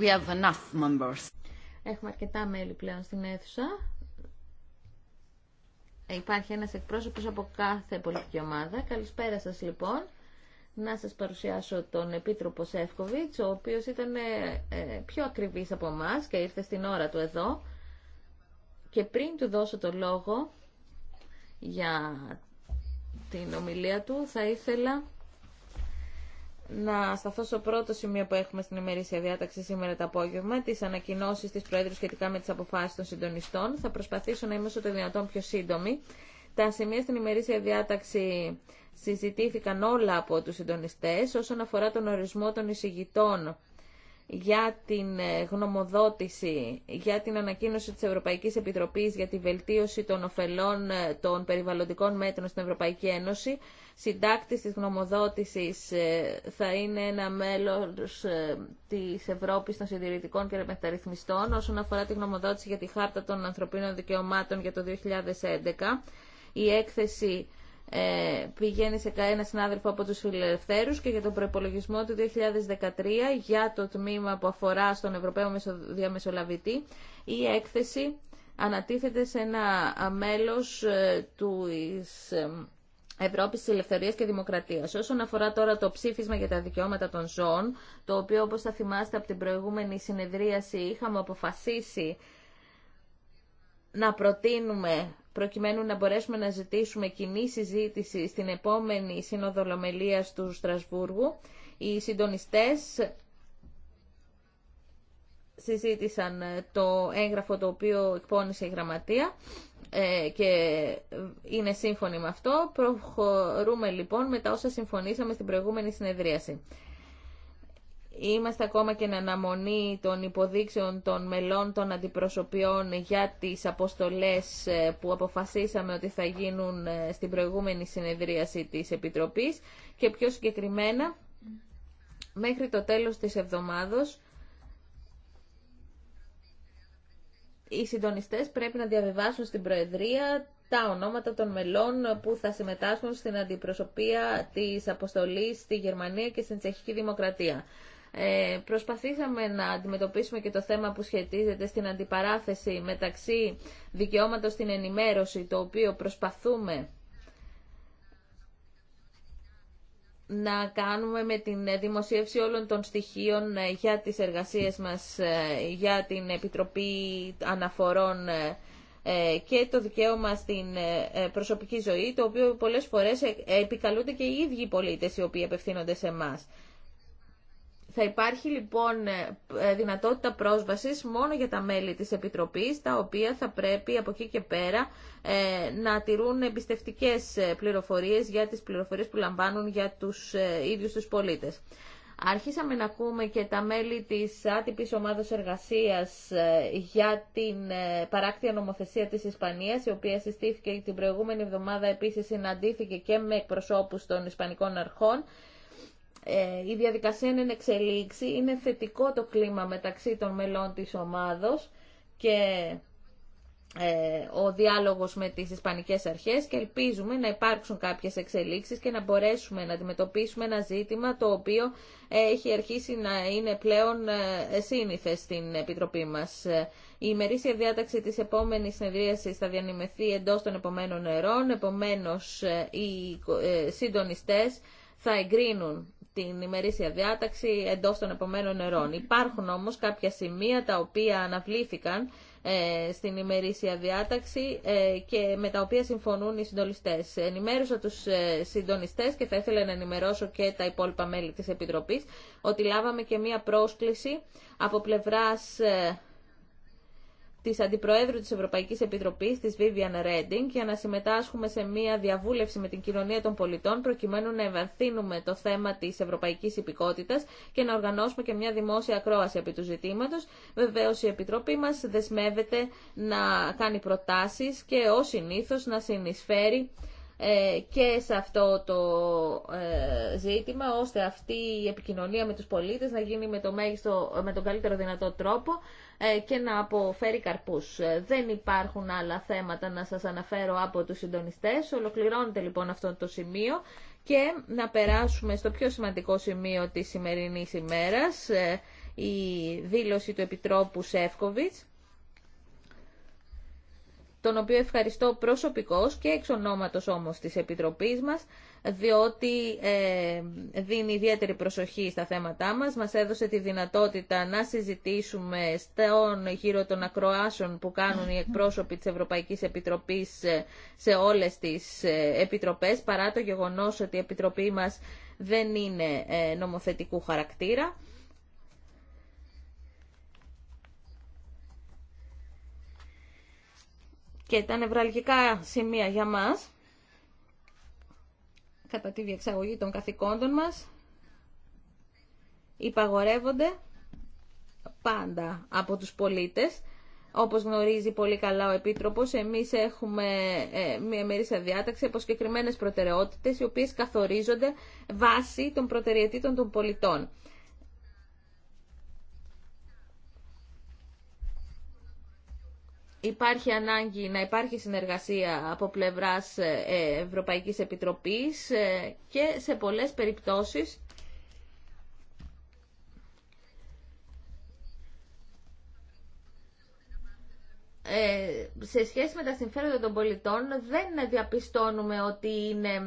We have enough Έχουμε αρκετά μέλη πλέον στην αίθουσα. Ε, υπάρχει ένας εκπρόσωπος από κάθε πολιτική ομάδα. Καλησπέρα σας λοιπόν. Να σας παρουσιάσω τον Επίτροπο Σεύκοβιτς, ο οποίος ήταν ε, ε, πιο ακριβής από εμά και ήρθε στην ώρα του εδώ. Και πριν του δώσω το λόγο για την ομιλία του, θα ήθελα να σταθώ στο πρώτο σημείο που έχουμε στην ημερήσια διάταξη σήμερα το απόγευμα, τι ανακοινώσει τη Προέδρου σχετικά με τι αποφάσει των συντονιστών. Θα προσπαθήσω να είμαι όσο το δυνατόν πιο σύντομη. Τα σημεία στην ημερήσια διάταξη συζητήθηκαν όλα από του συντονιστέ όσον αφορά τον ορισμό των εισηγητών για την ε, γνωμοδότηση, για την ανακοίνωση της Ευρωπαϊκής Επιτροπής για τη βελτίωση των ωφελών ε, των περιβαλλοντικών μέτρων στην Ευρωπαϊκή Ένωση. Συντάκτης της γνωμοδότησης ε, θα είναι ένα μέλος της Ευρώπης των Συντηρητικών και Μεταρρυθμιστών όσον αφορά τη γνωμοδότηση για τη Χάρτα των Ανθρωπίνων Δικαιωμάτων για το 2011. Η έκθεση ε, πηγαίνει σε κανένα συνάδελφο από τους φιλελευθέρους και για τον προπολογισμό του 2013 για το τμήμα που αφορά στον Ευρωπαίο Διαμεσολαβητή η έκθεση ανατίθεται σε ένα μέλος ε, του ε, Ευρώπη τη Ελευθερία και Δημοκρατία. Όσον αφορά τώρα το ψήφισμα για τα δικαιώματα των ζώων, το οποίο όπω θα θυμάστε από την προηγούμενη συνεδρίαση είχαμε αποφασίσει να προτείνουμε προκειμένου να μπορέσουμε να ζητήσουμε κοινή συζήτηση στην επόμενη Σύνοδο του Στρασβούργου. Οι συντονιστές συζήτησαν το έγγραφο το οποίο εκπώνησε η Γραμματεία ε, και είναι σύμφωνοι με αυτό. Προχωρούμε λοιπόν μετά όσα συμφωνήσαμε στην προηγούμενη συνεδρίαση. Είμαστε ακόμα και εν αναμονή των υποδείξεων των μελών των αντιπροσωπιών για τις αποστολές ε, που αποφασίσαμε ότι θα γίνουν ε, στην προηγούμενη συνεδρίαση της Επιτροπής και πιο συγκεκριμένα μέχρι το τέλος της εβδομάδος οι συντονιστές πρέπει να διαβιβάσουν στην Προεδρία τα ονόματα των μελών που θα συμμετάσχουν στην αντιπροσωπεία της αποστολής στη Γερμανία και στην Τσεχική Δημοκρατία. Ε, προσπαθήσαμε να αντιμετωπίσουμε και το θέμα που σχετίζεται στην αντιπαράθεση μεταξύ δικαιώματος στην ενημέρωση, το οποίο προσπαθούμε να κάνουμε με την δημοσίευση όλων των στοιχείων ε, για τις εργασίες μας, ε, για την Επιτροπή Αναφορών ε, και το δικαίωμα στην προσωπική ζωή, το οποίο πολλές φορές επικαλούνται και οι ίδιοι πολίτες οι οποίοι απευθύνονται σε εμά. Θα υπάρχει λοιπόν ε, ε, δυνατότητα πρόσβασης μόνο για τα μέλη της Επιτροπής, τα οποία θα πρέπει από εκεί και πέρα ε, να τηρούν εμπιστευτικές πληροφορίες για τις πληροφορίες που λαμβάνουν για τους ίδιους τους πολίτες. Άρχισαμε να ακούμε και τα μέλη της άτυπης ομάδας εργασίας για την παράκτια νομοθεσία της Ισπανίας, η οποία συστήθηκε την προηγούμενη εβδομάδα επίσης συναντήθηκε και με εκπροσώπους των Ισπανικών αρχών ε, η διαδικασία είναι εξελίξη, είναι θετικό το κλίμα μεταξύ των μελών της ομάδος και ε, ο διάλογος με τις Ισπανικές Αρχές και ελπίζουμε να υπάρξουν κάποιες εξελίξεις και να μπορέσουμε να αντιμετωπίσουμε ένα ζήτημα το οποίο έχει αρχίσει να είναι πλέον ε, σύνηθε στην Επιτροπή μας. Η ημερήσια διάταξη της επόμενης συνεδρίασης θα διανυμεθεί εντός των επομένων ερών, επομένως οι συντονιστές θα εγκρίνουν την ημερήσια διάταξη εντός των επομένων νερών. Υπάρχουν όμως κάποια σημεία τα οποία αναβλήθηκαν ε, στην ημερήσια διάταξη ε, και με τα οποία συμφωνούν οι συντονιστές. Ενημέρωσα τους ε, συντονιστές και θα ήθελα να ενημερώσω και τα υπόλοιπα μέλη της Επιτροπής ότι λάβαμε και μία πρόσκληση από πλευράς ε, της Αντιπροέδρου της Ευρωπαϊκής Επιτροπής, της Vivian Redding, για να συμμετάσχουμε σε μια διαβούλευση με την κοινωνία των πολιτών, προκειμένου να ευαρθύνουμε το θέμα της ευρωπαϊκής υπηκότητας και να οργανώσουμε και μια δημόσια ακρόαση επί του ζητήματος. Βεβαίως η Επιτροπή μας δεσμεύεται να κάνει προτάσεις και ως συνήθως να συνεισφέρει ε, και σε αυτό το ε, ζήτημα, ώστε αυτή η επικοινωνία με τους πολίτες να γίνει με, το μέγιστο, με τον καλύτερο δυνατό τρόπο, ε, και να αποφέρει καρπούς. Ε, δεν υπάρχουν άλλα θέματα να σας αναφέρω από τους συντονιστές. Ολοκληρώνεται λοιπόν αυτό το σημείο και να περάσουμε στο πιο σημαντικό σημείο της σημερινής ημέρας, ε, η δήλωση του Επιτρόπου Σεύκοβιτς τον οποίο ευχαριστώ προσωπικώς και εξ ονόματος όμως της Επιτροπής μας, διότι ε, δίνει ιδιαίτερη προσοχή στα θέματά μας. Μας έδωσε τη δυνατότητα να συζητήσουμε στον γύρω των ακροάσεων που κάνουν οι εκπρόσωποι της Ευρωπαϊκής Επιτροπής ε, σε όλες τις ε, επιτροπές, παρά το γεγονός ότι η Επιτροπή μας δεν είναι νομοθετικού χαρακτήρα. και τα νευραλγικά σημεία για μας, κατά τη διεξαγωγή των καθηκόντων μας, υπαγορεύονται πάντα από τους πολίτες. Όπως γνωρίζει πολύ καλά ο Επίτροπος, εμείς έχουμε ε, μια μερίσα διάταξη από συγκεκριμένε προτεραιότητες, οι οποίες καθορίζονται βάσει των προτεραιοτήτων των πολιτών. Υπάρχει ανάγκη να υπάρχει συνεργασία από πλευράς ε, Ευρωπαϊκής Επιτροπής ε, και σε πολλές περιπτώσεις ε, σε σχέση με τα συμφέροντα των πολιτών δεν διαπιστώνουμε ότι είναι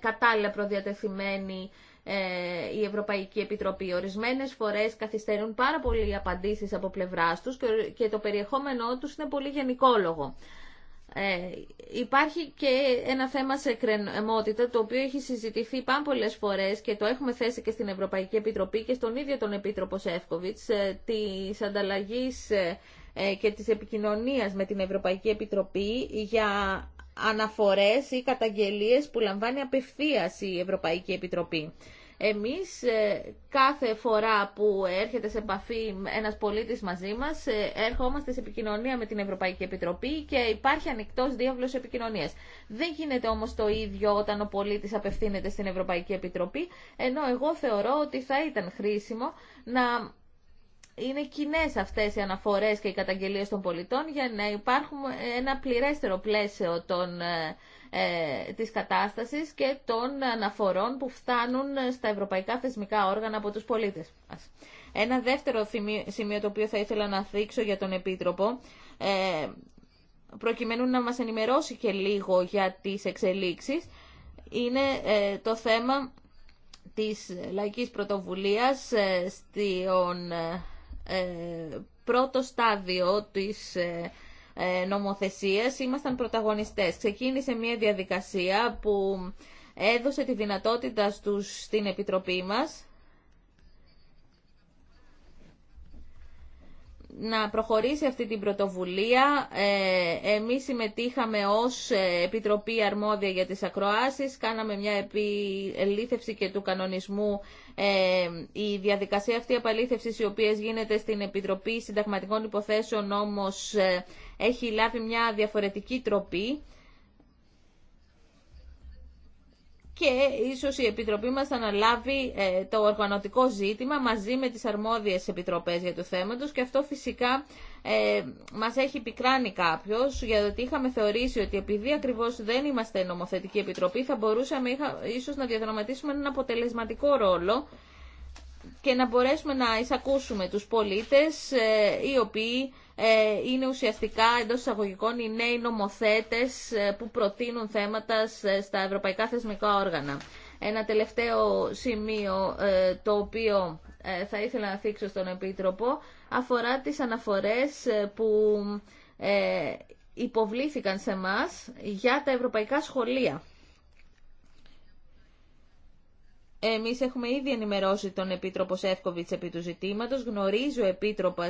κατάλληλα προδιατεθειμένοι ε, η Ευρωπαϊκή Επιτροπή. Ορισμένες φορές καθυστερούν πάρα πολύ οι απαντήσεις από πλευράς τους και το περιεχόμενό τους είναι πολύ γενικόλογο. Ε, υπάρχει και ένα θέμα σε κρεμότητα το οποίο έχει συζητηθεί πάρα πολλέ φορέ και το έχουμε θέσει και στην Ευρωπαϊκή Επιτροπή και στον ίδιο τον Επίτροπο Σεύκοβιτ ε, τη ανταλλαγή ε, ε, και της επικοινωνίας με την Ευρωπαϊκή Επιτροπή για αναφορές ή καταγγελίες που λαμβάνει απευθείας η Ευρωπαϊκή Επιτροπή. Εμείς ε, κάθε φορά που έρχεται σε επαφή ένας πολίτης μαζί μας, ε, έρχομαστε σε επικοινωνία με την Ευρωπαϊκή Επιτροπή και υπάρχει ανοιχτός διάβλος επικοινωνίας. Δεν γίνεται όμως το ίδιο όταν ο πολίτης απευθύνεται στην Ευρωπαϊκή Επιτροπή, ενώ εγώ θεωρώ ότι θα ήταν χρήσιμο να είναι κοινέ αυτές οι αναφορές και οι καταγγελίε των πολιτών για να υπάρχουν ε, ένα πληρέστερο πλαίσιο των, ε, ε, της κατάστασης και των αναφορών που φτάνουν στα ευρωπαϊκά θεσμικά όργανα από τους πολίτες μας. Ένα δεύτερο σημείο το οποίο θα ήθελα να δείξω για τον Επίτροπο προκειμένου να μας ενημερώσει και λίγο για τις εξελίξεις είναι το θέμα της λαϊκής πρωτοβουλίας ε, πρώτο στάδιο της ε, ε, νομοθεσίας ήμασταν πρωταγωνιστές. Ξεκίνησε μια διαδικασία που έδωσε τη δυνατότητα στους, στην Επιτροπή μας να προχωρήσει αυτή την πρωτοβουλία. Ε, εμείς συμμετείχαμε ως ε, Επιτροπή Αρμόδια για τις Ακροάσεις, κάναμε μια επιλήθευση και του κανονισμού. Ε, η διαδικασία αυτή επαλήθευσης η οποία γίνεται στην Επιτροπή Συνταγματικών Υποθέσεων όμως ε, έχει λάβει μια διαφορετική τροπή. και ίσως η Επιτροπή μας θα αναλάβει ε, το οργανωτικό ζήτημα μαζί με τις αρμόδιες επιτροπές για το θέμα τους και αυτό φυσικά ε, μας έχει πικράνει κάποιος γιατί είχαμε θεωρήσει ότι επειδή ακριβώς δεν είμαστε νομοθετική επιτροπή θα μπορούσαμε είχα, ίσως να διαδραματίσουμε έναν αποτελεσματικό ρόλο και να μπορέσουμε να εισακούσουμε τους πολίτες ε, οι οποίοι ε, είναι ουσιαστικά εντό εισαγωγικών οι νέοι νομοθέτες ε, που προτείνουν θέματα στα ευρωπαϊκά θεσμικά όργανα. Ένα τελευταίο σημείο το οποίο θα ήθελα να θίξω στον Επίτροπο αφορά τις αναφορές που υποβλήθηκαν σε μας για τα ευρωπαϊκά σχολεία. Εμείς έχουμε ήδη ενημερώσει τον Επίτροπο Σεύκοβιτ επί του ζητήματος. Γνωρίζει ο Επίτροπο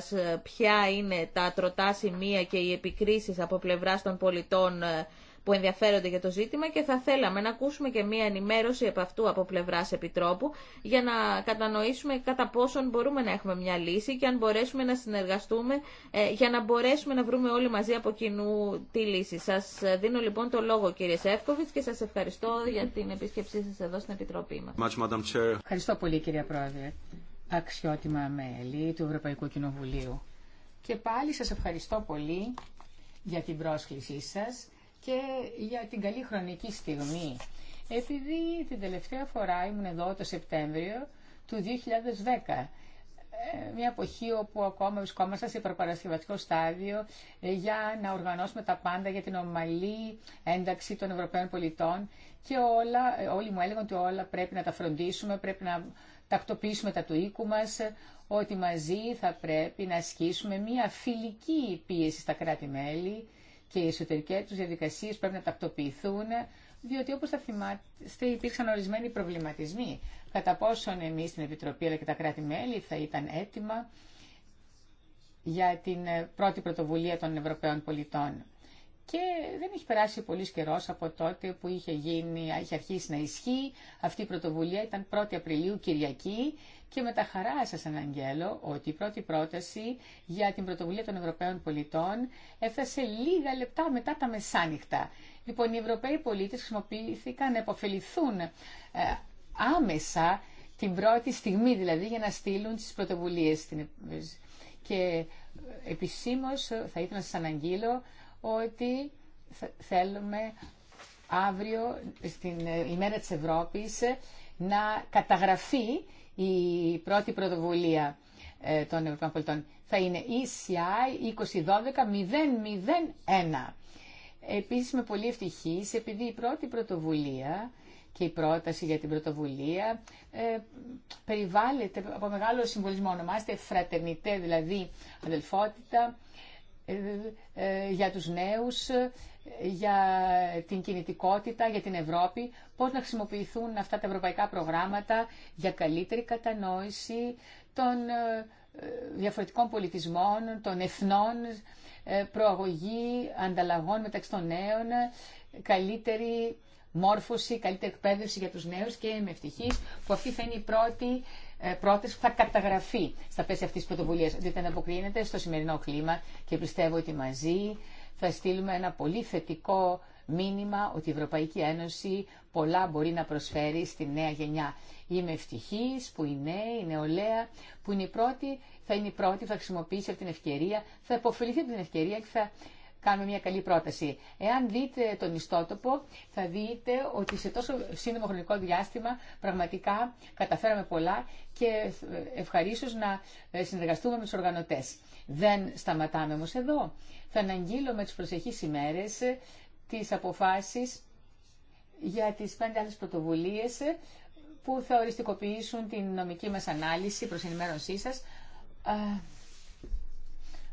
ποια είναι τα τροτά σημεία και οι επικρίσεις από πλευρά των πολιτών ε, που ενδιαφέρονται για το ζήτημα και θα θέλαμε να ακούσουμε και μία ενημέρωση από αυτού από πλευρά Επιτρόπου για να κατανοήσουμε κατά πόσον μπορούμε να έχουμε μια λύση και αν μπορέσουμε να συνεργαστούμε ε, για να μπορέσουμε να βρούμε όλοι μαζί από κοινού τη λύση. Σα ε, δίνω λοιπόν το λόγο κύριε Σεύκοβιτ και σα ευχαριστώ για την επίσκεψή σα εδώ στην Επιτροπή μα. Ευχαριστώ πολύ κύριε Πρόεδρε, αξιότιμα μέλη του Ευρωπαϊκού Κοινοβουλίου. Και πάλι σας ευχαριστώ πολύ για την πρόσκλησή σας και για την καλή χρονική στιγμή. Επειδή την τελευταία φορά ήμουν εδώ το Σεπτέμβριο του 2010, ε, μια εποχή όπου ακόμα βρισκόμαστε σε προπαρασκευαστικό στάδιο ε, για να οργανώσουμε τα πάντα για την ομαλή ένταξη των Ευρωπαίων πολιτών και όλα, ε, όλοι μου έλεγαν ότι όλα πρέπει να τα φροντίσουμε, πρέπει να τακτοποιήσουμε τα του οίκου μας, ότι μαζί θα πρέπει να ασκήσουμε μια φιλική πίεση στα κράτη-μέλη, και οι εσωτερικέ τους διαδικασίες πρέπει να τακτοποιηθούν, διότι όπως θα θυμάστε υπήρξαν ορισμένοι προβληματισμοί. Κατά πόσον εμείς στην Επιτροπή αλλά και τα κράτη-μέλη θα ήταν έτοιμα για την πρώτη πρωτοβουλία των Ευρωπαίων πολιτών. Και δεν έχει περάσει πολύ καιρό από τότε που είχε, γίνει, είχε αρχίσει να ισχύει. Αυτή η πρωτοβουλία ήταν 1η Απριλίου, Κυριακή. Και με τα χαρά σα αναγγέλω ότι η πρώτη πρόταση για την πρωτοβουλία των Ευρωπαίων πολιτών έφτασε λίγα λεπτά μετά τα μεσάνυχτα. Λοιπόν, οι Ευρωπαίοι πολίτε χρησιμοποιήθηκαν να υποφεληθούν ε, άμεσα την πρώτη στιγμή δηλαδή για να στείλουν τις πρωτοβουλίες. Και ε, επισήμως θα ήθελα να σας αναγγείλω ότι θέλουμε αύριο, στην ε, ημέρα της Ευρώπης, ε, να καταγραφεί η πρώτη πρωτοβουλία ε, των Ευρωπαϊκών Πολιτών. Θα είναι ECI 2012-001. Επίσης είμαι πολύ ευτυχής επειδή η πρώτη πρωτοβουλία και η πρόταση για την πρωτοβουλία περιβάλλεται από μεγάλο συμβολισμό. Ονομάζεται φρατερνιτέ, δηλαδή αδελφότητα, ε, για τους νέους, για την κινητικότητα, για την Ευρώπη, πώς να χρησιμοποιηθούν αυτά τα ευρωπαϊκά προγράμματα για καλύτερη κατανόηση των ε, διαφορετικών πολιτισμών, των εθνών, ε, προαγωγή ανταλλαγών μεταξύ των νέων, καλύτερη μόρφωση, καλύτερη εκπαίδευση για τους νέους και είμαι ευτυχής που αυτή θα είναι η πρώτη ε, πρόταση που θα καταγραφεί στα πλαίσια αυτή τη πρωτοβουλία, διότι ανταποκρίνεται στο σημερινό κλίμα και πιστεύω ότι μαζί θα στείλουμε ένα πολύ θετικό μήνυμα ότι η Ευρωπαϊκή Ένωση πολλά μπορεί να προσφέρει στη νέα γενιά. Είμαι ευτυχής που η νέοι, η νεολαία, που είναι η πρώτη, θα είναι η πρώτη, θα χρησιμοποιήσει αυτή την ευκαιρία, θα υποφεληθεί από την ευκαιρία και θα κάνουμε μια καλή πρόταση. Εάν δείτε τον ιστότοπο, θα δείτε ότι σε τόσο σύντομο χρονικό διάστημα πραγματικά καταφέραμε πολλά και ευχαριστώ να ε, συνεργαστούμε με του οργανωτέ. Δεν σταματάμε όμως εδώ. Θα αναγγείλω με τι προσεχείς ημέρε ε, τις αποφάσεις για τις πέντε άλλε πρωτοβουλίε ε, που θα οριστικοποιήσουν την νομική μας ανάλυση προς ενημέρωσή σας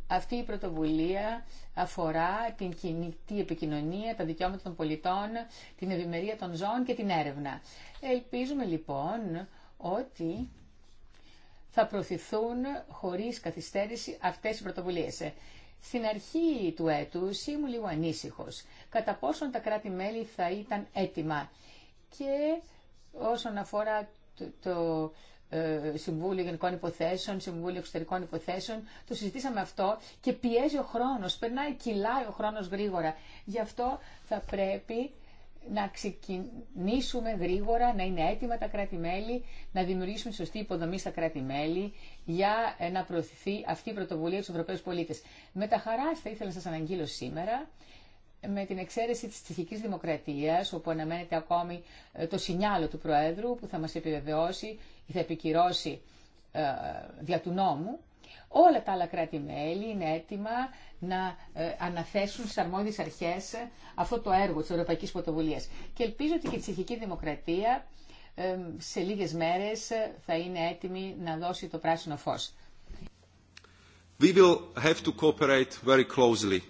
αυτή η πρωτοβουλία αφορά την κινητή επικοινωνία, τα δικαιώματα των πολιτών, την ευημερία των ζώων και την έρευνα. Ελπίζουμε λοιπόν ότι θα προωθηθούν χωρίς καθυστέρηση αυτές οι πρωτοβουλίες. Στην αρχή του έτους ήμουν λίγο ανήσυχος. Κατά πόσον τα κράτη-μέλη θα ήταν έτοιμα. Και όσον αφορά το ε, Συμβούλιο Γενικών Υποθέσεων, Συμβούλιο Εξωτερικών Υποθέσεων. Το συζητήσαμε αυτό και πιέζει ο χρόνος, περνάει, κυλάει ο χρόνος γρήγορα. Γι' αυτό θα πρέπει να ξεκινήσουμε γρήγορα, να είναι έτοιμα τα κράτη-μέλη, να δημιουργήσουμε σωστή υποδομή στα κράτη-μέλη για ε, να προωθηθεί αυτή η πρωτοβουλία του Ευρωπαίου πολίτε. Με τα χαρά θα ήθελα να σα αναγγείλω σήμερα με την εξαίρεση της ψυχικής δημοκρατίας, όπου αναμένεται ακόμη ε, το σινιάλο του Προέδρου που θα μας επιβεβαιώσει ή θα επικυρώσει ε, δια του νόμου, όλα τα άλλα κράτη-μέλη είναι έτοιμα να ε, αναθέσουν στις αρμόδιες αρχές αυτό το έργο της Ευρωπαϊκής Πρωτοβουλίας. Και ελπίζω ότι και η ψυχική δημοκρατία σε λίγες μέρες θα είναι έτοιμη να δώσει το πράσινο φως.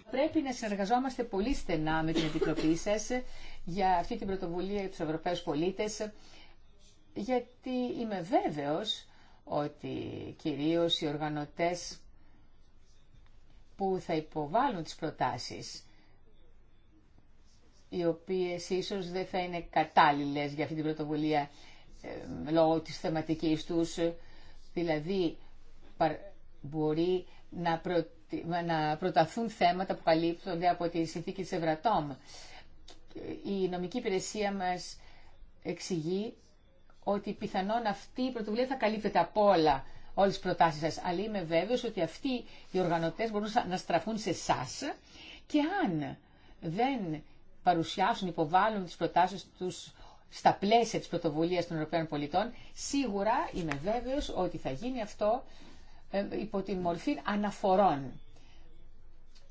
Πρέπει να συνεργαζόμαστε πολύ στενά με την Επιτροπή σα για αυτή την πρωτοβουλία για του Ευρωπαίου πολίτε, γιατί είμαι βέβαιος ότι κυρίω οι οργανωτές που θα υποβάλουν τις προτάσεις, οι οποίες ίσως δεν θα είναι κατάλληλες για αυτή την πρωτοβουλία ε, λόγω της θεματικής τους, δηλαδή μπορεί να, να προταθούν θέματα που καλύπτονται από τη συνθήκη της Ευρατόμ. Η νομική υπηρεσία μας εξηγεί ότι πιθανόν αυτή η πρωτοβουλία θα καλύπτεται από όλα όλες τις προτάσεις σας. Αλλά είμαι βέβαιος ότι αυτοί οι οργανωτές μπορούν να στραφούν σε εσά και αν δεν παρουσιάσουν, υποβάλλουν τις προτάσεις τους στα πλαίσια της πρωτοβουλίας των Ευρωπαίων πολιτών, σίγουρα είμαι βέβαιος ότι θα γίνει αυτό ε, υπό τη μορφή αναφορών.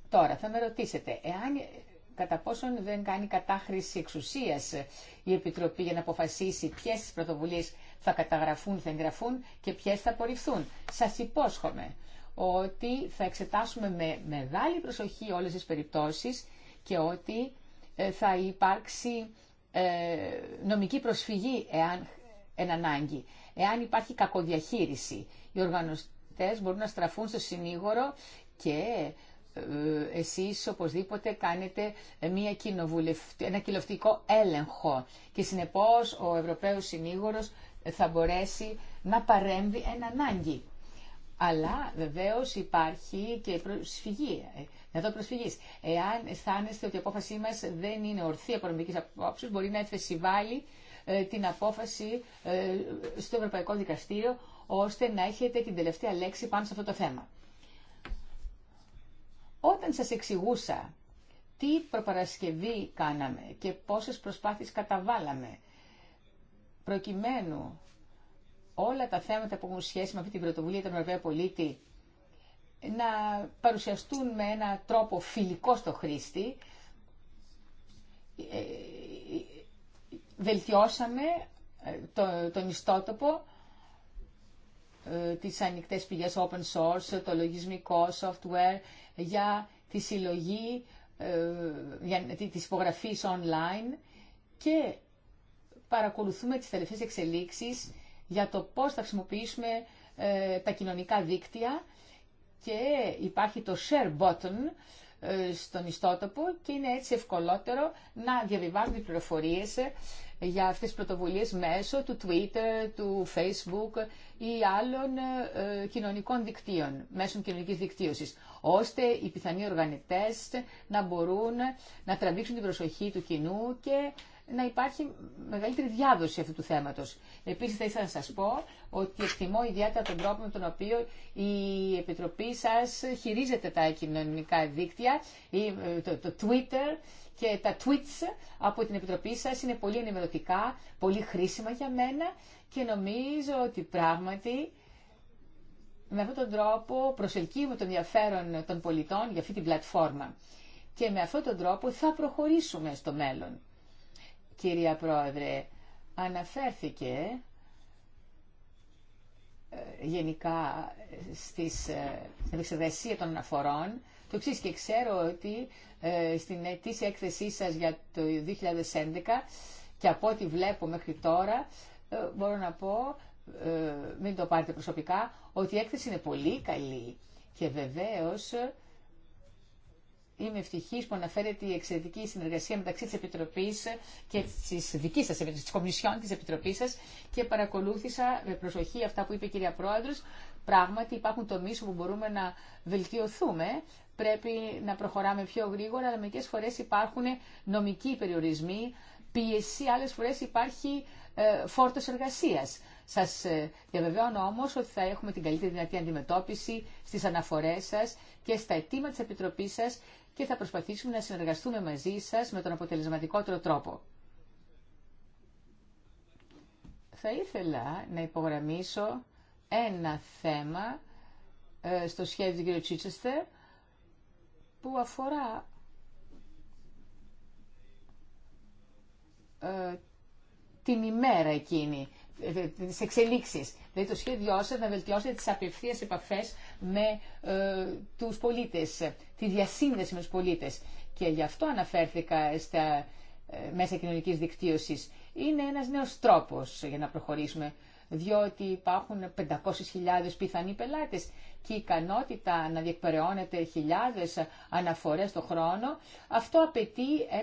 Τώρα θα με ρωτήσετε, εάν κατά πόσον δεν κάνει κατάχρηση εξουσίας η Επιτροπή για να αποφασίσει ποιες πρωτοβουλίες θα καταγραφούν, θα εγγραφούν και ποιες θα απορριφθούν. Σας υπόσχομαι ότι θα εξετάσουμε με μεγάλη προσοχή όλες τις περιπτώσεις και ότι ε, θα υπάρξει ε, νομική προσφυγή εάν εν ανάγκη, εάν υπάρχει κακοδιαχείριση. Οι πολίτες μπορούν να στραφούν στο συνήγορο και ε, εσείς οπωσδήποτε κάνετε μια ένα κοινοβουλευτικό έλεγχο και συνεπώς ο Ευρωπαίος Συνήγορος θα μπορέσει να παρέμβει εν ανάγκη. Αλλά βεβαίως υπάρχει και προσφυγή, ε, δω προσφυγής. Εάν αισθάνεστε ότι η απόφασή μας δεν είναι ορθή από νομικής απόψης, μπορεί να εφεσιβάλει ε, την απόφαση στο Ευρωπαϊκό Δικαστήριο ώστε να έχετε την τελευταία λέξη πάνω σε αυτό το θέμα. Όταν σας εξηγούσα τι προπαρασκευή κάναμε και πόσες προσπάθειες καταβάλαμε, προκειμένου όλα τα θέματα που έχουν σχέση με αυτή την πρωτοβουλία των Ευρωπαίων Πολίτη να παρουσιαστούν με ένα τρόπο φιλικό στο χρήστη, ε, ε, ε, βελτιώσαμε τον ιστότοπο τις ανοιχτές πηγές open source, το λογισμικό software, για τη συλλογή ε, για, της υπογραφής online και παρακολουθούμε τις τελευταίες εξελίξεις για το πώς θα χρησιμοποιήσουμε ε, τα κοινωνικά δίκτυα και υπάρχει το share button ε, στον ιστότοπο και είναι έτσι ευκολότερο να διαβιβάζονται πληροφορίες για αυτές τις πρωτοβουλίες μέσω του Twitter, του Facebook ή άλλων ε, κοινωνικών δικτύων, μέσων κοινωνικής δικτύωσης, ώστε οι πιθανοί οργανωτές να μπορούν να τραβήξουν την προσοχή του κοινού και να υπάρχει μεγαλύτερη διάδοση αυτού του θέματος. Επίσης θα ήθελα να σας πω ότι εκτιμώ ιδιαίτερα τον τρόπο με τον οποίο η Επιτροπή σας χειρίζεται τα κοινωνικά δίκτυα, ε, το Twitter, και τα tweets από την Επιτροπή σας είναι πολύ ενημερωτικά, πολύ χρήσιμα για μένα και νομίζω ότι πράγματι με αυτόν τον τρόπο προσελκύουμε τον ενδιαφέρον των πολιτών για αυτή την πλατφόρμα. Και με αυτόν τον τρόπο θα προχωρήσουμε στο μέλλον. Κυρία Πρόεδρε, αναφέρθηκε ε, γενικά ε, στις, ε, στην εξεργασία των αναφορών το και ξέρω ότι ε, στην ετήσια έκθεσή σας για το 2011 και από ό,τι βλέπω μέχρι τώρα ε, μπορώ να πω, ε, μην το πάρετε προσωπικά, ότι η έκθεση είναι πολύ καλή και βεβαίω είμαι ευτυχή που αναφέρεται η εξαιρετική συνεργασία μεταξύ τη Επιτροπής και της δικής σας, τη Κομισιόν τη Επιτροπή σα, και παρακολούθησα με προσοχή αυτά που είπε η κυρία Πρόεδρο. Πράγματι υπάρχουν τομεί όπου μπορούμε να βελτιωθούμε πρέπει να προχωράμε πιο γρήγορα, αλλά μερικές φορές υπάρχουν νομικοί περιορισμοί, πίεση, άλλες φορές υπάρχει ε, φόρτος εργασίας. Σας ε, διαβεβαιώνω όμως ότι θα έχουμε την καλύτερη δυνατή αντιμετώπιση στις αναφορές σας και στα αιτήματα της Επιτροπής σας και θα προσπαθήσουμε να συνεργαστούμε μαζί σας με τον αποτελεσματικότερο τρόπο. Θα ήθελα να υπογραμμίσω ένα θέμα ε, στο σχέδιο του κ. Τσίτσεστερ που αφορά ε, την ημέρα εκείνη, ε, ε, τις εξελίξεις. Δηλαδή το σχέδιό σας να βελτιώσετε τις απευθείας επαφές με ε, τους πολίτες, τη διασύνδεση με τους πολίτες. Και γι' αυτό αναφέρθηκα στα μέσα κοινωνικής δικτύωσης. Είναι ένας νέος τρόπος για να προχωρήσουμε διότι υπάρχουν 500.000 πιθανοί πελάτες και η ικανότητα να διεκπαιρεώνεται χιλιάδες αναφορές το χρόνο, αυτό απαιτεί ε,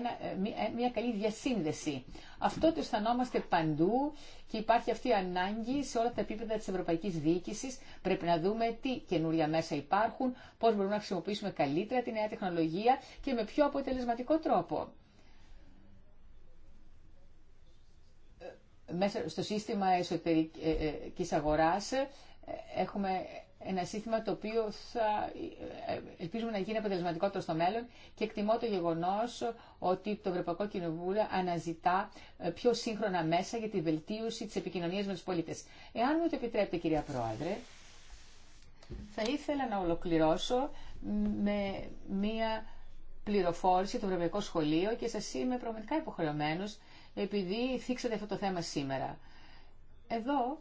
ε, μια καλή διασύνδεση. Αυτό το αισθανόμαστε παντού και υπάρχει αυτή η ανάγκη σε όλα τα επίπεδα της ευρωπαϊκής διοίκησης. Πρέπει να δούμε τι καινούρια μέσα υπάρχουν, πώς μπορούμε να χρησιμοποιήσουμε καλύτερα τη νέα τεχνολογία και με πιο αποτελεσματικό τρόπο. μέσα στο σύστημα εσωτερικής αγοράς ε, έχουμε ένα σύστημα το οποίο θα ε, ελπίζουμε να γίνει αποτελεσματικότερο στο μέλλον και εκτιμώ το γεγονός ότι το Ευρωπαϊκό Κοινοβούλιο αναζητά ε, πιο σύγχρονα μέσα για τη βελτίωση της επικοινωνίας με τους πολίτες. Εάν μου το επιτρέπετε κυρία Πρόεδρε, θα ήθελα να ολοκληρώσω με μία πληροφόρηση το Ευρωπαϊκό Σχολείο και σας είμαι πραγματικά υποχρεωμένος επειδή θίξατε αυτό το θέμα σήμερα. Εδώ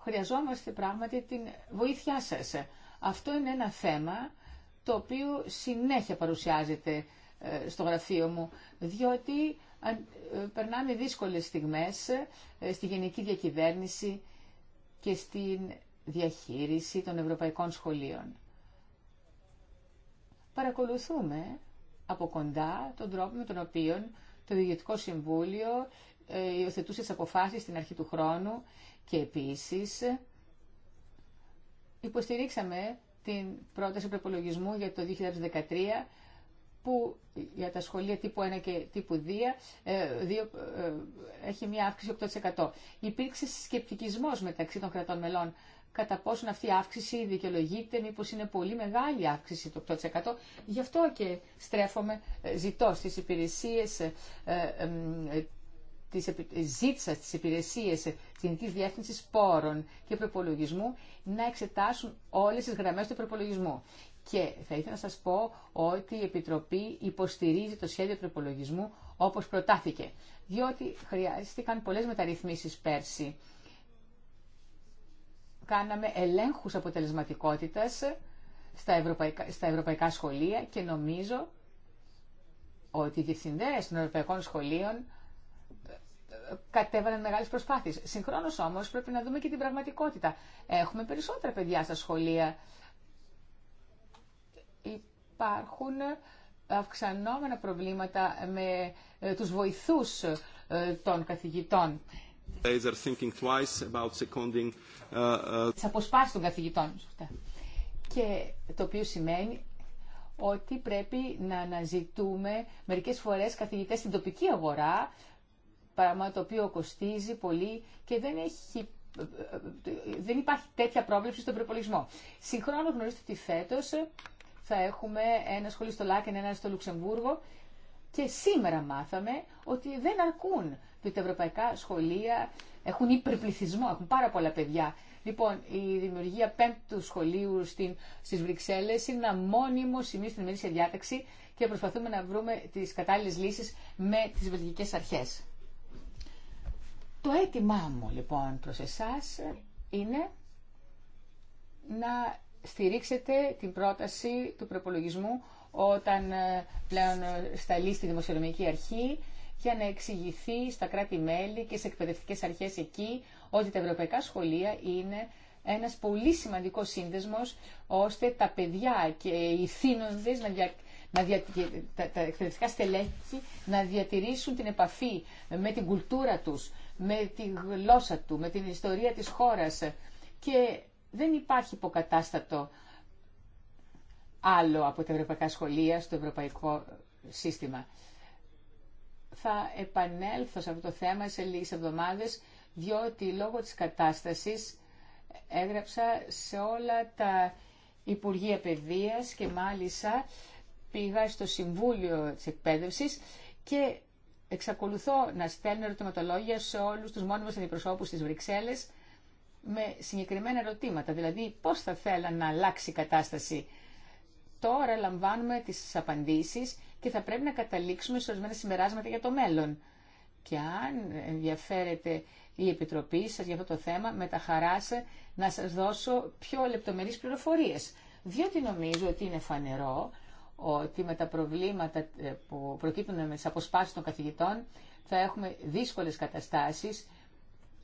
χρειαζόμαστε πράγματι την βοήθειά σας. Αυτό είναι ένα θέμα το οποίο συνέχεια παρουσιάζεται ε, στο γραφείο μου, διότι ε, περνάμε δύσκολες στιγμές ε, στη γενική διακυβέρνηση και στην διαχείριση των ευρωπαϊκών σχολείων. Παρακολουθούμε από κοντά τον τρόπο με τον οποίο το Διοικητικό Συμβούλιο ε, υιοθετούσε τις αποφάσεις στην αρχή του χρόνου και επίσης υποστηρίξαμε την πρόταση προπολογισμού για το 2013 που για τα σχολεία τύπου 1 και τύπου 2, 2 ε, ε, έχει μια αύξηση 8%. Υπήρξε σκεπτικισμός μεταξύ των κρατών μελών κατά πόσον αυτή η αύξηση δικαιολογείται, μήπως είναι πολύ μεγάλη αύξηση το 8%. Γι' αυτό και στρέφομαι, ε, ζητώ στις υπηρεσίες, ε, ε, τις, ζήτησα στις υπηρεσίες Γενικής Διεύθυνσης Πόρων και Προπολογισμού να εξετάσουν όλες τις γραμμές του προπολογισμού. Και θα ήθελα να σας πω ότι η Επιτροπή υποστηρίζει το σχέδιο προπολογισμού όπως προτάθηκε, διότι χρειάστηκαν πολλές μεταρρυθμίσεις πέρσι. Κάναμε ελέγχους αποτελεσματικότητας στα ευρωπαϊκά, στα ευρωπαϊκά σχολεία και νομίζω ότι οι διευθυντές των ευρωπαϊκών σχολείων ε, κατέβαλαν μεγάλες προσπάθειες. Συγχρόνως όμως πρέπει να δούμε και την πραγματικότητα. Έχουμε περισσότερα παιδιά στα σχολεία υπάρχουν αυξανόμενα προβλήματα με ε, τους βοηθούς ε, των καθηγητών. Uh, uh, Τις αποσπάσεις των καθηγητών. Και το οποίο σημαίνει ότι πρέπει να αναζητούμε μερικές φορές καθηγητές στην τοπική αγορά, πράγμα το οποίο κοστίζει πολύ και δεν έχει ε, δεν υπάρχει τέτοια πρόβλεψη στον προπολογισμό. Συγχρόνως γνωρίζετε ότι φέτος θα έχουμε ένα σχολείο στο Λάκεν, ένα στο Λουξεμβούργο. Και σήμερα μάθαμε ότι δεν αρκούν, διότι τα ευρωπαϊκά σχολεία έχουν υπερπληθυσμό, έχουν πάρα πολλά παιδιά. Λοιπόν, η δημιουργία πέμπτου σχολείου στην, στις Βρυξέλλες είναι ένα μόνιμο σημείο στην ημερήσια διάταξη και προσπαθούμε να βρούμε τις κατάλληλες λύσεις με τις βελγικές αρχές. Το αίτημά μου λοιπόν προς εσάς είναι να στηρίξετε την πρόταση του προπολογισμού όταν ε, πλέον ε, σταλεί στη Δημοσιονομική Αρχή για να εξηγηθεί στα κράτη-μέλη και σε εκπαιδευτικές αρχές εκεί ότι τα ευρωπαϊκά σχολεία είναι ένας πολύ σημαντικός σύνδεσμος ώστε τα παιδιά και οι θύνοντες να δια... Να δια... τα, εκπαιδευτικά στελέχη να διατηρήσουν την επαφή με την κουλτούρα τους, με τη γλώσσα του, με την ιστορία της χώρας και δεν υπάρχει υποκατάστατο άλλο από τα ευρωπαϊκά σχολεία στο ευρωπαϊκό σύστημα. Θα επανέλθω σε αυτό το θέμα σε λίγες εβδομάδες, διότι λόγω της κατάστασης έγραψα σε όλα τα Υπουργεία Παιδείας και μάλιστα πήγα στο Συμβούλιο της Εκπαίδευσης και εξακολουθώ να στέλνω ερωτηματολόγια σε όλους τους μόνιμους αντιπροσώπους της Βρυξέλλες με συγκεκριμένα ερωτήματα, δηλαδή πώς θα θέλαν να αλλάξει η κατάσταση. Τώρα λαμβάνουμε τις απαντήσεις και θα πρέπει να καταλήξουμε σε ορισμένα συμπεράσματα για το μέλλον. Και αν ενδιαφέρεται η Επιτροπή σας για αυτό το θέμα, με τα χαρά να σας δώσω πιο λεπτομερείς πληροφορίες. Διότι νομίζω ότι είναι φανερό ότι με τα προβλήματα ε, που προκύπτουν με τις αποσπάσεις των καθηγητών θα έχουμε δύσκολες καταστάσεις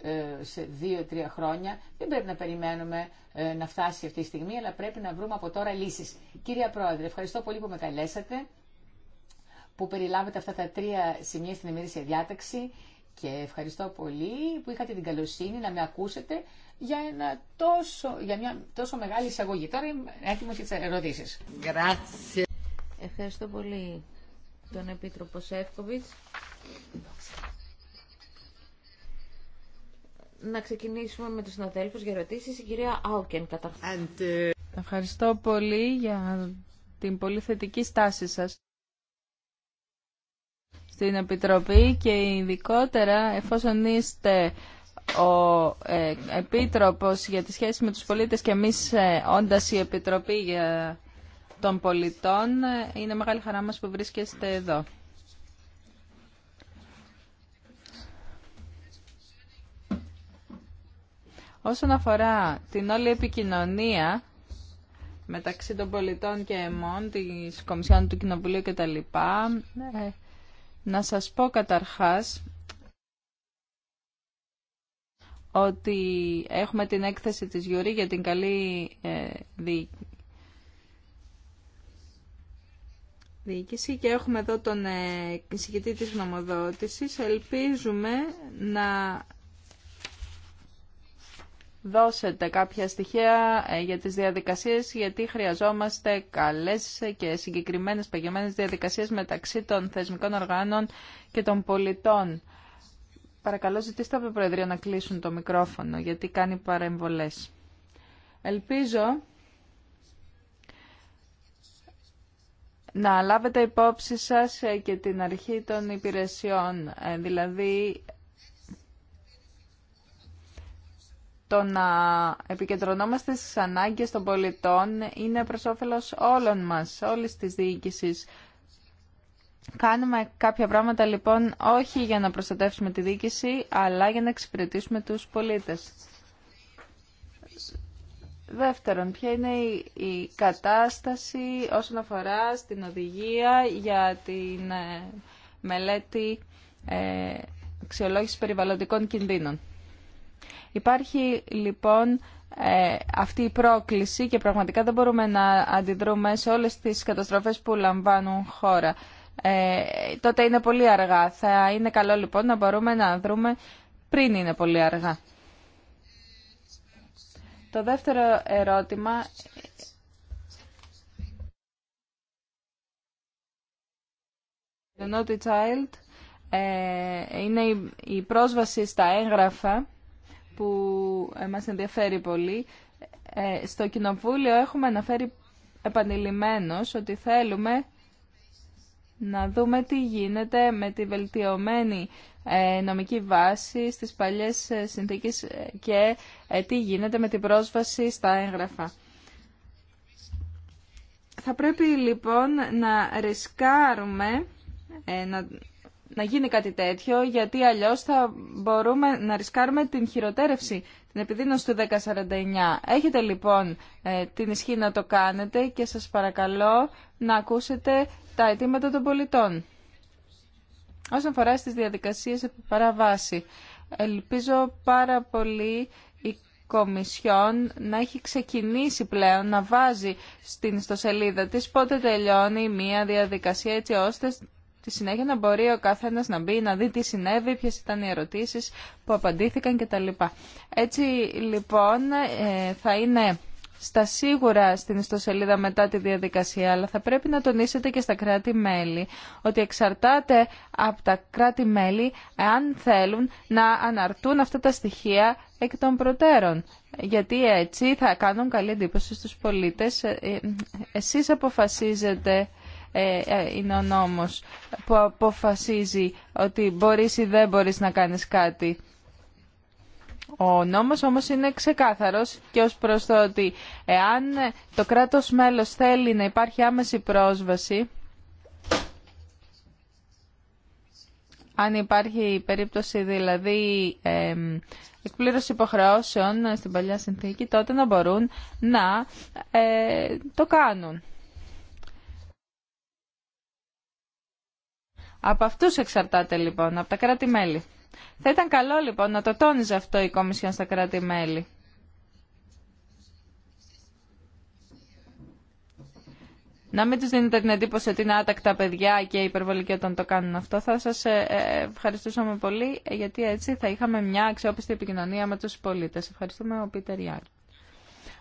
ε, σε δύο-τρία χρόνια. Δεν πρέπει να περιμένουμε ε, να φτάσει αυτή η στιγμή, αλλά πρέπει να βρούμε από τώρα λύσεις. Κυρία Πρόεδρε, ευχαριστώ πολύ που με καλέσατε, που περιλάβετε αυτά τα τρία σημεία στην ημερήσια διάταξη και ευχαριστώ πολύ που είχατε την καλοσύνη να με ακούσετε για, ένα τόσο, για μια τόσο μεγάλη εισαγωγή. Τώρα είμαι έτοιμο για τις ερωτήσεις. Ευχαριστώ πολύ τον Επίτροπο Σεύκοβιτς να ξεκινήσουμε με τους συναδέλφους για ερωτήσεις. Η κυρία Άουκεν καταρχήν. Ε, Ευχαριστώ πολύ για την πολύ θετική στάση σας στην Επιτροπή και ειδικότερα εφόσον είστε ο ε, Επίτροπος για τη σχέση με τους πολίτες και εμείς ε, όντας η Επιτροπή των Πολιτών, ε, είναι μεγάλη χαρά μας που βρίσκεστε εδώ. Όσον αφορά την όλη επικοινωνία μεταξύ των πολιτών και εμών, της Κομισιόν του Κοινοβουλίου κτλ. Ε, να σας πω καταρχάς ότι έχουμε την έκθεση της Γιουρή για την καλή ε, διοίκηση και έχουμε εδώ τον ε, εισηγητή της νομοδότησης. Ελπίζουμε να δώσετε κάποια στοιχεία ε, για τις διαδικασίες, γιατί χρειαζόμαστε καλές και συγκεκριμένες παγιωμένες διαδικασίες μεταξύ των θεσμικών οργάνων και των πολιτών. Παρακαλώ ζητήστε από το Προεδρείο να κλείσουν το μικρόφωνο, γιατί κάνει παρεμβολές. Ελπίζω να λάβετε υπόψη σας ε, και την αρχή των υπηρεσιών, ε, δηλαδή το να επικεντρωνόμαστε στις ανάγκες των πολιτών είναι προς όφελος όλων μας, όλης της διοίκησης. Κάνουμε κάποια πράγματα λοιπόν όχι για να προστατεύσουμε τη διοίκηση, αλλά για να εξυπηρετήσουμε τους πολίτες. Δεύτερον, ποια είναι η κατάσταση όσον αφορά στην οδηγία για την ε, μελέτη ε, αξιολόγηση περιβαλλοντικών κινδύνων. Υπάρχει λοιπόν ε, αυτή η πρόκληση και πραγματικά δεν μπορούμε να αντιδρούμε σε όλες τις καταστροφές που λαμβάνουν χώρα. Ε, τότε είναι πολύ αργά. Θα είναι καλό λοιπόν να μπορούμε να δρούμε πριν είναι πολύ αργά. Το δεύτερο ερώτημα Naughty ε, είναι η πρόσβαση στα έγγραφα που μας ενδιαφέρει πολύ. Ε, στο Κοινοβούλιο έχουμε αναφέρει επανειλημμένως ότι θέλουμε να δούμε τι γίνεται με τη βελτιωμένη ε, νομική βάση στις παλιές ε, συνθήκες και τι γίνεται με την πρόσβαση στα έγγραφα. Θα πρέπει λοιπόν να ρισκάρουμε να να γίνει κάτι τέτοιο, γιατί αλλιώς θα μπορούμε να ρισκάρουμε την χειροτέρευση, την επιδείνωση του 1049. Έχετε λοιπόν ε, την ισχύ να το κάνετε και σας παρακαλώ να ακούσετε τα αιτήματα των πολιτών. Όσον αφορά στις διαδικασίες επί παραβάση, ελπίζω πάρα πολύ η Κομισιόν να έχει ξεκινήσει πλέον να βάζει στην ιστοσελίδα της πότε τελειώνει μία διαδικασία έτσι ώστε στη συνέχεια να μπορεί ο καθένα να μπει, να δει τι συνέβη, ποιε ήταν οι ερωτήσεις που απαντήθηκαν κτλ. Έτσι λοιπόν ε, θα είναι στα σίγουρα στην ιστοσελίδα μετά τη διαδικασία, αλλά θα πρέπει να τονίσετε και στα κράτη-μέλη ότι εξαρτάται από τα κράτη-μέλη αν θέλουν να αναρτούν αυτά τα στοιχεία εκ των προτέρων. Γιατί έτσι θα κάνουν καλή εντύπωση στους πολίτες. Ε, ε, εσείς αποφασίζετε ε, ε, είναι ο νόμος που αποφασίζει ότι μπορείς ή δεν μπορείς να κάνεις κάτι. Ο νόμος όμως είναι ξεκάθαρος και ως προς το ότι εάν το κράτος μέλος θέλει να υπάρχει άμεση πρόσβαση, αν υπάρχει περίπτωση δηλαδή ε, εκπλήρωση υποχρεώσεων στην παλιά συνθήκη, τότε να μπορούν να ε, το κάνουν. Από αυτού εξαρτάται λοιπόν, από τα κράτη-μέλη. Θα ήταν καλό λοιπόν να το τόνιζε αυτό η Κομισιόν στα κράτη-μέλη. Να μην τους δίνετε την εντύπωση ότι είναι άτακτα παιδιά και υπερβολικοί όταν το κάνουν αυτό. Θα σας ε, ε, ευχαριστούσαμε πολύ ε, γιατί έτσι θα είχαμε μια αξιόπιστη επικοινωνία με τους πολίτες. Ευχαριστούμε ο Πίτερ Ιάρ.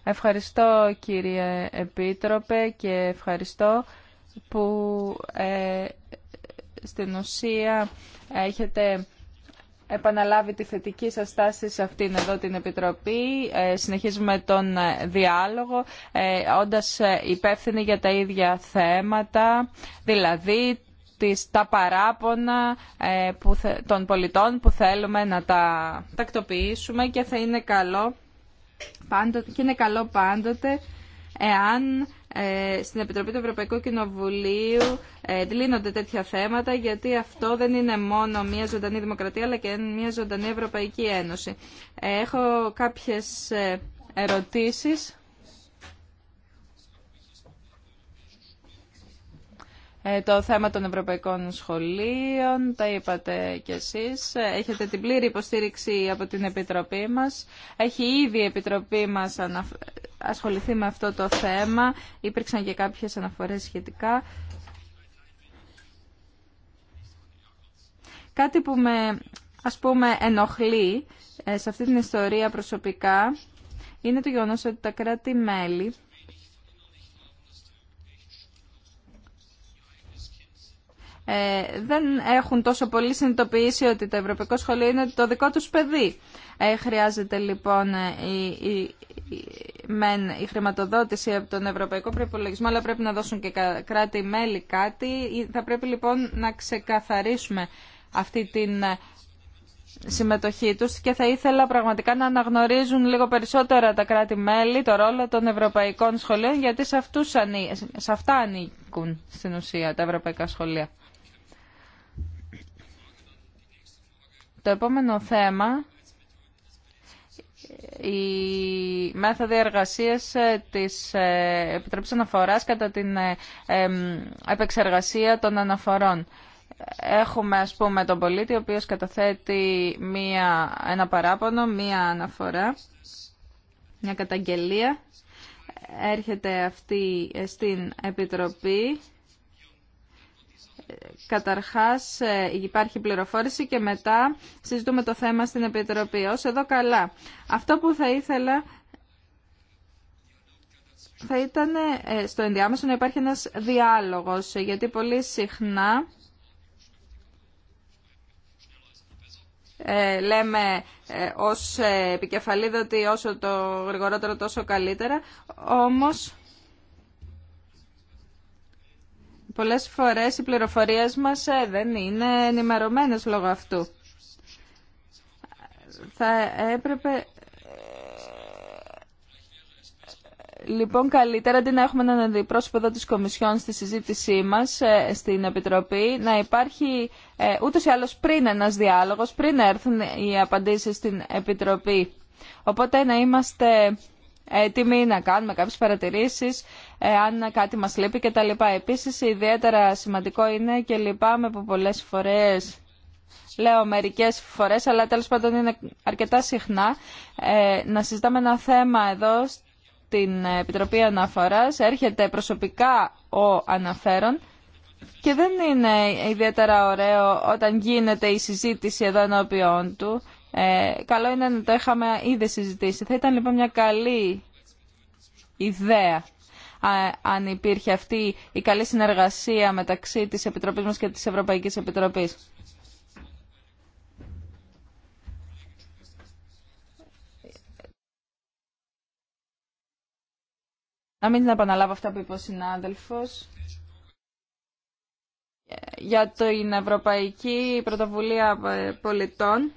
Ευχαριστώ κύριε Επίτροπε και ευχαριστώ που στην ουσία έχετε επαναλάβει τη θετική σας στάση σε αυτήν εδώ την Επιτροπή. Ε, συνεχίζουμε τον ε, διάλογο, ε, όντας ε, υπεύθυνοι για τα ίδια θέματα, δηλαδή τις, τα παράπονα που, των πολιτών που θέλουμε να τα τακτοποιήσουμε και θα είναι καλό πάντοτε, και είναι καλό πάντοτε εάν ε, στην Επιτροπή του Ευρωπαϊκού Κοινοβουλίου ε, λύνονται τέτοια θέματα γιατί αυτό δεν είναι μόνο μια ζωντανή δημοκρατία αλλά και μια ζωντανή Ευρωπαϊκή Ένωση. Ε, έχω κάποιες ερωτήσεις. Ε, το θέμα των ευρωπαϊκών σχολείων, τα είπατε κι εσείς. Έχετε την πλήρη υποστήριξη από την Επιτροπή μας. Έχει ήδη η Επιτροπή μας ασχοληθεί με αυτό το θέμα. Υπήρξαν και κάποιες αναφορές σχετικά. Κάτι που με, ας πούμε, ενοχλεί ε, σε αυτή την ιστορία προσωπικά είναι το γεγονός ότι τα κράτη-μέλη Ε, δεν έχουν τόσο πολύ συνειδητοποιήσει ότι το Ευρωπαϊκό Σχολείο είναι το δικό τους παιδί. Ε, χρειάζεται λοιπόν ε, η, η, η, η χρηματοδότηση από τον Ευρωπαϊκό Προπολογισμό, αλλά πρέπει να δώσουν και κράτη-μέλη κάτι. Θα πρέπει λοιπόν να ξεκαθαρίσουμε αυτή την συμμετοχή τους και θα ήθελα πραγματικά να αναγνωρίζουν λίγο περισσότερα τα κράτη-μέλη το ρόλο των ευρωπαϊκών σχολείων γιατί αυτούς, σε αυτά ανήκουν στην ουσία τα ευρωπαϊκά σχολεία. Το επόμενο θέμα, η μέθοδοι εργασίας της ε, Επιτροπής Αναφοράς κατά την ε, επεξεργασία των αναφορών. Έχουμε, ας πούμε, τον πολίτη, ο οποίος καταθέτει μία, ένα παράπονο, μία αναφορά, μια καταγγελία. Έρχεται αυτή στην Επιτροπή καταρχάς ε, υπάρχει πληροφόρηση και μετά συζητούμε το θέμα στην Επιτροπή. Ως εδώ καλά. Αυτό που θα ήθελα θα ήταν ε, στο ενδιάμεσο να υπάρχει ένας διάλογος, γιατί πολύ συχνά ε, λέμε ε, ως επικεφαλίδα ότι όσο το γρηγορότερο τόσο καλύτερα, όμως Πολλές φορές οι πληροφορίες μας ε, δεν είναι ενημερωμένες λόγω αυτού. Θα έπρεπε ε, Λοιπόν, καλύτερα αντί να έχουμε έναν αντιπρόσωπο εδώ της Κομισιόν στη συζήτησή μας ε, στην Επιτροπή, να υπάρχει ε, ούτως ή άλλως πριν ένας διάλογος, πριν έρθουν οι απαντήσεις στην Επιτροπή. Οπότε να είμαστε έτοιμοι να κάνουμε κάποιες παρατηρήσεις ε, αν κάτι μας λείπει λοιπά Επίσης ιδιαίτερα σημαντικό είναι και λυπάμαι που πολλές φορές λέω μερικές φορές αλλά τέλος πάντων είναι αρκετά συχνά ε, να συζητάμε ένα θέμα εδώ στην Επιτροπή Αναφοράς έρχεται προσωπικά ο αναφέρον και δεν είναι ιδιαίτερα ωραίο όταν γίνεται η συζήτηση εδώ ενώπιον του ε, καλό είναι να το είχαμε ήδη συζητήσει. Θα ήταν λοιπόν μια καλή ιδέα αν υπήρχε αυτή η καλή συνεργασία μεταξύ της Επιτροπής μας και της Ευρωπαϊκής Επιτροπής. Να μην επαναλάβω αυτά που είπε ο συνάδελφος. Ε, για την Ευρωπαϊκή Πρωτοβουλία Πολιτών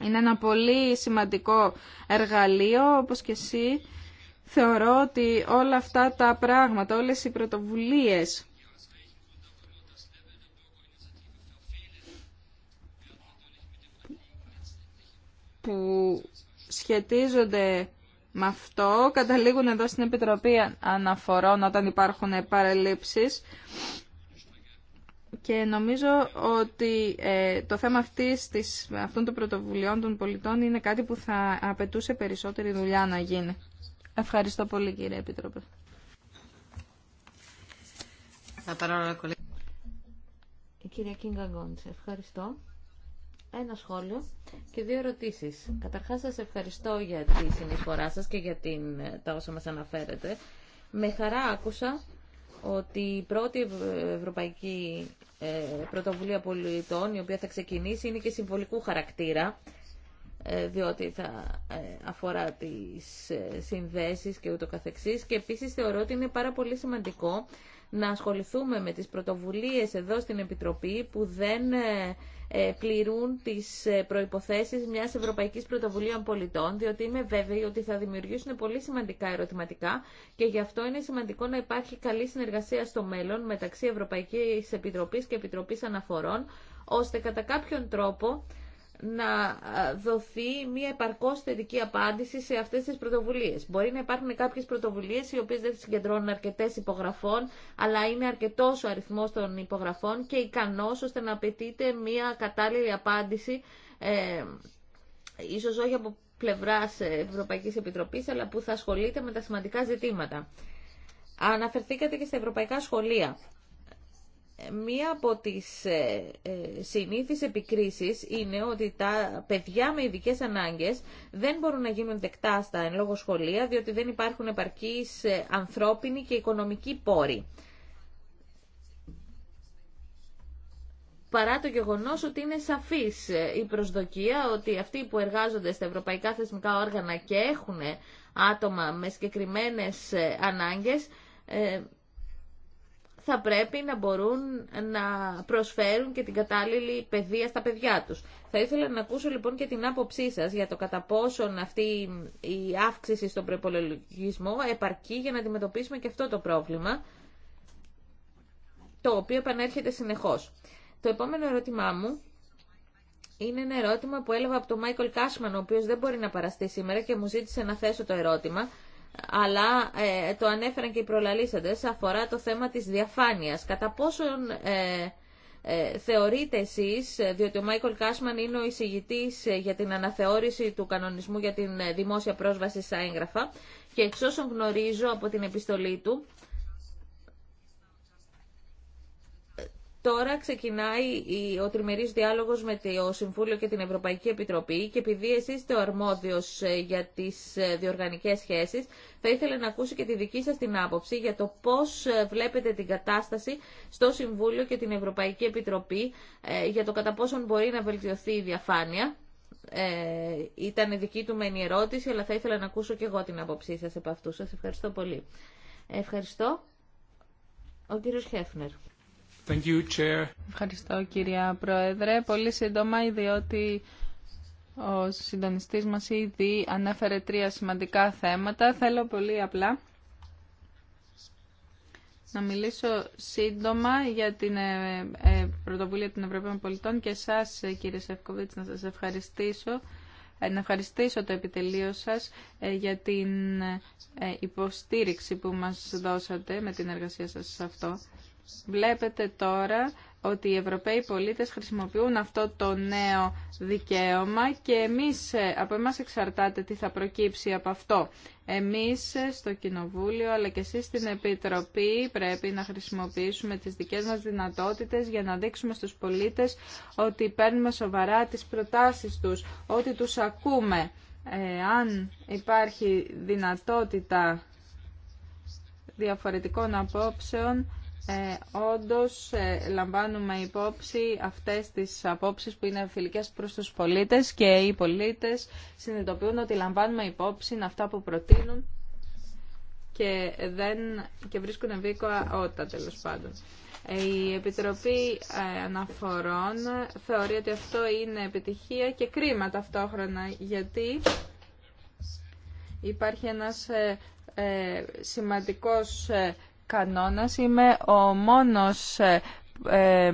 είναι ένα πολύ σημαντικό εργαλείο, όπως και εσύ. Θεωρώ ότι όλα αυτά τα πράγματα, όλες οι πρωτοβουλίες που σχετίζονται με αυτό καταλήγουν εδώ στην Επιτροπή Αναφορών όταν υπάρχουν παρελήψεις και νομίζω ότι ε, το θέμα αυτής, της, αυτών των πρωτοβουλειών των πολιτών είναι κάτι που θα απαιτούσε περισσότερη δουλειά να γίνει. Ευχαριστώ πολύ κύριε Επίτροπε. Η κυρία Κίνγκα Γκόντς, ευχαριστώ. Ένα σχόλιο και δύο ερωτήσεις. Καταρχάς σας ευχαριστώ για τη συνεισφορά σας και για την, τα όσα μας αναφέρετε. Με χαρά άκουσα ότι η πρώτη ευρωπαϊκή ε, πρωτοβουλία πολιτών, η οποία θα ξεκινήσει, είναι και συμβολικού χαρακτήρα, ε, διότι θα ε, αφορά τις συνδέσεις και ούτω καθεξής. Και επίσης θεωρώ ότι είναι πάρα πολύ σημαντικό να ασχοληθούμε με τις πρωτοβουλίες εδώ στην Επιτροπή που δεν ε, ε, πληρούν τις ε, προϋποθέσεις μιας Ευρωπαϊκής Πρωτοβουλίας Πολιτών, διότι είμαι βέβαιη ότι θα δημιουργήσουν πολύ σημαντικά ερωτηματικά και γι' αυτό είναι σημαντικό να υπάρχει καλή συνεργασία στο μέλλον μεταξύ Ευρωπαϊκής Επιτροπής και Επιτροπής Αναφορών, ώστε κατά κάποιον τρόπο να δοθεί μια επαρκώς θετική απάντηση σε αυτές τις πρωτοβουλίες. Μπορεί να υπάρχουν κάποιες πρωτοβουλίες οι οποίες δεν συγκεντρώνουν αρκετές υπογραφών, αλλά είναι αρκετός ο αριθμός των υπογραφών και ικανός ώστε να απαιτείται μια κατάλληλη απάντηση, ε, ίσως όχι από πλευράς Ευρωπαϊκής Επιτροπής, αλλά που θα ασχολείται με τα σημαντικά ζητήματα. Αναφερθήκατε και στα ευρωπαϊκά σχολεία μία από τις ε, ε, συνήθεις επικρίσεις είναι ότι τα παιδιά με ειδικέ ανάγκες δεν μπορούν να γίνουν δεκτά στα εν λόγω σχολεία διότι δεν υπάρχουν επαρκείς ε, ανθρώπινοι και οικονομικοί πόροι. παρά το γεγονός ότι είναι σαφής ε, η προσδοκία ότι αυτοί που εργάζονται στα ευρωπαϊκά θεσμικά όργανα και έχουν άτομα με συγκεκριμένες ε, ανάγκες θα πρέπει να μπορούν να προσφέρουν και την κατάλληλη παιδεία στα παιδιά τους. Θα ήθελα να ακούσω λοιπόν και την άποψή σας για το κατά πόσον αυτή η αύξηση στον προπολογισμό επαρκεί για να αντιμετωπίσουμε και αυτό το πρόβλημα, το οποίο επανέρχεται συνεχώς. Το επόμενο ερώτημά μου είναι ένα ερώτημα που έλαβα από τον Μάικολ Κάσμαν, ο οποίος δεν μπορεί να παραστεί σήμερα και μου ζήτησε να θέσω το ερώτημα αλλά ε, το ανέφεραν και οι προλαλήσαντες, αφορά το θέμα της διαφάνειας. Κατά πόσον ε, ε, θεωρείτε εσείς, διότι ο Μάικολ Κάσμαν είναι ο εισηγητής για την αναθεώρηση του κανονισμού για την δημόσια πρόσβαση στα έγγραφα και εξ όσων γνωρίζω από την επιστολή του, Τώρα ξεκινάει ο τριμερής διάλογος με το Συμβούλιο και την Ευρωπαϊκή Επιτροπή και επειδή εσείς είστε ο αρμόδιος ε, για τις ε, διοργανικές σχέσεις, θα ήθελα να ακούσω και τη δική σας την άποψη για το πώς ε, βλέπετε την κατάσταση στο Συμβούλιο και την Ευρωπαϊκή Επιτροπή για το κατά πόσον μπορεί να βελτιωθεί η διαφάνεια. Ε, ήταν δική του μεν η ερώτηση, αλλά θα ήθελα να ακούσω και εγώ την άποψή σας από αυτού. Σας ευχαριστώ πολύ. Ευχαριστώ. Ο κύριο Χέφνερ. Ευχαριστώ κυρία Πρόεδρε. Πολύ σύντομα, διότι ο συντονιστής μας ήδη ανέφερε τρία σημαντικά θέματα. Θέλω πολύ απλά να μιλήσω σύντομα για την ε, ε, πρωτοβουλία των Ευρωπαίων Πολιτών και εσά, κύριε Σευκοβίτς να σας ευχαριστήσω ε, να ευχαριστήσω το επιτελείο σας για την υποστήριξη που μας δώσατε με την εργασία σας σε αυτό. Βλέπετε τώρα ότι οι Ευρωπαίοι πολίτες χρησιμοποιούν αυτό το νέο δικαίωμα και εμείς, ε, από εμάς εξαρτάται τι θα προκύψει από αυτό. Εμείς ε, στο Κοινοβούλιο αλλά και εσείς στην Επιτροπή πρέπει να χρησιμοποιήσουμε τις δικές μας δυνατότητες για να δείξουμε στους πολίτες ότι παίρνουμε σοβαρά τις προτάσεις τους, ότι τους ακούμε. Ε, αν υπάρχει δυνατότητα διαφορετικών απόψεων, ε, όντως ε, λαμβάνουμε υπόψη αυτές τις απόψεις που είναι φιλικές προς τους πολίτες και οι πολίτες συνειδητοποιούν ότι λαμβάνουμε υπόψη αυτά που προτείνουν και, δεν, και βρίσκουν ευήκοα ότα τέλος πάντων. Ε, η Επιτροπή Αναφορών θεωρεί ότι αυτό είναι επιτυχία και κρίμα ταυτόχρονα γιατί υπάρχει ένας σημαντικός κανόνας. Είμαι ο μόνος ε, ε,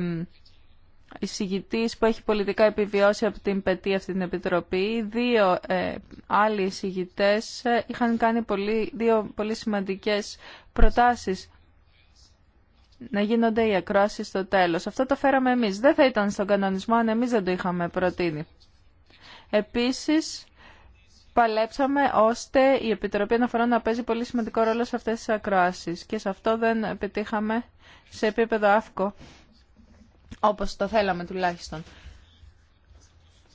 εισηγητής που έχει πολιτικά επιβιώσει από την πετή αυτή την επιτροπή. Δύο ε, άλλοι εισηγητές είχαν κάνει δύο πολύ σημαντικές προτάσεις να γίνονται οι ακρόασεις στο τέλος. Αυτό το φέραμε εμείς. Δεν θα ήταν στον κανονισμό αν εμείς δεν το είχαμε προτείνει. Επίσης, παλέψαμε ώστε η Επιτροπή Αναφορών να παίζει πολύ σημαντικό ρόλο σε αυτές τις ακροάσεις και σε αυτό δεν πετύχαμε σε επίπεδο αύκο όπως το θέλαμε τουλάχιστον.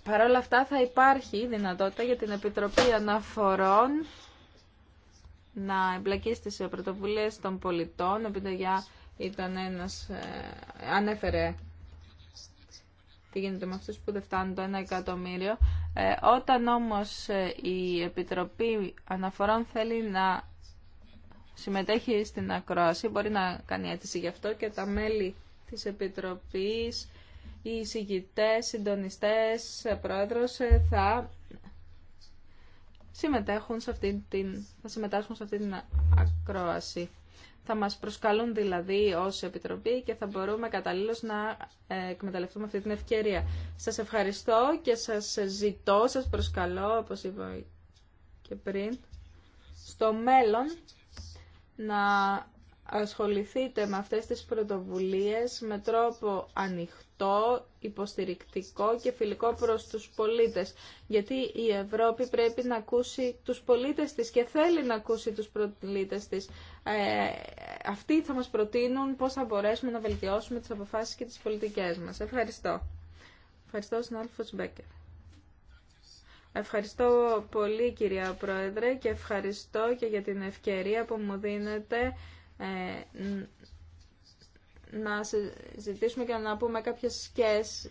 Παρ' όλα αυτά θα υπάρχει δυνατότητα για την Επιτροπή Αναφορών να εμπλακεί στις πρωτοβουλίες των πολιτών, επειδή ήταν ένας, ε, ανέφερε γίνεται με αυτού που δεν φτάνουν το 1 εκατομμύριο. Ε, όταν όμως ε, η Επιτροπή Αναφορών θέλει να συμμετέχει στην ακρόαση, μπορεί να κάνει αίτηση γι' αυτό και τα μέλη της Επιτροπής, οι συντονιστέ, συντονιστές, ε, πρόεδρος θα συμμετέχουν σε αυτή την, θα συμμετάσχουν σε αυτή την ακρόαση. Θα μας προσκαλούν δηλαδή ως Επιτροπή και θα μπορούμε καταλήλως να ε, εκμεταλλευτούμε αυτή την ευκαιρία. Σας ευχαριστώ και σας ζητώ, σας προσκαλώ, όπως είπα και πριν, στο μέλλον να ασχοληθείτε με αυτές τις πρωτοβουλίες με τρόπο ανοιχτό το υποστηρικτικό και φιλικό προς τους πολίτες. Γιατί η Ευρώπη πρέπει να ακούσει τους πολίτες της και θέλει να ακούσει τους πολίτες της. Ε, αυτοί θα μας προτείνουν πώς θα μπορέσουμε να βελτιώσουμε τις αποφάσεις και τις πολιτικές μας. Ευχαριστώ. Ευχαριστώ, συνάδελφος Μπέκερ. Ευχαριστώ πολύ κυρία Πρόεδρε και ευχαριστώ και για την ευκαιρία που μου δίνετε ε, να συζητήσουμε και να πούμε κάποιες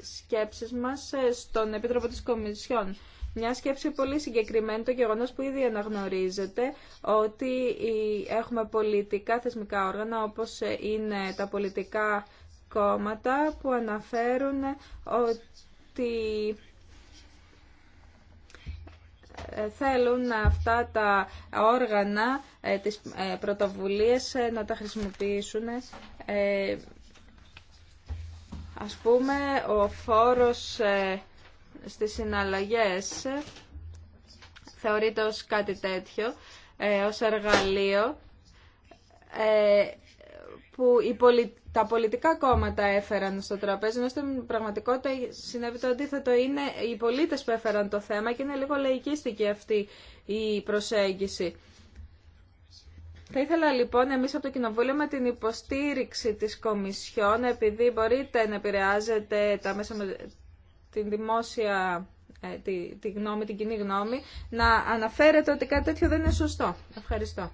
σκέψεις μας ε, στον Επίτροπο της Κομισιόν. Μια σκέψη πολύ συγκεκριμένη, το γεγονός που ήδη αναγνωρίζεται, ότι έχουμε πολιτικά θεσμικά όργανα, όπως ε, είναι τα πολιτικά κόμματα, που αναφέρουν ε, ότι θέλουν αυτά τα όργανα, τις πρωτοβουλίες, να τα χρησιμοποιήσουν ε, ας πούμε, ο φόρος ε, στις συναλλαγές θεωρείται ως κάτι τέτοιο, ε, ως εργαλείο ε, που τα πολιτικά κόμματα έφεραν στο τραπέζι, ενώ στην πραγματικότητα συνέβη το αντίθετο. Είναι οι πολίτες που έφεραν το θέμα και είναι λίγο λαϊκίστικη αυτή η προσέγγιση. Θα ήθελα λοιπόν εμείς από το Κοινοβούλιο με την υποστήριξη της Κομισιόν, επειδή μπορείτε να επηρεάζετε τα μέσα την δημόσια, ε, τη, τη γνώμη, την κοινή γνώμη, να αναφέρετε ότι κάτι τέτοιο δεν είναι σωστό. Ευχαριστώ.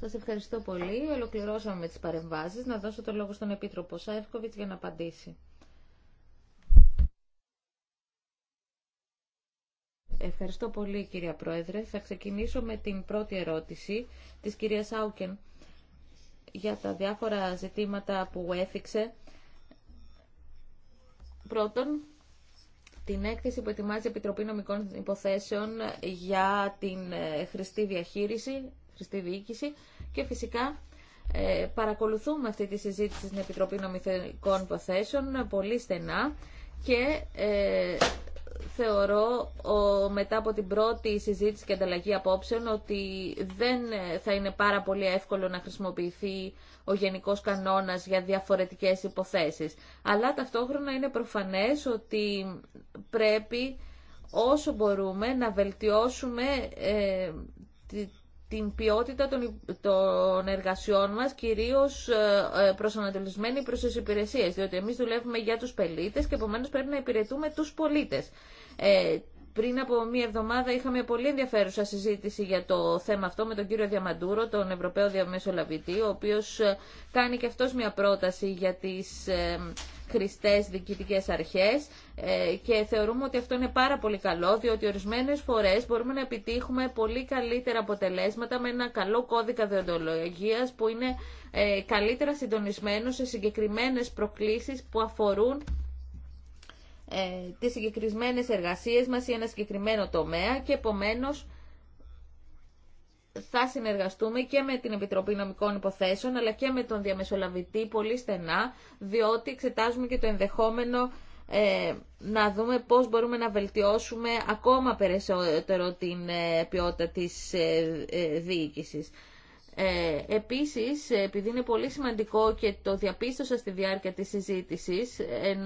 Σας ευχαριστώ πολύ. Ολοκληρώσαμε τις παρεμβάσεις. Να δώσω το λόγο στον Επίτροπο Σάιφκοβιτς για να απαντήσει. Ευχαριστώ πολύ κυρία Πρόεδρε. Θα ξεκινήσω με την πρώτη ερώτηση της κυρίας Άουκεν για τα διάφορα ζητήματα που έφυξε. Πρώτον, την έκθεση που ετοιμάζει η Επιτροπή Νομικών Υποθέσεων για την ε, χρηστή διαχείριση, χρηστή διοίκηση και φυσικά ε, παρακολουθούμε αυτή τη συζήτηση στην Επιτροπή Νομικών Υποθέσεων πολύ στενά και ε, θεωρώ ο, μετά από την πρώτη συζήτηση και ανταλλαγή απόψεων ότι δεν θα είναι πάρα πολύ εύκολο να χρησιμοποιηθεί ο γενικός κανόνας για διαφορετικές υποθέσεις. Αλλά ταυτόχρονα είναι προφανές ότι πρέπει όσο μπορούμε να βελτιώσουμε ε, την ποιότητα των, εργασιών μας, κυρίως ε, ε, προσανατολισμένη προς τις υπηρεσίες, διότι εμείς δουλεύουμε για τους πελίτες και επομένως πρέπει να υπηρετούμε τους πολίτες. Ε, πριν από μία εβδομάδα είχαμε πολύ ενδιαφέρουσα συζήτηση για το θέμα αυτό με τον κύριο Διαμαντούρο, τον Ευρωπαίο Διαμεσολαβητή, ο οποίος ε, κάνει και αυτός μία πρόταση για τις ε, χρηστές διοικητικές αρχές ε, και θεωρούμε ότι αυτό είναι πάρα πολύ καλό διότι ορισμένες φορές μπορούμε να επιτύχουμε πολύ καλύτερα αποτελέσματα με ένα καλό κώδικα διοντολογίας που είναι καλύτερα συντονισμένο σε συγκεκριμένες προκλήσεις που αφορούν ε, τις συγκεκριμένες εργασίες μας ή ένα συγκεκριμένο τομέα και επομένως θα συνεργαστούμε και με την Επιτροπή Νομικών Υποθέσεων αλλά και με τον διαμεσολαβητή πολύ στενά διότι εξετάζουμε και το ενδεχόμενο ε, να δούμε πώς μπορούμε να βελτιώσουμε ακόμα περισσότερο την ε, ποιότητα της ε, ε διοίκησης. Ε, επίσης, επειδή είναι πολύ σημαντικό και το διαπίστωσα στη διάρκεια της συζήτησης, ε,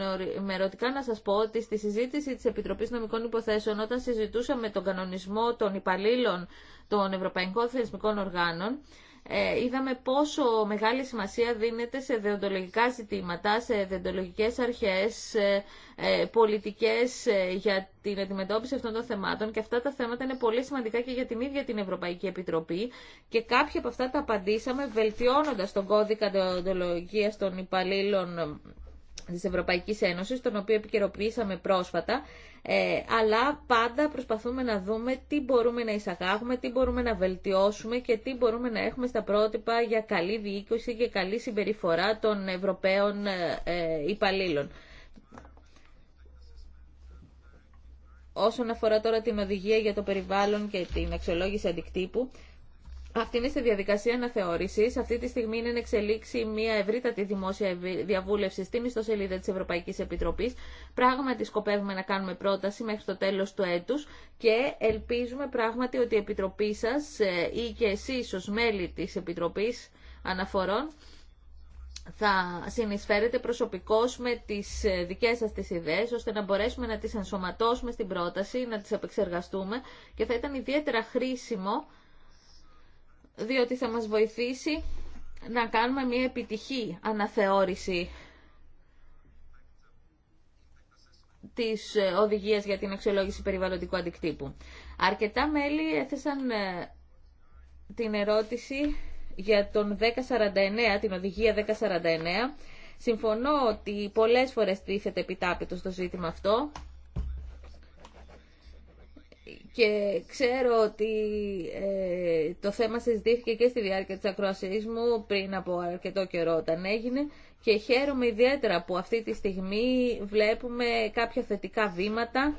ερωτικά να σας πω ότι στη συζήτηση της Επιτροπής Νομικών Υποθέσεων, όταν συζητούσαμε τον κανονισμό των υπαλλήλων των Ευρωπαϊκών Θεσμικών Οργάνων, ε, είδαμε πόσο μεγάλη σημασία δίνεται σε δεοντολογικά ζητήματα, σε δεοντολογικές αρχές, ε, πολιτικές ε, για την αντιμετώπιση αυτών των θεμάτων και αυτά τα θέματα είναι πολύ σημαντικά και για την ίδια την Ευρωπαϊκή Επιτροπή και κάποια από αυτά τα απαντήσαμε βελτιώνοντας τον κώδικα δεοντολογίας των υπαλλήλων της Ευρωπαϊκής Ένωσης, τον οποίο επικαιροποιήσαμε πρόσφατα, ε, αλλά πάντα προσπαθούμε να δούμε τι μπορούμε να εισαγάγουμε, τι μπορούμε να βελτιώσουμε και τι μπορούμε να έχουμε στα πρότυπα για καλή διοίκηση και καλή συμπεριφορά των Ευρωπαίων ε, ε, υπαλλήλων. Όσον αφορά τώρα την οδηγία για το περιβάλλον και την αξιολόγηση αντικτύπου, αυτή είναι στη διαδικασία αναθεώρηση. Αυτή τη στιγμή είναι εξελίξει μια ευρύτατη δημόσια διαβούλευση στην ιστοσελίδα τη Ευρωπαϊκή Επιτροπή. Πράγματι, σκοπεύουμε να κάνουμε πρόταση μέχρι το τέλο του έτου και ελπίζουμε πράγματι ότι η Επιτροπή σα ε, ή και εσεί ω μέλη τη Επιτροπή Αναφορών θα συνεισφέρετε προσωπικώς με τις ε, δικές σας τις ιδέες, ώστε να μπορέσουμε να τις ενσωματώσουμε στην πρόταση, να τις επεξεργαστούμε και θα ήταν ιδιαίτερα χρήσιμο διότι θα μας βοηθήσει να κάνουμε μια επιτυχή αναθεώρηση της οδηγίας για την αξιολόγηση περιβαλλοντικού αντικτύπου. Αρκετά μέλη έθεσαν ε, την ερώτηση για τον 1049, την οδηγία 1049. Συμφωνώ ότι πολλές φορές τίθεται επιτάπητο στο ζήτημα αυτό και ξέρω ότι ε, το θέμα συζητήθηκε και στη διάρκεια της ακροασίας μου πριν από αρκετό καιρό όταν έγινε και χαίρομαι ιδιαίτερα που αυτή τη στιγμή βλέπουμε κάποια θετικά βήματα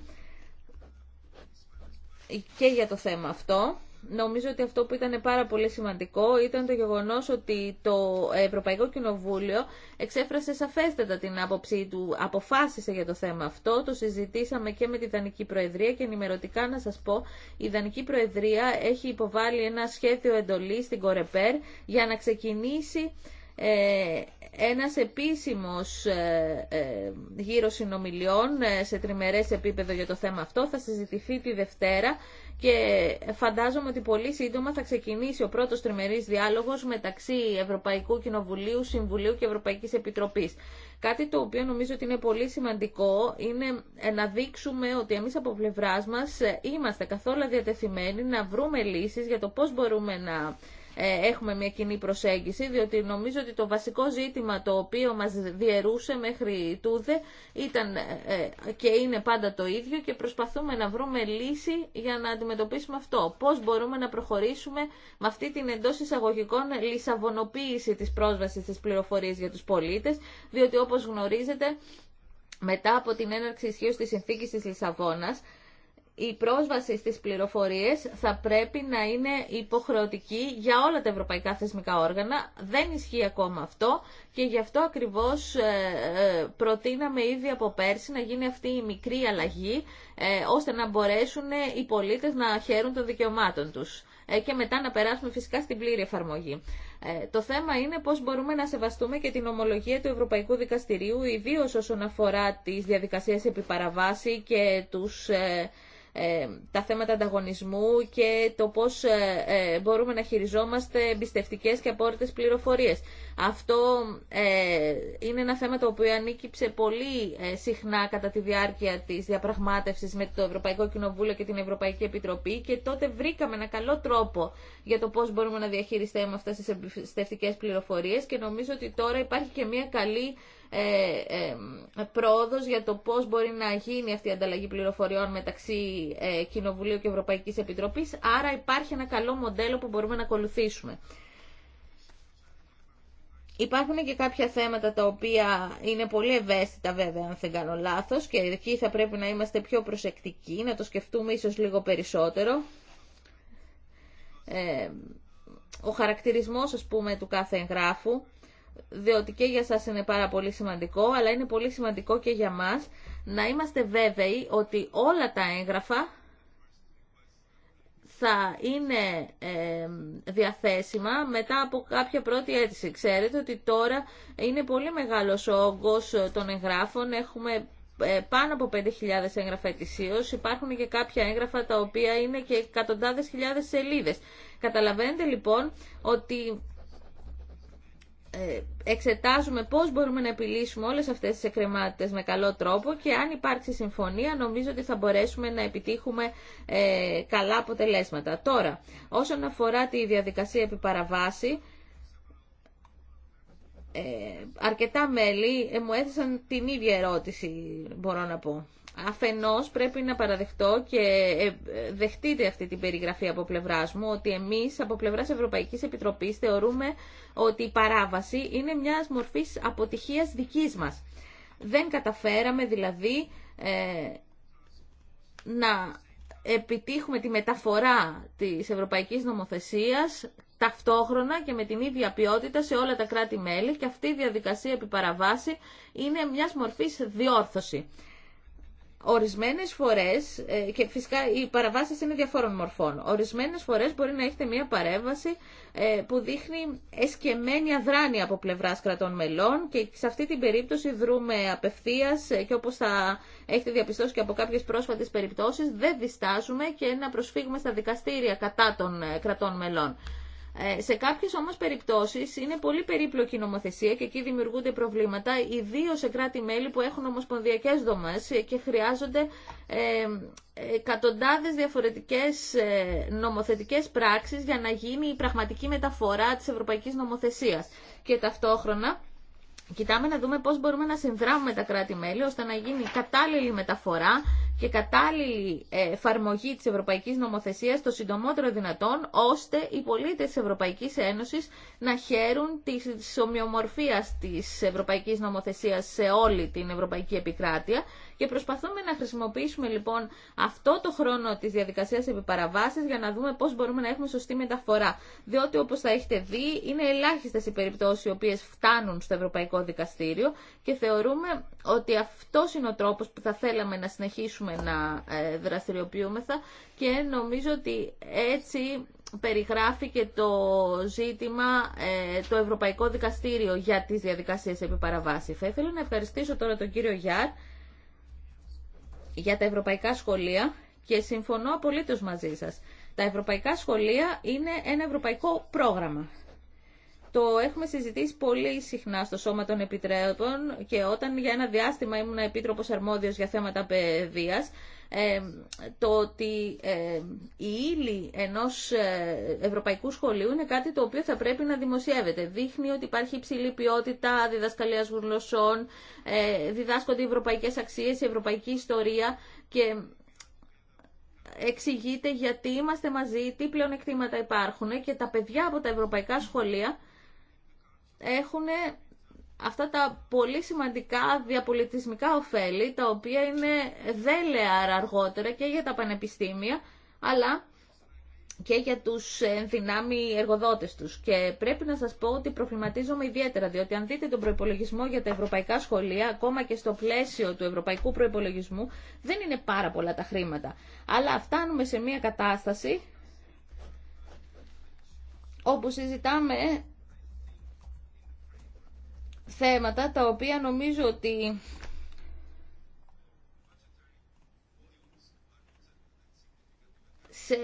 και για το θέμα αυτό. Νομίζω ότι αυτό που ήταν πάρα πολύ σημαντικό ήταν το γεγονός ότι το Ευρωπαϊκό Κοινοβούλιο εξέφρασε σαφέστατα την άποψή του, αποφάσισε για το θέμα αυτό, το συζητήσαμε και με τη Δανική Προεδρία και ενημερωτικά να σας πω, η Δανική Προεδρία έχει υποβάλει ένα σχέδιο εντολή στην Κορεπέρ για να ξεκινήσει ε, ένας επίσημος ε, ε, γύρος συνομιλιών σε τριμερές επίπεδο για το θέμα αυτό. Θα συζητηθεί τη Δευτέρα και φαντάζομαι ότι πολύ σύντομα θα ξεκινήσει ο πρώτος τριμερής διάλογος μεταξύ Ευρωπαϊκού Κοινοβουλίου, Συμβουλίου και Ευρωπαϊκής Επιτροπής. Κάτι το οποίο νομίζω ότι είναι πολύ σημαντικό είναι να δείξουμε ότι εμείς από πλευρά μας είμαστε καθόλου διατεθειμένοι να βρούμε λύσεις για το πώς μπορούμε να ε, έχουμε μια κοινή προσέγγιση, διότι νομίζω ότι το βασικό ζήτημα το οποίο μας διαιρούσε μέχρι τούδε ήταν ε, και είναι πάντα το ίδιο και προσπαθούμε να βρούμε λύση για να αντιμετωπίσουμε αυτό. Πώς μπορούμε να προχωρήσουμε με αυτή την εντός εισαγωγικών λισαβονοποίηση της πρόσβασης της πληροφορίας για τους πολίτες, διότι όπως γνωρίζετε μετά από την έναρξη ισχύω της συνθήκης της Λισαβόνας, η πρόσβαση στις πληροφορίες θα πρέπει να είναι υποχρεωτική για όλα τα ευρωπαϊκά θεσμικά όργανα. Δεν ισχύει ακόμα αυτό και γι' αυτό ακριβώς ε, ε, προτείναμε ήδη από πέρσι να γίνει αυτή η μικρή αλλαγή ε, ώστε να μπορέσουν οι πολίτες να χαίρουν των δικαιωμάτων τους και μετά να περάσουμε φυσικά στην πλήρη εφαρμογή. Το θέμα είναι πώς μπορούμε να σεβαστούμε και την ομολογία του Ευρωπαϊκού Δικαστηρίου, ιδίως όσον αφορά τις διαδικασίες επιπαραβάση και τους ε, τα θέματα ανταγωνισμού και το πώς ε, ε, μπορούμε να χειριζόμαστε εμπιστευτικέ και απόρριτες πληροφορίες. Αυτό είναι ένα θέμα το οποίο ανήκυψε πολύ συχνά κατά τη διάρκεια της διαπραγμάτευσης με το Ευρωπαϊκό Κοινοβούλιο και την Ευρωπαϊκή Επιτροπή και τότε βρήκαμε ένα καλό τρόπο για το πώς μπορούμε να διαχειριστούμε αυτές τις εμπιστευτικές πληροφορίες και νομίζω ότι τώρα υπάρχει και μια καλή ε, ε, πρόοδος για το πώς μπορεί να γίνει αυτή η ανταλλαγή πληροφοριών μεταξύ ε, Κοινοβουλίου και Ευρωπαϊκής Επιτροπής. Άρα υπάρχει ένα καλό μοντέλο που μπορούμε να ακολουθήσουμε. Υπάρχουν και κάποια θέματα τα οποία είναι πολύ ευαίσθητα βέβαια αν δεν κάνω λάθος και εκεί θα πρέπει να είμαστε πιο προσεκτικοί, να το σκεφτούμε ίσως λίγο περισσότερο. Ε, ο χαρακτηρισμός ας πούμε του κάθε εγγράφου διότι και για σας είναι πάρα πολύ σημαντικό, αλλά είναι πολύ σημαντικό και για μας να είμαστε βέβαιοι ότι όλα τα έγγραφα θα είναι διαθέσιμα μετά από κάποια πρώτη αίτηση. Ξέρετε ότι τώρα είναι πολύ μεγάλος ο όγκος των εγγράφων. Έχουμε ε, πάνω από 5.000 έγγραφα ετησίως. Υπάρχουν και κάποια έγγραφα τα οποία είναι και εκατοντάδες χιλιάδες σελίδες. Καταλαβαίνετε λοιπόν ότι ε, εξετάζουμε πώς μπορούμε να επιλύσουμε όλες αυτές τις εκκρεμάτες με καλό τρόπο και αν υπάρξει συμφωνία νομίζω ότι θα μπορέσουμε να επιτύχουμε ε, καλά αποτελέσματα. Τώρα, όσον αφορά τη διαδικασία επιπαραβάση, ε, αρκετά μέλη ε, μου έθεσαν την ίδια ερώτηση, μπορώ να πω αφενός πρέπει να παραδεχτώ και ε, δεχτείτε αυτή την περιγραφή από πλευράς μου ότι εμείς από πλευράς Ευρωπαϊκής Επιτροπής θεωρούμε ότι η παράβαση είναι μια μορφής αποτυχίας δικής μας. Δεν καταφέραμε δηλαδή ε, να επιτύχουμε τη μεταφορά της Ευρωπαϊκής Νομοθεσίας ταυτόχρονα και με την ίδια ποιότητα σε όλα τα κράτη-μέλη και αυτή η διαδικασία επιπαραβάση είναι μιας μορφής διόρθωση. Ορισμένες φορές, ε, και φυσικά οι παραβάσεις είναι διαφόρων μορφών, ορισμένες φορές μπορεί να έχετε μια παρέμβαση ε, που δείχνει εσκεμμένη αδράνεια από πλευράς κρατών μελών και σε αυτή την περίπτωση δρούμε απευθείας ε, και όπως θα έχετε διαπιστώσει και από κάποιες πρόσφατες περιπτώσεις δεν διστάζουμε και να προσφύγουμε στα δικαστήρια κατά των κρατών μελών. Ε, σε κάποιε όμως περιπτώσεις είναι πολύ περίπλοκη νομοθεσία και εκεί δημιουργούνται προβλήματα, ιδίω σε κράτη-μέλη που έχουν ομοσπονδιακέ δομέ και χρειάζονται ε, ε, εκατοντάδε διαφορετικέ διαφορετικές νομοθετικές πράξεις για να γίνει η πραγματική μεταφορά της ευρωπαϊκής νομοθεσίας. Και ταυτόχρονα κοιτάμε να δούμε πώς μπορούμε να συνδράμουμε τα κράτη-μέλη ώστε να γίνει κατάλληλη μεταφορά και κατάλληλη ε, εφαρμογή της ευρωπαϊκής νομοθεσίας το συντομότερο δυνατόν, ώστε οι πολίτες της Ευρωπαϊκής Ένωσης να χαίρουν της ομοιομορφίας της ευρωπαϊκής νομοθεσίας σε όλη την ευρωπαϊκή επικράτεια και προσπαθούμε να χρησιμοποιήσουμε λοιπόν αυτό το χρόνο της διαδικασίας επιπαραβάσεις για να δούμε πώς μπορούμε να έχουμε σωστή μεταφορά. Διότι όπως θα έχετε δει είναι ελάχιστες οι περιπτώσεις οι οποίες φτάνουν στο Ευρωπαϊκό Δικαστήριο και θεωρούμε ότι αυτός είναι ο τρόπος που θα θέλαμε να συνεχίσουμε να ε, δραστηριοποιούμεθα και νομίζω ότι έτσι περιγράφει και το ζήτημα ε, το Ευρωπαϊκό Δικαστήριο για τις διαδικασίες επί παραβάση. Θα ήθελα να ευχαριστήσω τώρα τον κύριο Γιάρ για τα ευρωπαϊκά σχολεία και συμφωνώ απολύτως μαζί σας. Τα ευρωπαϊκά σχολεία είναι ένα ευρωπαϊκό πρόγραμμα. Το έχουμε συζητήσει πολύ συχνά στο Σώμα των Επιτρέπων και όταν για ένα διάστημα ήμουν επίτροπος αρμόδιος για θέματα παιδείας, ε, το ότι ε, η ύλη ενός ε, ευρωπαϊκού σχολείου είναι κάτι το οποίο θα πρέπει να δημοσιεύεται. Δείχνει ότι υπάρχει υψηλή ποιότητα διδασκαλίας γλωσσών, ε, διδάσκονται οι ευρωπαϊκές αξίες, η ευρωπαϊκή ιστορία και εξηγείται γιατί είμαστε μαζί, τι πλεονεκτήματα υπάρχουν και τα παιδιά από τα ευρωπαϊκά σχολεία έχουν αυτά τα πολύ σημαντικά διαπολιτισμικά ωφέλη, τα οποία είναι δέλεα αργότερα και για τα πανεπιστήμια, αλλά και για τους ενδυνάμει εργοδότες τους. Και πρέπει να σας πω ότι προβληματίζομαι ιδιαίτερα, διότι αν δείτε τον προϋπολογισμό για τα ευρωπαϊκά σχολεία, ακόμα και στο πλαίσιο του ευρωπαϊκού προϋπολογισμού, δεν είναι πάρα πολλά τα χρήματα. Αλλά φτάνουμε σε μια κατάσταση όπου συζητάμε θέματα τα οποία νομίζω ότι σε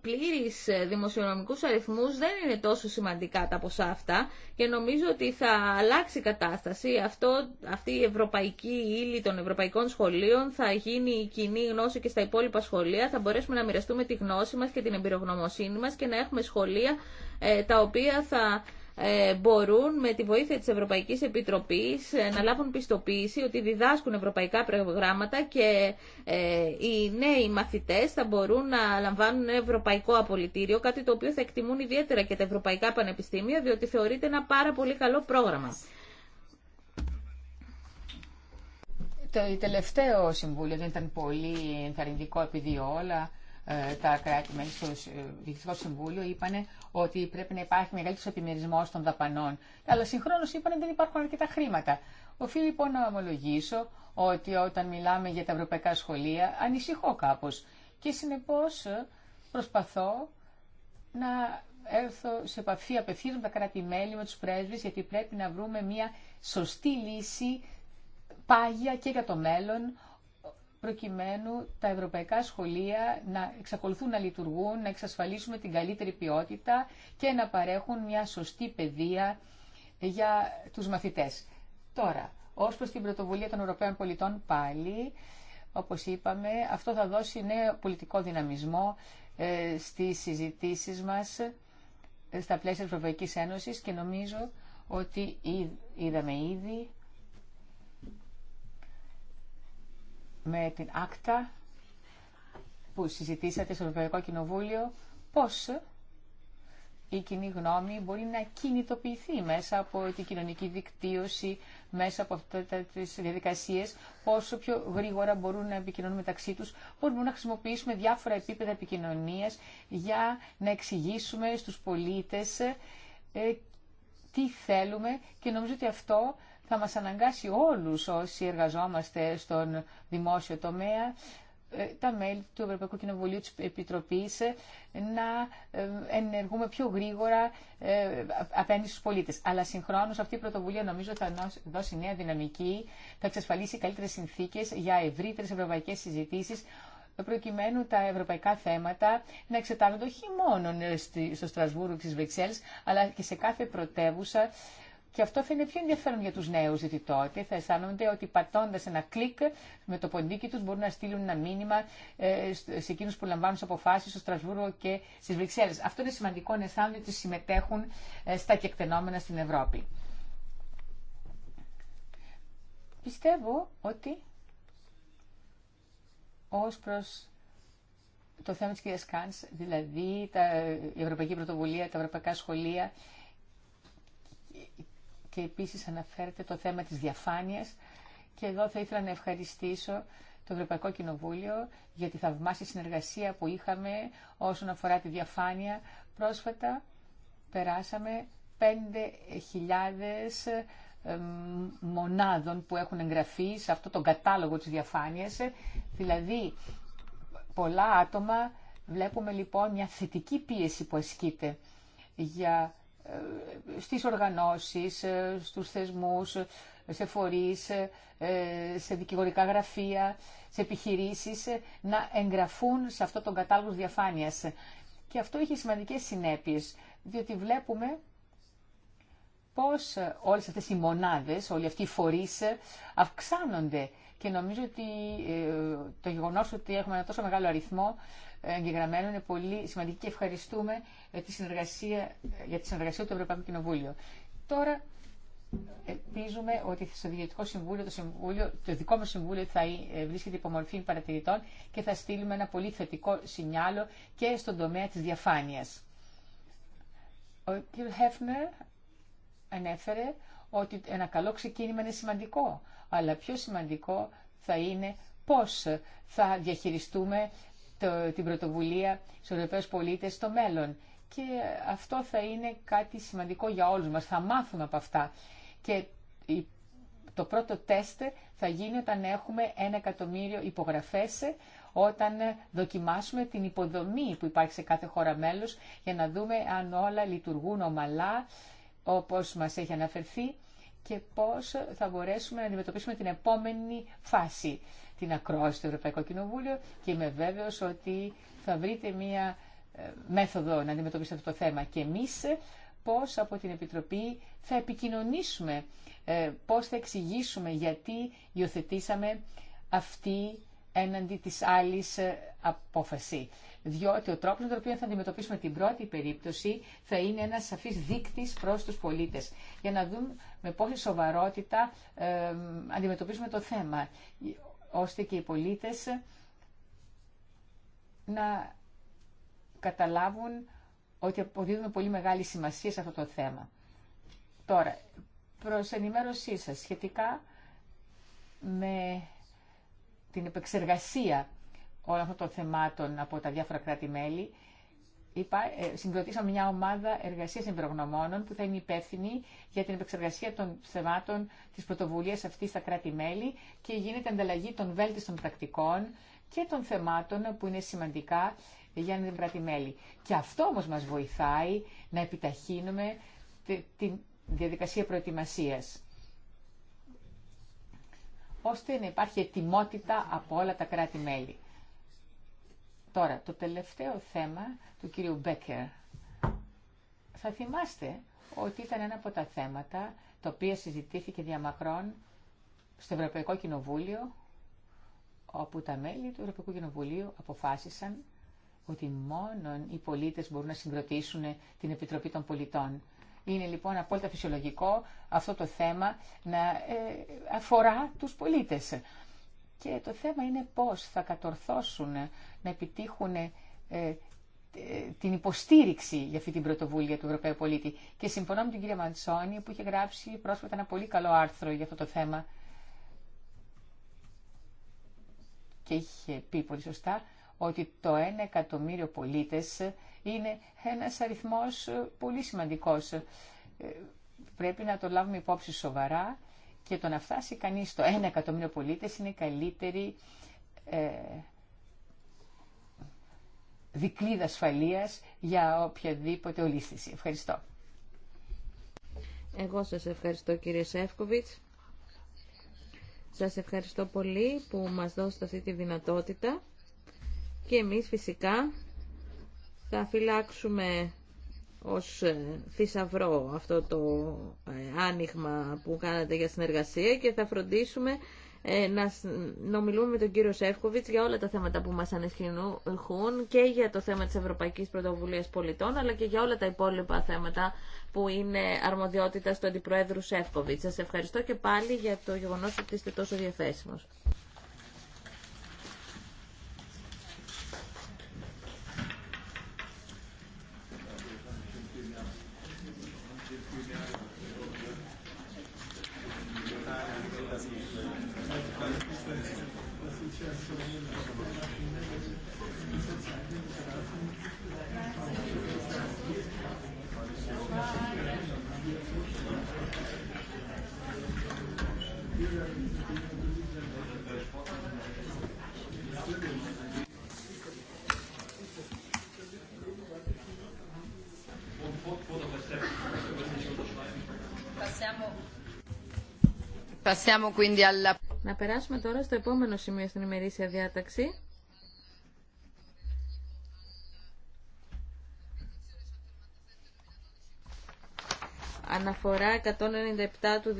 πλήρης δημοσιονομικούς αριθμούς δεν είναι τόσο σημαντικά τα ποσά αυτά και νομίζω ότι θα αλλάξει η κατάσταση. Αυτό, αυτή η ευρωπαϊκή ύλη των ευρωπαϊκών σχολείων θα γίνει η κοινή γνώση και στα υπόλοιπα σχολεία. Θα μπορέσουμε να μοιραστούμε τη γνώση μας και την εμπειρογνωμοσύνη μας και να έχουμε σχολεία ε, τα οποία θα ε, μπορούν με τη βοήθεια της Ευρωπαϊκής Επιτροπής ε, να λάβουν πιστοποίηση ότι διδάσκουν ευρωπαϊκά προγράμματα και ε, οι νέοι μαθητές θα μπορούν να λαμβάνουν ευρωπαϊκό απολυτήριο, κάτι το οποίο θα εκτιμούν ιδιαίτερα και τα ευρωπαϊκά πανεπιστήμια, διότι θεωρείται ένα πάρα πολύ καλό πρόγραμμα. Το τελευταίο συμβούλιο δεν ήταν πολύ ενθαρρυντικό επειδή όλα ε, τα κράτη-μέλη στο ε, Διοικητικό Συμβούλιο είπαν ότι πρέπει να υπάρχει μεγαλύτερο επιμερισμό των δαπανών. Αλλά συγχρόνω είπαν ότι δεν υπάρχουν αρκετά χρήματα. Οφείλω λοιπόν να ομολογήσω ότι όταν μιλάμε για τα ευρωπαϊκά σχολεία ανησυχώ κάπω και συνεπώ ε, προσπαθώ να έρθω σε επαφή απευθεία με τα κράτη-μέλη, με του πρέσβει, γιατί πρέπει να βρούμε μια σωστή λύση πάγια και για το μέλλον προκειμένου τα ευρωπαϊκά σχολεία να εξακολουθούν να λειτουργούν, να εξασφαλίσουμε την καλύτερη ποιότητα και να παρέχουν μια σωστή παιδεία για τους μαθητές. Τώρα, ως προς την πρωτοβουλία των Ευρωπαίων πολιτών πάλι, όπως είπαμε, αυτό θα δώσει νέο πολιτικό δυναμισμό ε, στις συζητήσεις μας ε, στα πλαίσια της Ευρωπαϊκής Ένωσης και νομίζω ότι είδαμε ήδη με την άκτα που συζητήσατε στο Ευρωπαϊκό Κοινοβούλιο, πώς η κοινή γνώμη μπορεί να κινητοποιηθεί μέσα από την κοινωνική δικτύωση, μέσα από αυτές τις διαδικασίες, πόσο πιο γρήγορα μπορούν να επικοινωνούν μεταξύ τους, μπορούμε να χρησιμοποιήσουμε διάφορα επίπεδα επικοινωνία για να εξηγήσουμε στους πολίτες ε, τι θέλουμε και νομίζω ότι αυτό θα μας αναγκάσει όλους όσοι εργαζόμαστε στον δημόσιο τομέα ε, τα μέλη του Ευρωπαϊκού Κοινοβουλίου της Επιτροπής ε, να ε, ενεργούμε πιο γρήγορα απέναντι στους πολίτες. Αλλά συγχρόνως αυτή η πρωτοβουλία νομίζω θα δώσει νέα δυναμική, θα εξασφαλίσει καλύτερες συνθήκες για ευρύτερες ευρωπαϊκές συζητήσεις προκειμένου τα ευρωπαϊκά θέματα να εξετάζονται όχι μόνο στο Στρασβούργο και στις αλλά και σε κάθε πρωτεύουσα και αυτό θα είναι πιο ενδιαφέρον για τους νέους, γιατί τότε θα αισθάνονται ότι πατώντα ένα κλικ με το ποντίκι τους μπορούν να στείλουν ένα μήνυμα ε, σε εκείνου που λαμβάνουν αποφάσει στο Στρασβούργο και στις Βρυξέλλε. Αυτό είναι σημαντικό να αισθάνονται ότι συμμετέχουν ε, στα κεκτενόμενα στην Ευρώπη. Πιστεύω ότι ω προ το θέμα τη κυρία Κάν, δηλαδή τα, η Ευρωπαϊκή Πρωτοβουλία, τα Ευρωπαϊκά Σχολεία και επίσης αναφέρεται το θέμα της διαφάνειας και εδώ θα ήθελα να ευχαριστήσω το Ευρωπαϊκό Κοινοβούλιο για τη θαυμάσια συνεργασία που είχαμε όσον αφορά τη διαφάνεια. Πρόσφατα περάσαμε 5.000 μονάδων που έχουν εγγραφεί σε αυτό το κατάλογο της διαφάνειας, δηλαδή πολλά άτομα βλέπουμε λοιπόν μια θετική πίεση που ασκείται για στις οργανώσεις, ε, στους θεσμούς, σε φορείς, ε, σε δικηγορικά γραφεία, σε επιχειρήσεις, ε, να εγγραφούν σε αυτό τον κατάλογο διαφάνειας. Και αυτό έχει σημαντικές συνέπειες, διότι βλέπουμε πώς όλες αυτές οι μονάδες, όλοι αυτοί οι φορείς αυξάνονται και νομίζω ότι ε, το γεγονός ότι έχουμε ένα τόσο μεγάλο αριθμό ε, εγγεγραμμένων είναι πολύ σημαντική και ευχαριστούμε ε, τη συνεργασία, για τη συνεργασία του Ευρωπαϊκού Κοινοβούλιο. Τώρα ελπίζουμε ότι στο Διοικητικό Συμβούλιο, το, συμβούλιο, το δικό μας Συμβούλιο θα βρίσκεται υπό μορφή παρατηρητών και θα στείλουμε ένα πολύ θετικό σινιάλο και στον τομέα της διαφάνειας. Ο κ. Χέφνερ ανέφερε ότι ένα καλό ξεκίνημα είναι σημαντικό, αλλά πιο σημαντικό θα είναι πώς θα διαχειριστούμε την πρωτοβουλία στους Ευρωπαίους πολίτες στο μέλλον. Και αυτό θα είναι κάτι σημαντικό για όλους μας. Θα μάθουμε από αυτά. Και το πρώτο τεστ θα γίνει όταν έχουμε ένα εκατομμύριο υπογραφές, όταν δοκιμάσουμε την υποδομή που υπάρχει σε κάθε χώρα μέλος για να δούμε αν όλα λειτουργούν ομαλά όπως μας έχει αναφερθεί και πώς θα μπορέσουμε να αντιμετωπίσουμε την επόμενη φάση, την ακρόαση του Ευρωπαϊκού Κοινοβούλιο και είμαι βέβαιος ότι θα βρείτε μία ε, μέθοδο να αντιμετωπίσετε αυτό το θέμα και εμείς ε, πώς από την Επιτροπή θα επικοινωνήσουμε, ε, πώς θα εξηγήσουμε γιατί υιοθετήσαμε αυτή έναντι της άλλης απόφαση διότι ο τρόπος με τον οποίο θα αντιμετωπίσουμε την πρώτη περίπτωση θα είναι ένας σαφής δείκτης προς τους πολίτες, για να δουν με πόση σοβαρότητα ε, αντιμετωπίζουμε το θέμα, ώστε και οι πολίτες να καταλάβουν ότι αποδίδουμε πολύ μεγάλη σημασία σε αυτό το θέμα. Τώρα, προς ενημέρωσή σας σχετικά με την επεξεργασία όλων αυτών των θεμάτων από τα διάφορα κράτη-μέλη, ε, συγκροτήσαμε μια ομάδα εργασία εμπειρογνωμόνων που θα είναι υπεύθυνη για την επεξεργασία των θεμάτων τη πρωτοβουλία αυτή στα κράτη-μέλη και γίνεται ανταλλαγή των βέλτιστων πρακτικών και των θεμάτων που είναι σημαντικά για την κράτη-μέλη. Και αυτό όμω μα βοηθάει να επιταχύνουμε την διαδικασία προετοιμασία ώστε να υπάρχει ετοιμότητα από όλα τα κράτη-μέλη. Τώρα, το τελευταίο θέμα του κύριου Μπέκερ. Θα θυμάστε ότι ήταν ένα από τα θέματα τα οποία συζητήθηκε διαμακρών στο Ευρωπαϊκό Κοινοβούλιο, όπου τα μέλη του Ευρωπαϊκού Κοινοβουλίου αποφάσισαν ότι μόνο οι πολίτες μπορούν να συγκροτήσουν την Επιτροπή των Πολιτών. Είναι λοιπόν απόλυτα φυσιολογικό αυτό το θέμα να ε, αφορά τους πολίτες. Και το θέμα είναι πώς θα κατορθώσουν να επιτύχουν ε, την υποστήριξη για αυτή την πρωτοβουλία του Ευρωπαίου Πολίτη. Και συμφωνώ με την κυρία Μαντσόνη που είχε γράψει πρόσφατα ένα πολύ καλό άρθρο για αυτό το θέμα και είχε πει πολύ σωστά ότι το 1 εκατομμύριο πολίτες είναι ένας αριθμός πολύ σημαντικός. Ε, πρέπει να το λάβουμε υπόψη σοβαρά και το να φτάσει κανείς στο 1 εκατομμύριο πολίτε είναι καλύτερη ε, δικλίδα ασφαλείας για οποιαδήποτε ολίσθηση. Ευχαριστώ. Εγώ σας ευχαριστώ κύριε Σεύκοβιτς. Σας ευχαριστώ πολύ που μας δώσετε αυτή τη δυνατότητα και εμείς φυσικά θα φυλάξουμε ως ε, θησαυρό αυτό το ε, άνοιγμα που κάνατε για συνεργασία και θα φροντίσουμε ε, να νομιλούμε με τον κύριο Σεύκοβιτς για όλα τα θέματα που μας ανεσχυνούν και για το θέμα της Ευρωπαϊκής Πρωτοβουλίας Πολιτών αλλά και για όλα τα υπόλοιπα θέματα που είναι αρμοδιότητα του Αντιπροέδρου Σεύκοβιτς. Σας ευχαριστώ και πάλι για το γεγονός ότι είστε τόσο διαθέσιμος. Να περάσουμε τώρα στο επόμενο σημείο στην ημερήσια διάταξη. Αναφορά 197 του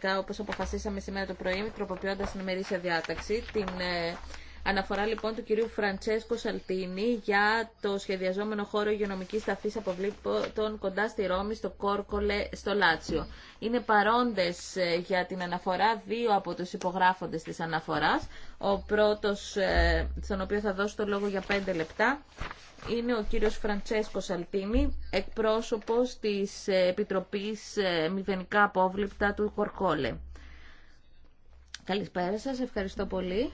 2012, όπως αποφασίσαμε σήμερα το πρωί, τροποποιώντας την ημερήσια διάταξη, την ε, Αναφορά λοιπόν του κυρίου Φραντσέσκο Σαλτίνη για το σχεδιαζόμενο χώρο υγειονομική ταφή αποβλήτων κοντά στη Ρώμη, στο Κόρκολε, στο Λάτσιο. Είναι παρόντες ε, για την αναφορά δύο από τους υπογράφοντες της αναφοράς. Ο πρώτος, ε, στον οποίο θα δώσω το λόγο για πέντε λεπτά, είναι ο κύριος Φραντσέσκο Σαλτίνη, εκπρόσωπος της ε, Επιτροπής Μηδενικά Απόβληπτα του Κορκόλε. Καλησπέρα σας, ευχαριστώ πολύ.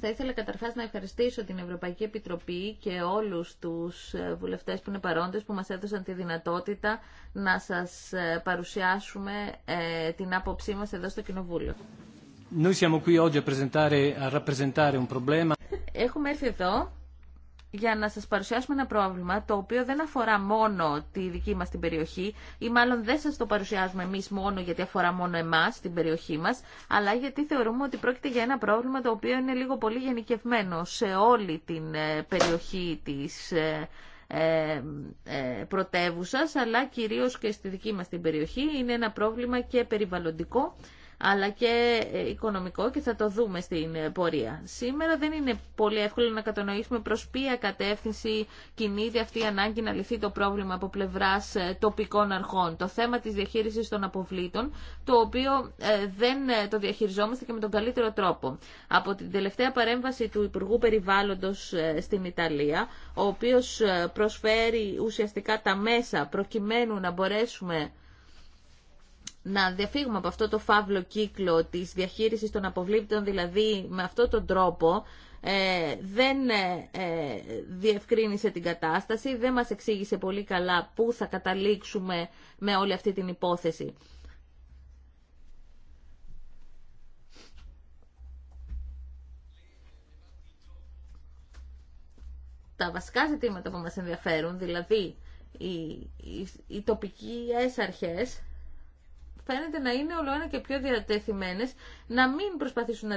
Θα ήθελα καταρχάς να ευχαριστήσω την Ευρωπαϊκή Επιτροπή και όλους τους ε, βουλευτές που είναι παρόντες που μας έδωσαν τη δυνατότητα να σας ε, παρουσιάσουμε ε, την άποψή μας εδώ στο Κοινοβούλιο. Έχουμε έρθει εδώ για να σας παρουσιάσουμε ένα πρόβλημα το οποίο δεν αφορά μόνο τη δική μας την περιοχή ή μάλλον δεν σας το παρουσιάζουμε εμείς μόνο γιατί αφορά μόνο εμάς την περιοχή μας αλλά γιατί θεωρούμε ότι πρόκειται για ένα πρόβλημα το οποίο είναι λίγο πολύ γενικευμένο σε όλη την ε, περιοχή της ε, ε, ε αλλά κυρίως και στη δική μας την περιοχή είναι ένα πρόβλημα και περιβαλλοντικό αλλά και ε, οικονομικό και θα το δούμε στην ε, πορεία. Σήμερα δεν είναι πολύ εύκολο να κατανοήσουμε προς ποια κατεύθυνση κινείται αυτή η ανάγκη να λυθεί το πρόβλημα από πλευράς ε, τοπικών αρχών. Το θέμα της διαχείρισης των αποβλήτων, το οποίο δεν το διαχειριζόμαστε και με τον καλύτερο τρόπο. Από την τελευταία παρέμβαση του Υπουργού Περιβάλλοντος στην Ιταλία, ο οποίος προσφέρει ουσιαστικά τα μέσα προκειμένου να μπορέσουμε να διαφύγουμε από αυτό το φαύλο κύκλο της διαχείρισης των αποβλήπτων, δηλαδή με αυτό τον τρόπο ε, δεν ε, ε, διευκρίνησε την κατάσταση, δεν μας εξήγησε πολύ καλά πού θα καταλήξουμε με όλη αυτή την υπόθεση. Τα βασικά ζητήματα που μας ενδιαφέρουν, δηλαδή οι, οι, οι αρχές φαίνεται να είναι όλο ένα και πιο διατεθειμένες να μην προσπαθήσουν να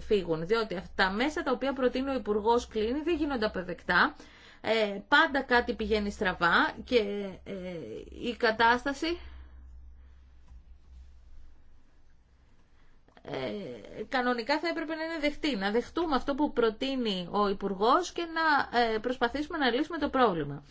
φύγουν, διότι τα μέσα τα οποία προτείνει ο υπουργό κλείνει δεν γίνονται αποδεκτά, ε, πάντα κάτι πηγαίνει στραβά και ε, η κατάσταση Ε, κανονικά θα έπρεπε να είναι δεχτή. Να δεχτούμε αυτό που προτείνει ο Υπουργό και να ε, προσπαθήσουμε να λύσουμε το πρόβλημα.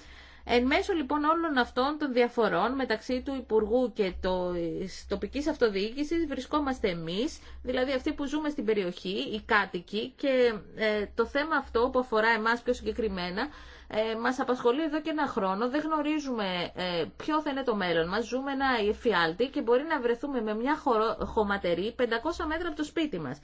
Εν μέσω λοιπόν όλων αυτών των διαφορών μεταξύ του Υπουργού και το, της τοπικής αυτοδιοίκησης βρισκόμαστε εμείς, δηλαδή αυτοί που ζούμε στην περιοχή, οι κάτοικοι και ε, το θέμα αυτό που αφορά εμάς πιο συγκεκριμένα ε, μας απασχολεί εδώ και ένα χρόνο, δεν γνωρίζουμε ε, ποιο θα είναι το μέλλον μας, ζούμε ένα εφιάλτη και μπορεί να βρεθούμε με μια χωματερή 500 μέτρα από το σπίτι μας.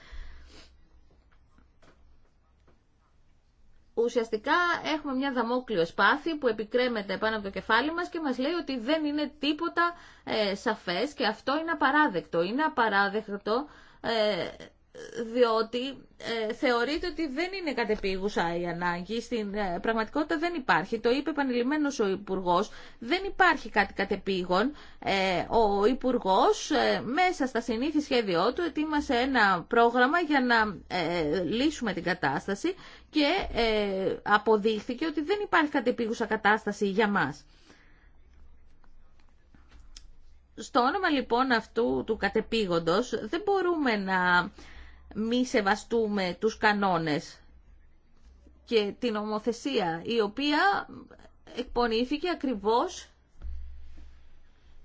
ουσιαστικά έχουμε μια δαμόκλειο σπάθη που επικρέμεται πάνω από το κεφάλι μας και μας λέει ότι δεν είναι τίποτα ε, σαφές και αυτό είναι απαράδεκτο. Είναι απαράδεκτο ε, διότι ε, θεωρείται ότι δεν είναι κατεπίγουσα η ανάγκη, στην ε, πραγματικότητα δεν υπάρχει. Το είπε επανειλημμένος ο Υπουργός, δεν υπάρχει κάτι κατεπήγον. Ε, ο Υπουργός ε, μέσα στα συνήθη σχέδιό του ετοίμασε ένα πρόγραμμα για να λύσουμε την κατάσταση και αποδείχθηκε ότι δεν υπάρχει κατεπίγουσα κατάσταση για μας. Στο όνομα λοιπόν αυτού του κατεπήγοντος δεν μπορούμε να μη σεβαστούμε τους κανόνες και την ομοθεσία η οποία εκπονήθηκε ακριβώς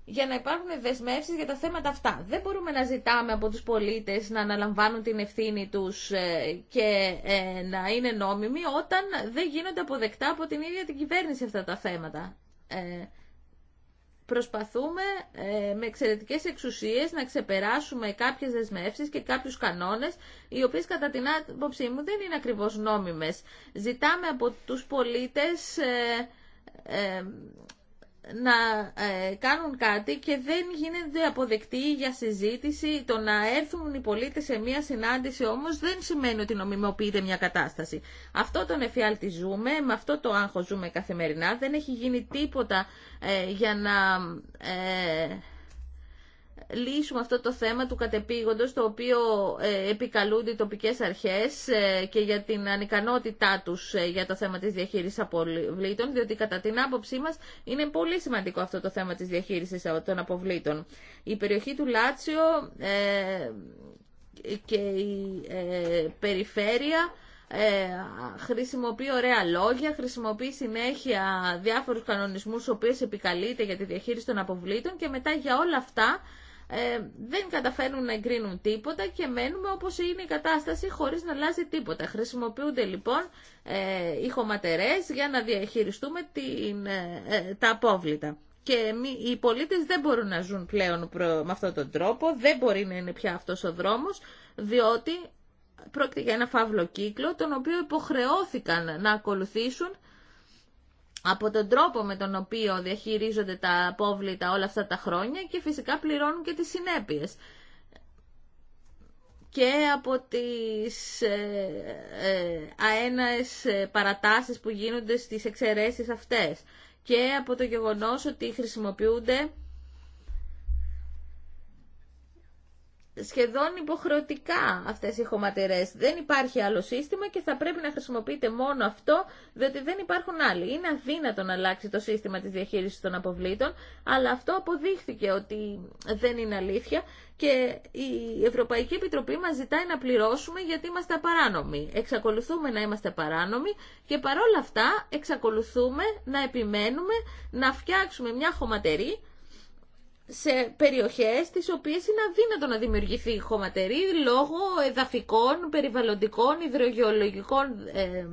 για να υπάρχουν δεσμεύσεις για τα θέματα αυτά. Δεν μπορούμε να ζητάμε από τους πολίτες να αναλαμβάνουν την ευθύνη τους ε, και ε, να είναι νόμιμοι όταν δεν γίνονται αποδεκτά από την ίδια την κυβέρνηση αυτά τα θέματα. Ε, προσπαθούμε ε, με εξαιρετικές εξουσίες να ξεπεράσουμε κάποιες δεσμεύσεις και κάποιους κανόνες, οι οποίες κατά την άποψή μου δεν είναι ακριβώς νόμιμες. Ζητάμε από τους πολίτες... Ε, ε, να ε, κάνουν κάτι και δεν γίνεται αποδεκτή για συζήτηση. Το να έρθουν οι πολίτε σε μία συνάντηση όμως δεν σημαίνει ότι νομιμοποιείται μια κατάσταση. Αυτό τον εφιάλτη ζούμε, με αυτό το άγχος ζούμε καθημερινά. Δεν έχει εφιαλτη ζουμε με αυτο το αγχο τίποτα ε, για να... Ε, λύσουμε αυτό το θέμα του κατεπήγοντος το οποίο ε, επικαλούνται οι τοπικές αρχές ε, και για την ανικανότητά τους ε, για το θέμα της διαχείρισης αποβλήτων διότι κατά την άποψή μας είναι πολύ σημαντικό αυτό το θέμα της διαχείρισης των αποβλήτων. Η περιοχή του Λάτσιο και η περιφέρεια ε, χρησιμοποιεί ωραία λόγια, χρησιμοποιεί συνέχεια διάφορους κανονισμούς οποίες επικαλείται για τη διαχείριση των αποβλήτων και μετά για όλα αυτά ε, δεν καταφέρνουν να εγκρίνουν τίποτα και μένουμε όπως είναι η κατάσταση χωρίς να αλλάζει τίποτα. Χρησιμοποιούνται λοιπόν ε, οι για να διαχειριστούμε την, ε, ε, τα απόβλητα. Και οι πολίτες δεν μπορούν να ζουν πλέον με αυτόν τον τρόπο, δεν μπορεί να είναι πια αυτός ο δρόμος, διότι πρόκειται για ένα φαύλο κύκλο, τον οποίο υποχρεώθηκαν να ακολουθήσουν από τον τρόπο με τον οποίο διαχειρίζονται τα απόβλητα όλα αυτά τα χρόνια και φυσικά πληρώνουν και τις συνέπειες και από τις ε, ε, ε παρατάσεις που γίνονται στις εξαιρέσεις αυτές και από το γεγονός ότι χρησιμοποιούνται σχεδόν υποχρεωτικά αυτές οι χωματερές. Δεν υπάρχει άλλο σύστημα και θα πρέπει να χρησιμοποιείται μόνο αυτό, διότι δεν υπάρχουν άλλοι. Είναι αδύνατο να αλλάξει το σύστημα της διαχείρισης των αποβλήτων, αλλά αυτό αποδείχθηκε ότι δεν είναι αλήθεια και η Ευρωπαϊκή Επιτροπή μας ζητάει να πληρώσουμε γιατί είμαστε παράνομοι. Εξακολουθούμε να είμαστε παράνομοι και παρόλα αυτά εξακολουθούμε να επιμένουμε να φτιάξουμε μια χωματερή σε περιοχές τις οποίες είναι αδύνατο να δημιουργηθεί χωματερή λόγω εδαφικών, περιβαλλοντικών, υδρογεολογικών ε, ε,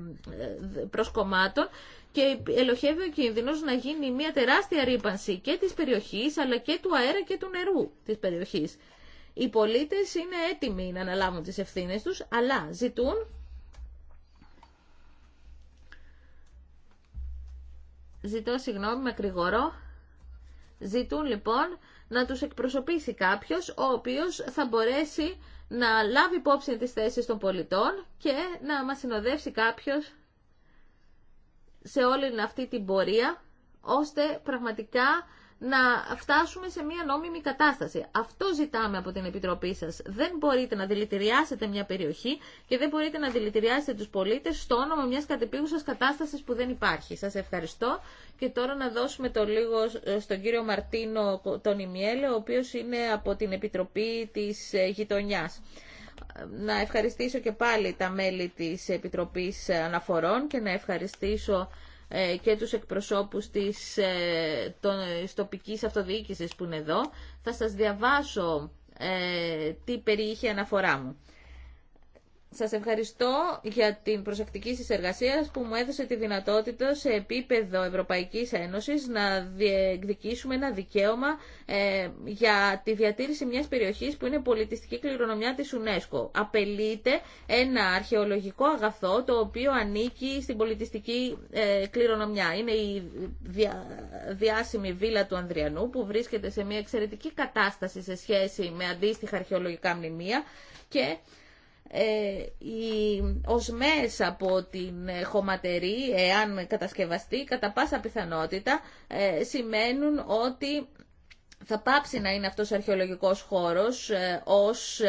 προσκομμάτων και ελοχεύει ο κίνδυνος να γίνει μια τεράστια ρήπανση και της περιοχής αλλά και του αέρα και του νερού της περιοχής. Οι πολίτες είναι έτοιμοι να αναλάβουν τις ευθύνες τους αλλά ζητούν Ζητώ συγγνώμη, με κρυγορό. Ζητούν λοιπόν να τους εκπροσωπήσει κάποιος ο οποίος θα μπορέσει να λάβει υπόψη τις θέσεις των πολιτών και να μας συνοδεύσει κάποιος σε όλη αυτή την πορεία ώστε πραγματικά να φτάσουμε σε μια νόμιμη κατάσταση. Αυτό ζητάμε από την Επιτροπή σας. Δεν μπορείτε να δηλητηριάσετε μια περιοχή και δεν μπορείτε να δηλητηριάσετε τους πολίτες στο όνομα μιας κατεπίγουσας κατάστασης που δεν υπάρχει. Σας ευχαριστώ και τώρα να δώσουμε το λίγο ε, στον κύριο Μαρτίνο τον Ιμιέλε ο οποίος είναι από την Επιτροπή της ε, Γειτονιάς να ευχαριστήσω και πάλι τα μέλη της Επιτροπής Αναφορών και να ευχαριστήσω ε, και τους εκπροσώπους ε, της τοπικής αυτοδιοίκησης που είναι εδώ. Θα σας διαβάσω ε, τι περιείχε αναφορά μου. Σα ευχαριστώ για την προσεκτική συνεργασία που μου έδωσε τη δυνατότητα σε επίπεδο Ευρωπαϊκή Ένωσης να διεκδικήσουμε ένα δικαίωμα ε, για τη διατήρηση μια περιοχή που είναι πολιτιστική κληρονομιά της UNESCO. Απελείται ένα αρχαιολογικό αγαθό το οποίο ανήκει στην πολιτιστική ε, κληρονομιά. Είναι η διά, διάσημη βίλα του Ανδριανού που βρίσκεται σε μια εξαιρετική κατάσταση σε σχέση με αντίστοιχα αρχαιολογικά μνημεία και οι ε, οσμές από την χωματερή, εάν κατασκευαστεί, κατά πάσα πιθανότητα ε, σημαίνουν ότι θα πάψει να είναι αυτός ο αρχαιολογικός χώρος ε, ως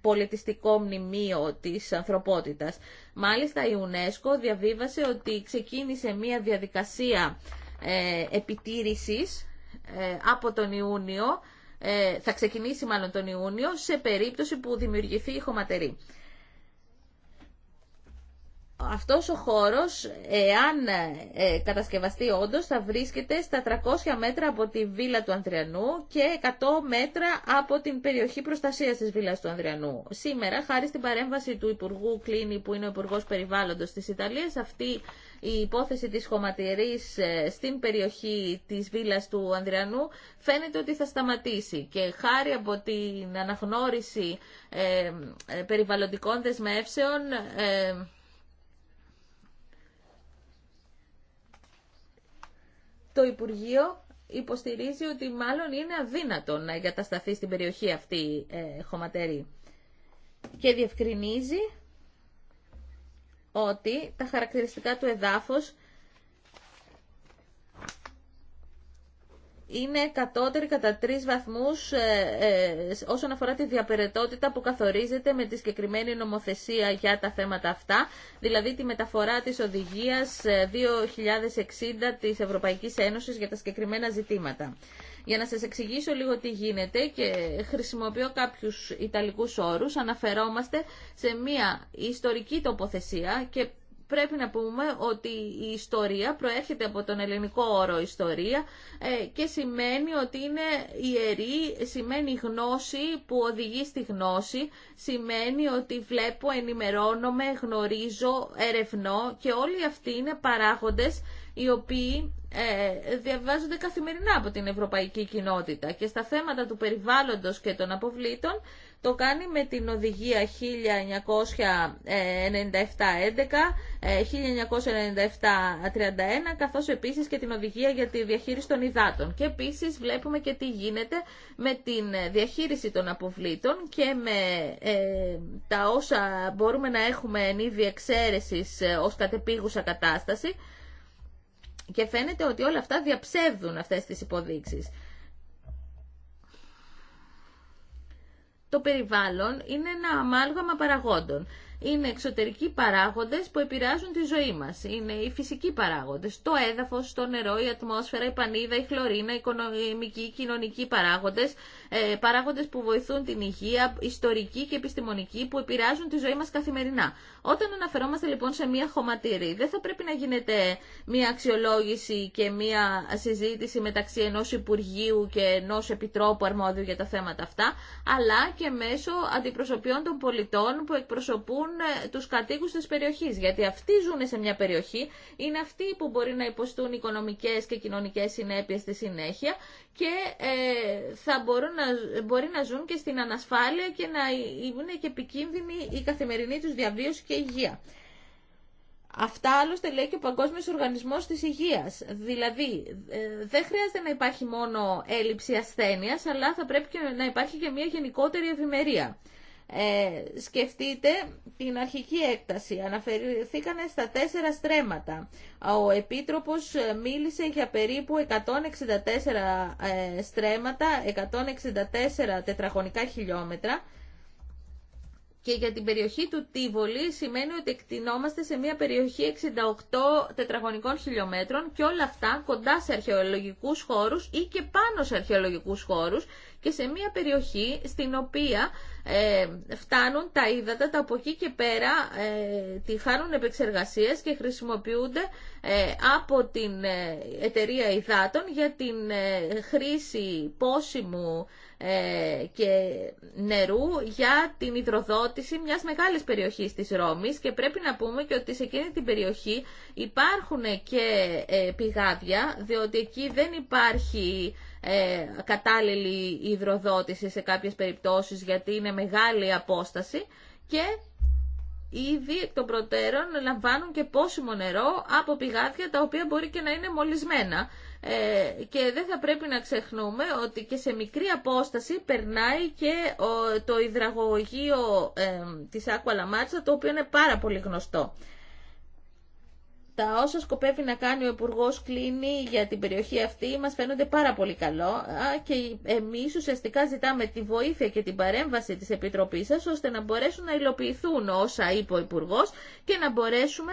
πολιτιστικό μνημείο της ανθρωπότητας. Μάλιστα η UNESCO διαβίβασε ότι ξεκίνησε μία διαδικασία επιτήρησης από τον Ιούνιο ε, θα ξεκινήσει μάλλον τον Ιούνιο σε περίπτωση που δημιουργηθεί η χωματερή αυτός ο χώρος, εάν ε, κατασκευαστεί όντως, θα βρίσκεται στα 300 μέτρα από τη βίλα του Ανδριανού και 100 μέτρα από την περιοχή προστασίας της βίλας του Ανδριανού. Σήμερα, χάρη στην παρέμβαση του Υπουργού Κλίνη, που είναι ο Υπουργός Περιβάλλοντος της Ιταλίας, αυτή η υπόθεση της χωματερής ε, στην περιοχή της βίλας του Ανδριανού φαίνεται ότι θα σταματήσει και χάρη από την αναγνώριση ε, περιβαλλοντικών δεσμεύσεων... το Υπουργείο υποστηρίζει ότι μάλλον είναι αδύνατο να εγκατασταθεί στην περιοχή αυτή η ε, χωματερή. Και διευκρινίζει ότι τα χαρακτηριστικά του εδάφους είναι κατώτερη κατά τρεις βαθμούς ε, ε, όσον αφορά τη διαπερετότητα που καθορίζεται με τη συγκεκριμένη νομοθεσία για τα θέματα αυτά, δηλαδή τη μεταφορά της οδηγίας 2060 ε, της Ευρωπαϊκής Ένωσης για τα συγκεκριμένα ζητήματα. Για να σας εξηγήσω λίγο τι γίνεται και χρησιμοποιώ κάποιους ιταλικούς όρους, αναφερόμαστε σε μια ιστορική τοποθεσία και πρέπει να πούμε ότι η ιστορία προέρχεται από τον ελληνικό όρο ιστορία ε, και σημαίνει ότι είναι ιερή, σημαίνει γνώση που οδηγεί στη γνώση, σημαίνει ότι βλέπω, ενημερώνομαι, γνωρίζω, ερευνώ και όλοι αυτοί είναι παράγοντες οι οποίοι ε, διαβάζονται καθημερινά από την ευρωπαϊκή κοινότητα και στα θέματα του περιβάλλοντος και των αποβλήτων το κάνει με την οδηγία 1997-11, 1997-31, ε, καθώς επίσης και την οδηγία για τη διαχείριση των υδάτων. Και επίσης βλέπουμε και τι γίνεται με την διαχείριση των αποβλήτων και με ε, τα όσα μπορούμε να έχουμε εν είδη εξαίρεσης ε, ως κατεπίγουσα κατάσταση. Και φαίνεται ότι όλα αυτά διαψεύδουν αυτές τις υποδείξεις. το περιβάλλον είναι ένα αμάλγαμα παραγόντων είναι εξωτερικοί παράγοντες που επηρεάζουν τη ζωή μας. Είναι οι φυσικοί παράγοντες, το έδαφος, το νερό, η ατμόσφαιρα, η πανίδα, η χλωρίνα, οι οικονομικοί, οι κοινωνικοί παράγοντες, ε, παράγοντες που βοηθούν την υγεία, ιστορικοί και επιστημονικοί που επηρεάζουν τη ζωή μας καθημερινά. Όταν αναφερόμαστε λοιπόν σε μία χωματήρη, δεν θα πρέπει να γίνεται μία αξιολόγηση και μία συζήτηση μεταξύ ενός Υπουργείου και ενός Επιτρόπου αρμόδιου για τα θέματα αυτά, αλλά και μέσω αντιπροσωπιών των πολιτών που εκπροσωπούν αφορούν ε, τους τη της περιοχής, γιατί αυτοί ζουν σε μια περιοχή, είναι αυτοί που μπορεί να υποστούν οικονομικέ και κοινωνικέ συνέπειε στη συνέχεια και ε, θα μπορούν να, μπορεί να ζουν και στην ανασφάλεια και να είναι και επικίνδυνη η καθημερινή του διαβίωση και υγεία. Αυτά άλλωστε λέει και ο Παγκόσμιο Οργανισμό τη Υγεία. Δηλαδή, ε, δεν χρειάζεται να υπάρχει μόνο έλλειψη ασθένεια, αλλά θα πρέπει και να υπάρχει και μια γενικότερη ευημερία ε, σκεφτείτε την αρχική έκταση. Αναφερθήκανε στα τέσσερα στρέμματα. Ο Επίτροπος ε, μίλησε για περίπου 164 ε, στρέμματα, 164 τετραγωνικά χιλιόμετρα. Και για την περιοχή του Τίβολη σημαίνει ότι εκτινόμαστε σε μια περιοχή 68 τετραγωνικών χιλιόμετρων και όλα αυτά κοντά σε αρχαιολογικούς χώρους ή και πάνω σε αρχαιολογικούς χώρους και σε μια περιοχή στην οποία ε, φτάνουν τα ύδατα τα από εκεί και πέρα ε, τη χάνουν επεξεργασίες και χρησιμοποιούνται ε, από την εταιρεία υδάτων για την χρήση πόσιμου και νερού για την υδροδότηση μιας μεγάλης περιοχής της Ρώμης και πρέπει να πούμε και ότι σε εκείνη την περιοχή υπάρχουν και πηγάδια διότι εκεί δεν υπάρχει ε, κατάλληλη υδροδότηση σε κάποιες περιπτώσεις γιατί είναι μεγάλη απόσταση και ήδη εκ των προτέρων λαμβάνουν και πόσιμο νερό από πηγάδια τα οποία μπορεί και να είναι μολυσμένα ε, και δεν θα πρέπει να ξεχνούμε ότι και σε μικρή απόσταση περνάει και το υδραγωγείο ε, της Άκουα Λαμάτσα το οποίο είναι πάρα πολύ γνωστό. Τα όσα σκοπεύει να κάνει ο Υπουργό Κλίνη για την περιοχή αυτή μας φαίνονται πάρα πολύ καλό και εμείς ουσιαστικά ζητάμε τη βοήθεια και την παρέμβαση της Επιτροπής σας ώστε να μπορέσουν να υλοποιηθούν όσα είπε ο Υπουργό και να μπορέσουμε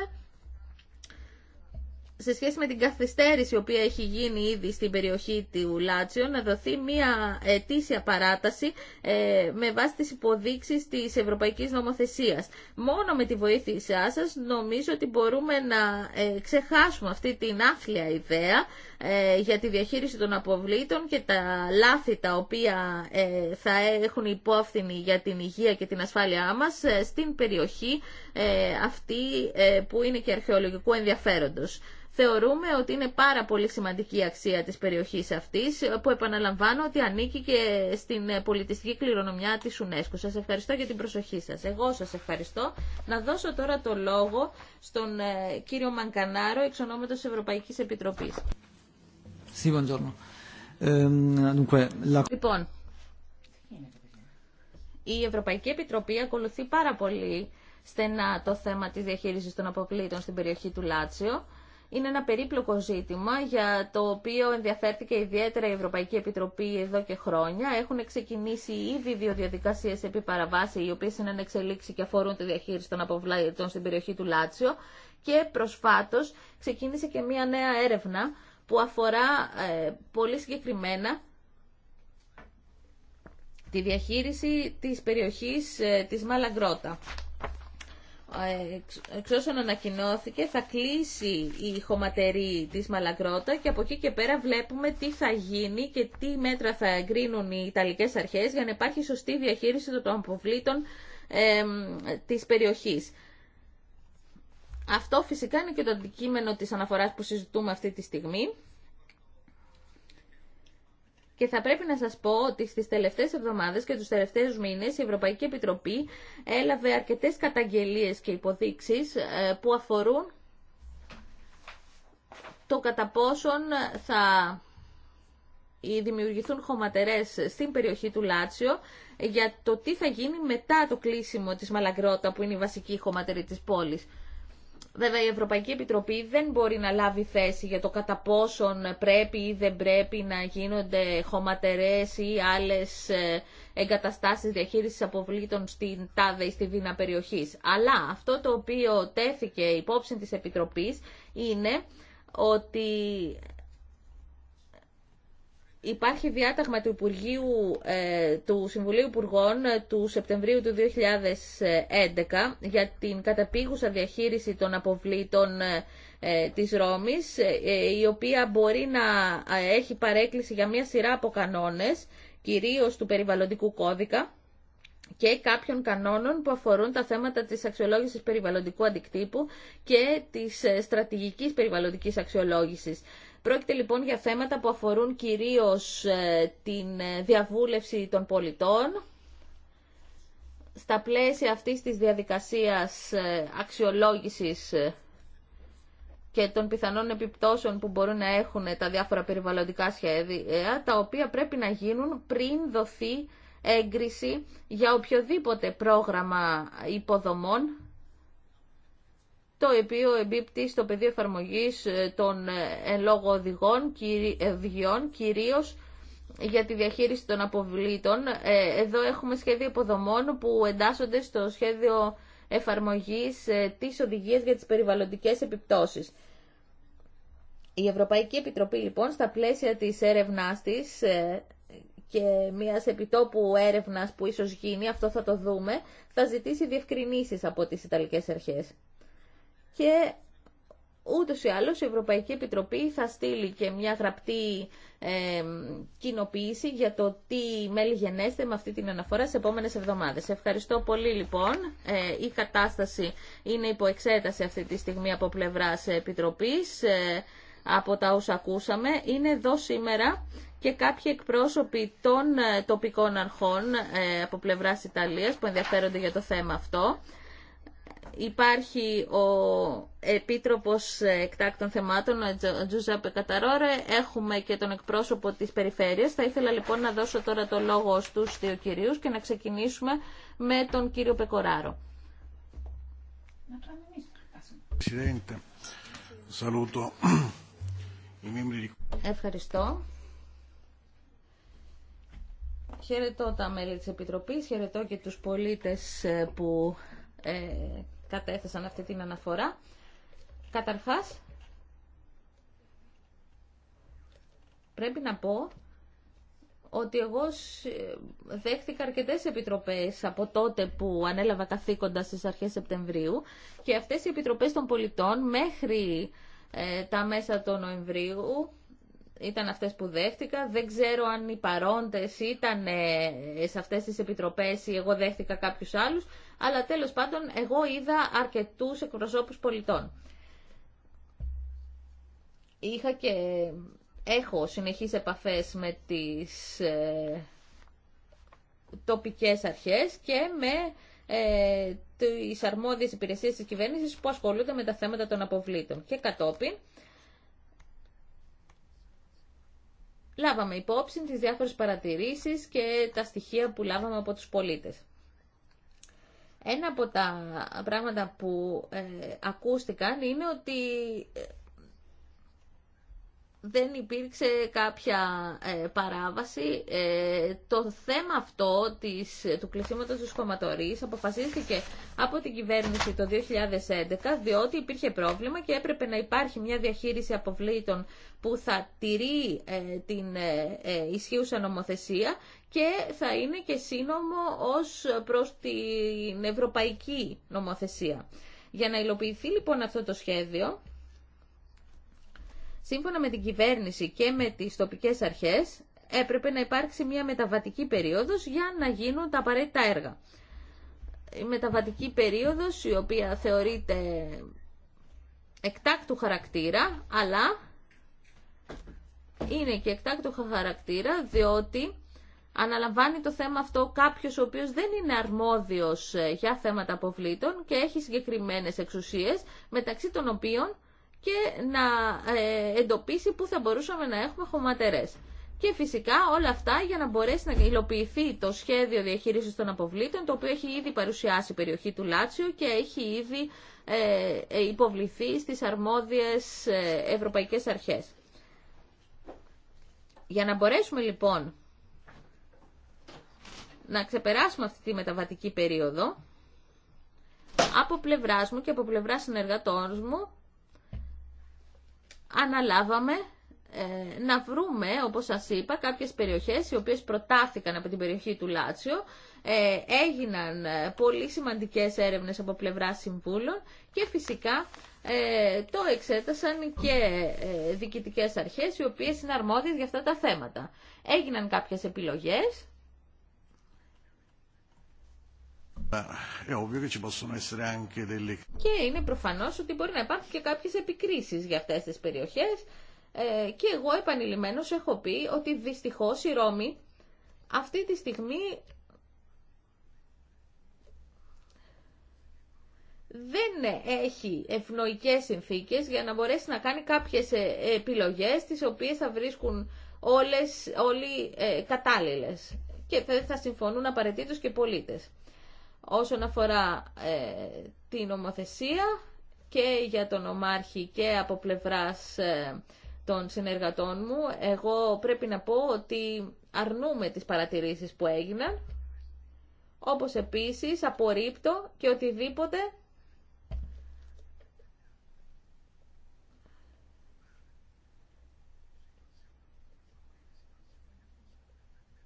σε σχέση με την καθυστέρηση η οποία έχει γίνει ήδη στην περιοχή του Λάτσιο να δοθεί μια ετήσια παράταση ε, με βάση τις υποδείξεις της Ευρωπαϊκής Νομοθεσίας. Μόνο με τη βοήθειά σας νομίζω ότι μπορούμε να ε, ξεχάσουμε αυτή την άθλια ιδέα ε, για τη διαχείριση των αποβλήτων και τα λάθη τα οποία ε, θα έχουν υπόφθηνη για την υγεία και την ασφάλειά μας ε, στην περιοχή αυτή που είναι και αρχαιολογικού ενδιαφέροντος. Θεωρούμε ότι είναι πάρα πολύ σημαντική η αξία της περιοχής αυτής, που επαναλαμβάνω ότι ανήκει και στην πολιτιστική κληρονομιά της UNESCO. Σας ευχαριστώ για την προσοχή σας. Εγώ σας ευχαριστώ. Να δώσω τώρα το λόγο στον κύριο Μανκανάρο, εξ Ευρωπαϊκής Επιτροπής. Sì, buongiorno. Ehm, dunque, la... Λοιπόν, η Ευρωπαϊκή Επιτροπή ακολουθεί πάρα πολύ στενά το θέμα της διαχείρισης των αποκλήτων στην περιοχή του Λάτσιο. Είναι ένα περίπλοκο ζήτημα για το οποίο ενδιαφέρθηκε ιδιαίτερα η Ευρωπαϊκή Επιτροπή εδώ και χρόνια. Έχουν ξεκινήσει ήδη δύο διαδικασίες επί παραβάση, οι οποίες είναι εξελίξει και αφορούν τη διαχείριση των αποβλήτων στην περιοχή του Λάτσιο. Και προσφάτως ξεκίνησε και μία νέα έρευνα που αφορά ε, πολύ συγκεκριμένα τη διαχείριση της περιοχής ε, της Μαλαγκρότα. Ε, εξ όσων ανακοινώθηκε θα κλείσει η χωματερή της Μαλαγκρότα και από εκεί και πέρα βλέπουμε τι θα γίνει και τι μέτρα θα εγκρίνουν οι Ιταλικές αρχές για να υπάρχει σωστή διαχείριση των αποβλήτων ε, της περιοχής. Αυτό φυσικά είναι και το αντικείμενο της αναφοράς που συζητούμε αυτή τη στιγμή. Και θα πρέπει να σας πω ότι στις τελευταίες εβδομάδες και τους τελευταίους μήνες η Ευρωπαϊκή Επιτροπή έλαβε αρκετές καταγγελίες και υποδείξεις ε, που αφορούν το κατά πόσον θα δημιουργηθούν χωματερές στην περιοχή του Λάτσιο για το τι θα γίνει μετά το κλείσιμο της Μαλαγκρότα που είναι η βασική χωματερή της πόλης. Βέβαια η Ευρωπαϊκή Επιτροπή δεν μπορεί να λάβει θέση για το κατά πόσον πρέπει ή δεν πρέπει να γίνονται χωματερές ή άλλες ε, εγκαταστάσεις διαχείρισης αποβλήτων στην τάδε ή στη δίνα περιοχής. Αλλά αυτό το οποίο τέθηκε υπόψη της Επιτροπής είναι ότι Υπάρχει διάταγμα του Υπουργείου, ε, του Συμβουλίου Υπουργών ε, του Σεπτεμβρίου του 2011 για την καταπήγουσα διαχείριση των αποβλήτων ε, της Ρώμης, η οποία μπορεί να έχει παρέκκληση για μια σειρά από κανόνες, κυρίως του περιβαλλοντικού κώδικα και κάποιων κανόνων που αφορούν τα θέματα της αξιολόγησης περιβαλλοντικού αντικτύπου και της στρατηγικής περιβαλλοντικής αξιολόγησης. Πρόκειται λοιπόν για θέματα που αφορούν κυρίως ε, την ε, διαβούλευση των πολιτών, στα πλαίσια αυτής της διαδικασίας ε, αξιολόγησης και των πιθανών επιπτώσεων που μπορούν να έχουν τα διάφορα περιβαλλοντικά σχέδια, τα οποία πρέπει να γίνουν πριν δοθεί έγκριση για οποιοδήποτε πρόγραμμα υποδομών το οποίο εμπίπτει στο πεδίο εφαρμογής ε, των ε, εν λόγω οδηγών, ε, οδηγιών, κυρίως για τη διαχείριση των αποβλήτων. Εδώ έχουμε σχέδιο υποδομών που εντάσσονται στο σχέδιο εφαρμογής της οδηγίας για τις περιβαλλοντικές επιπτώσεις. Η Ευρωπαϊκή Επιτροπή λοιπόν στα πλαίσια της έρευνάς της και μιας επιτόπου έρευνας που ίσως γίνει, αυτό θα το δούμε, θα ζητήσει διευκρινήσεις από τις Ιταλικές Αρχές και ούτως ή άλλως η Ευρωπαϊκή Επιτροπή θα στείλει και μια γραπτή κοινοποίηση για το τι μέλη γενέστε με αυτή την αναφορά σε επόμενες εβδομάδες. Ευχαριστώ πολύ λοιπόν. Ε, η κατάσταση είναι υπό εξέταση αυτή τη στιγμή από πλευράς Επιτροπής ε, από τα όσα ακούσαμε. Είναι εδώ σήμερα και κάποιοι εκπρόσωποι των ε, τοπικών αρχών από πλευράς Ιταλίας που ενδιαφέρονται για το θέμα αυτό υπάρχει ο Επίτροπος Εκτάκτων Θεμάτων, ο Τζουζάπε Καταρόρε, έχουμε και τον εκπρόσωπο της Περιφέρειας. Θα ήθελα λοιπόν να δώσω τώρα το λόγο στους δύο κυρίους και να ξεκινήσουμε με τον κύριο Πεκοράρο. Ευχαριστώ. Χαιρετώ τα μέλη της Επιτροπής, χαιρετώ και τους πολίτες ε, που ε, κατέθεσαν αυτή την αναφορά. Καταρχάς, πρέπει να πω ότι εγώ ε, δέχτηκα αρκετές επιτροπές από τότε που ανέλαβα καθήκοντα στις αρχές Σεπτεμβρίου και αυτές οι επιτροπές των πολιτών μέχρι ε, τα μέσα του Νοεμβρίου ήταν αυτές που δέχτηκα. Δεν ξέρω αν οι παρόντες ήταν ε, σε αυτές τις επιτροπές ή εγώ δέχτηκα κάποιους άλλους αλλά τέλος πάντων εγώ είδα αρκετούς εκπροσώπους πολιτών. Είχα και έχω συνεχείς επαφές με τις ε, τοπικές αρχές και με ε, τις αρμόδιες υπηρεσίες της κυβέρνησης που ασχολούνται με τα θέματα των αποβλήτων. Και κατόπιν λάβαμε υπόψη τις διάφορες παρατηρήσεις και τα στοιχεία που λάβαμε από τους πολίτες. Ένα από τα πράγματα που ε, ακούστηκαν είναι ότι ε, δεν υπήρξε κάποια ε, παράβαση. το θέμα αυτό της, του κλεισίματος της κομματορής αποφασίστηκε από την κυβέρνηση το 2011 διότι υπήρχε πρόβλημα και έπρεπε να υπάρχει μια διαχείριση αποβλήτων που θα τηρεί την ισχύουσα νομοθεσία και θα είναι και σύνομο ως προς την ευρωπαϊκή νομοθεσία. Για να υλοποιηθεί λοιπόν αυτό το σχέδιο, σύμφωνα με την κυβέρνηση και με τις τοπικές αρχές, έπρεπε να υπάρξει μια μεταβατική περίοδος για να γίνουν τα απαραίτητα έργα. Η μεταβατική περίοδος η οποία θεωρείται εκτάκτου χαρακτήρα, αλλά είναι και εκτάκτου χαρακτήρα διότι αναλαμβάνει το θέμα αυτό κάποιος ο οποίος δεν είναι αρμόδιος ε, για θέματα αποβλήτων και έχει συγκεκριμένες εξουσίες, μεταξύ των οποίων και να ε, εντοπίσει πού θα μπορούσαμε να έχουμε χωματερές. Και φυσικά όλα αυτά για να μπορέσει να υλοποιηθεί το σχέδιο διαχείρισης των αποβλήτων, το οποίο έχει ήδη παρουσιάσει η περιοχή του Λάτσιο και έχει ήδη ε, υποβληθεί στις αρμόδιες ευρωπαϊκές αρχές. Για να μπορέσουμε λοιπόν να ξεπεράσουμε αυτή τη μεταβατική περίοδο από πλευράς μου και από πλευρά συνεργατών μου αναλάβαμε ε, να βρούμε, όπως σας είπα, κάποιες περιοχές οι οποίες προτάθηκαν από την περιοχή του Λάτσιο, ε, έγιναν ε, πολύ σημαντικές έρευνες από πλευρά συμβούλων και φυσικά ε, το εξέτασαν και ε, διοικητικές αρχές οι οποίες είναι αρμόδιες για αυτά τα θέματα. Έγιναν κάποιες επιλογές Και είναι προφανώ ότι μπορεί να υπάρχουν και κάποιε επικρίσει για αυτέ τι περιοχέ. ε, και εγώ επανειλημμένω έχω πει ότι δυστυχώ η Ρώμη αυτή τη στιγμή δεν έχει ευνοϊκές συνθήκες για να μπορέσει να κάνει κάποιες ε, επιλογές τις οποίες θα βρίσκουν όλες, όλοι ε, κατάλληλες και θα συμφωνούν απαραίτητο και πολίτες όσον αφορά ε, την ομοθεσία και για τον ομάρχη και από πλευράς ε, των συνεργατών μου. Εγώ πρέπει να πω ότι αρνούμε τις παρατηρήσεις που έγιναν, όπως επίσης απορρίπτω και οτιδήποτε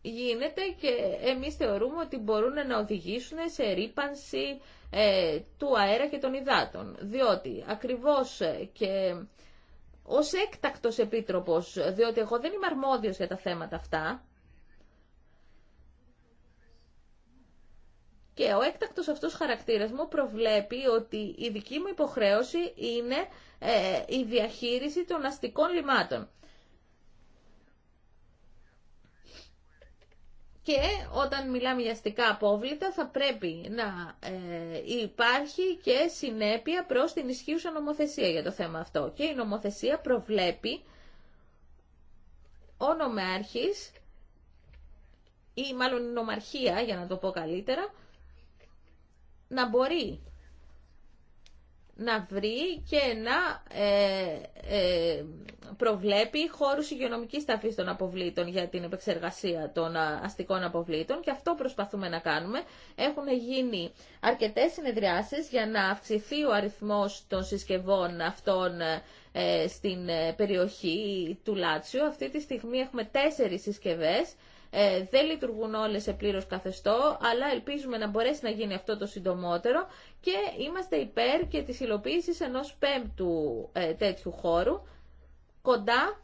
γίνεται και εμείς θεωρούμε ότι μπορούν να οδηγήσουν σε ρήπανση ε, του αέρα και των υδάτων. Διότι ακριβώς ε, και ως έκτακτος επίτροπος, διότι εγώ δεν είμαι αρμόδιος για τα θέματα αυτά, Και ο έκτακτος αυτός χαρακτήρας μου προβλέπει ότι η δική μου υποχρέωση είναι ε, η διαχείριση των αστικών λιμάτων. και όταν μιλάμε για αστικά απόβλητα θα πρέπει να ε, υπάρχει και συνέπεια προς την ισχύουσα νομοθεσία για το θέμα αυτό. Και η νομοθεσία προβλέπει ο νομάρχης ή μάλλον η νομαρχία για να το πω καλύτερα να μπορεί να βρει και να ε, ε, προβλέπει χώρους υγειονομικής ταφής των αποβλήτων για την επεξεργασία των αστικών αποβλήτων και αυτό προσπαθούμε να κάνουμε. Έχουν γίνει αρκετές συνεδριάσεις για να αυξηθεί ο αριθμός των συσκευών αυτών ε, στην ε, περιοχή του Λάτσιο. Αυτή τη στιγμή έχουμε τέσσερις συσκευές ε, δεν λειτουργούν όλες σε πλήρως καθεστώ, αλλά ελπίζουμε να μπορέσει να γίνει αυτό το συντομότερο και είμαστε υπέρ και της υλοποίησης ενός πέμπτου ε, τέτοιου χώρου κοντά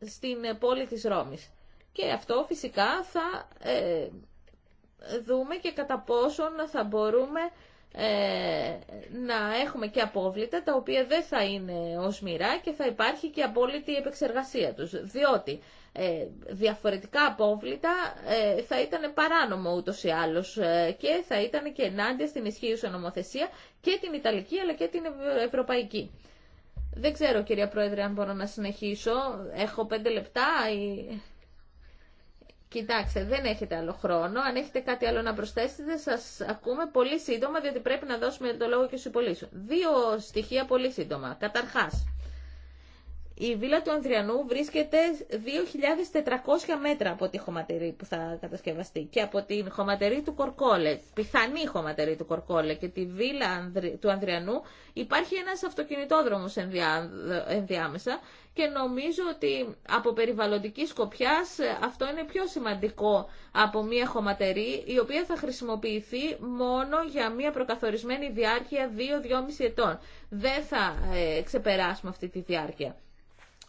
στην ε, πόλη της Ρώμης. Και αυτό φυσικά θα ε, δούμε και κατά πόσον θα μπορούμε ε, να έχουμε και απόβλητα τα οποία δεν θα είναι ως μοιρά και θα υπάρχει και απόλυτη επεξεργασία τους. Διότι ε, διαφορετικά απόβλητα ε, θα ήταν παράνομο ούτως ή άλλως ε, και θα ήταν και ενάντια στην ισχύουσα νομοθεσία και την Ιταλική αλλά και την Ευρωπαϊκή. Δεν ξέρω κυρία Πρόεδρε αν μπορώ να συνεχίσω. Έχω πέντε λεπτά ή... Κοιτάξτε, δεν έχετε άλλο χρόνο. Αν έχετε κάτι άλλο να προσθέσετε, σα ακούμε πολύ σύντομα, διότι πρέπει να δώσουμε το λόγο και στου υπολείπου. Δύο στοιχεία πολύ σύντομα. Καταρχά, η βίλα του Ανδριανού βρίσκεται 2.400 μέτρα από τη χωματερή που θα κατασκευαστεί και από την χωματερή του Κορκόλε, πιθανή χωματερή του Κορκόλε και τη βίλα του Ανδριανού υπάρχει ένας αυτοκινητόδρομος ενδιάμεσα και νομίζω ότι από περιβαλλοντική σκοπιά ε, αυτό είναι πιο σημαντικό από μια χωματερή η οποία θα χρησιμοποιηθεί μόνο για μια προκαθορισμένη διάρκεια 2-2,5 ετών. Δεν θα ε, ξεπεράσουμε αυτή τη διάρκεια.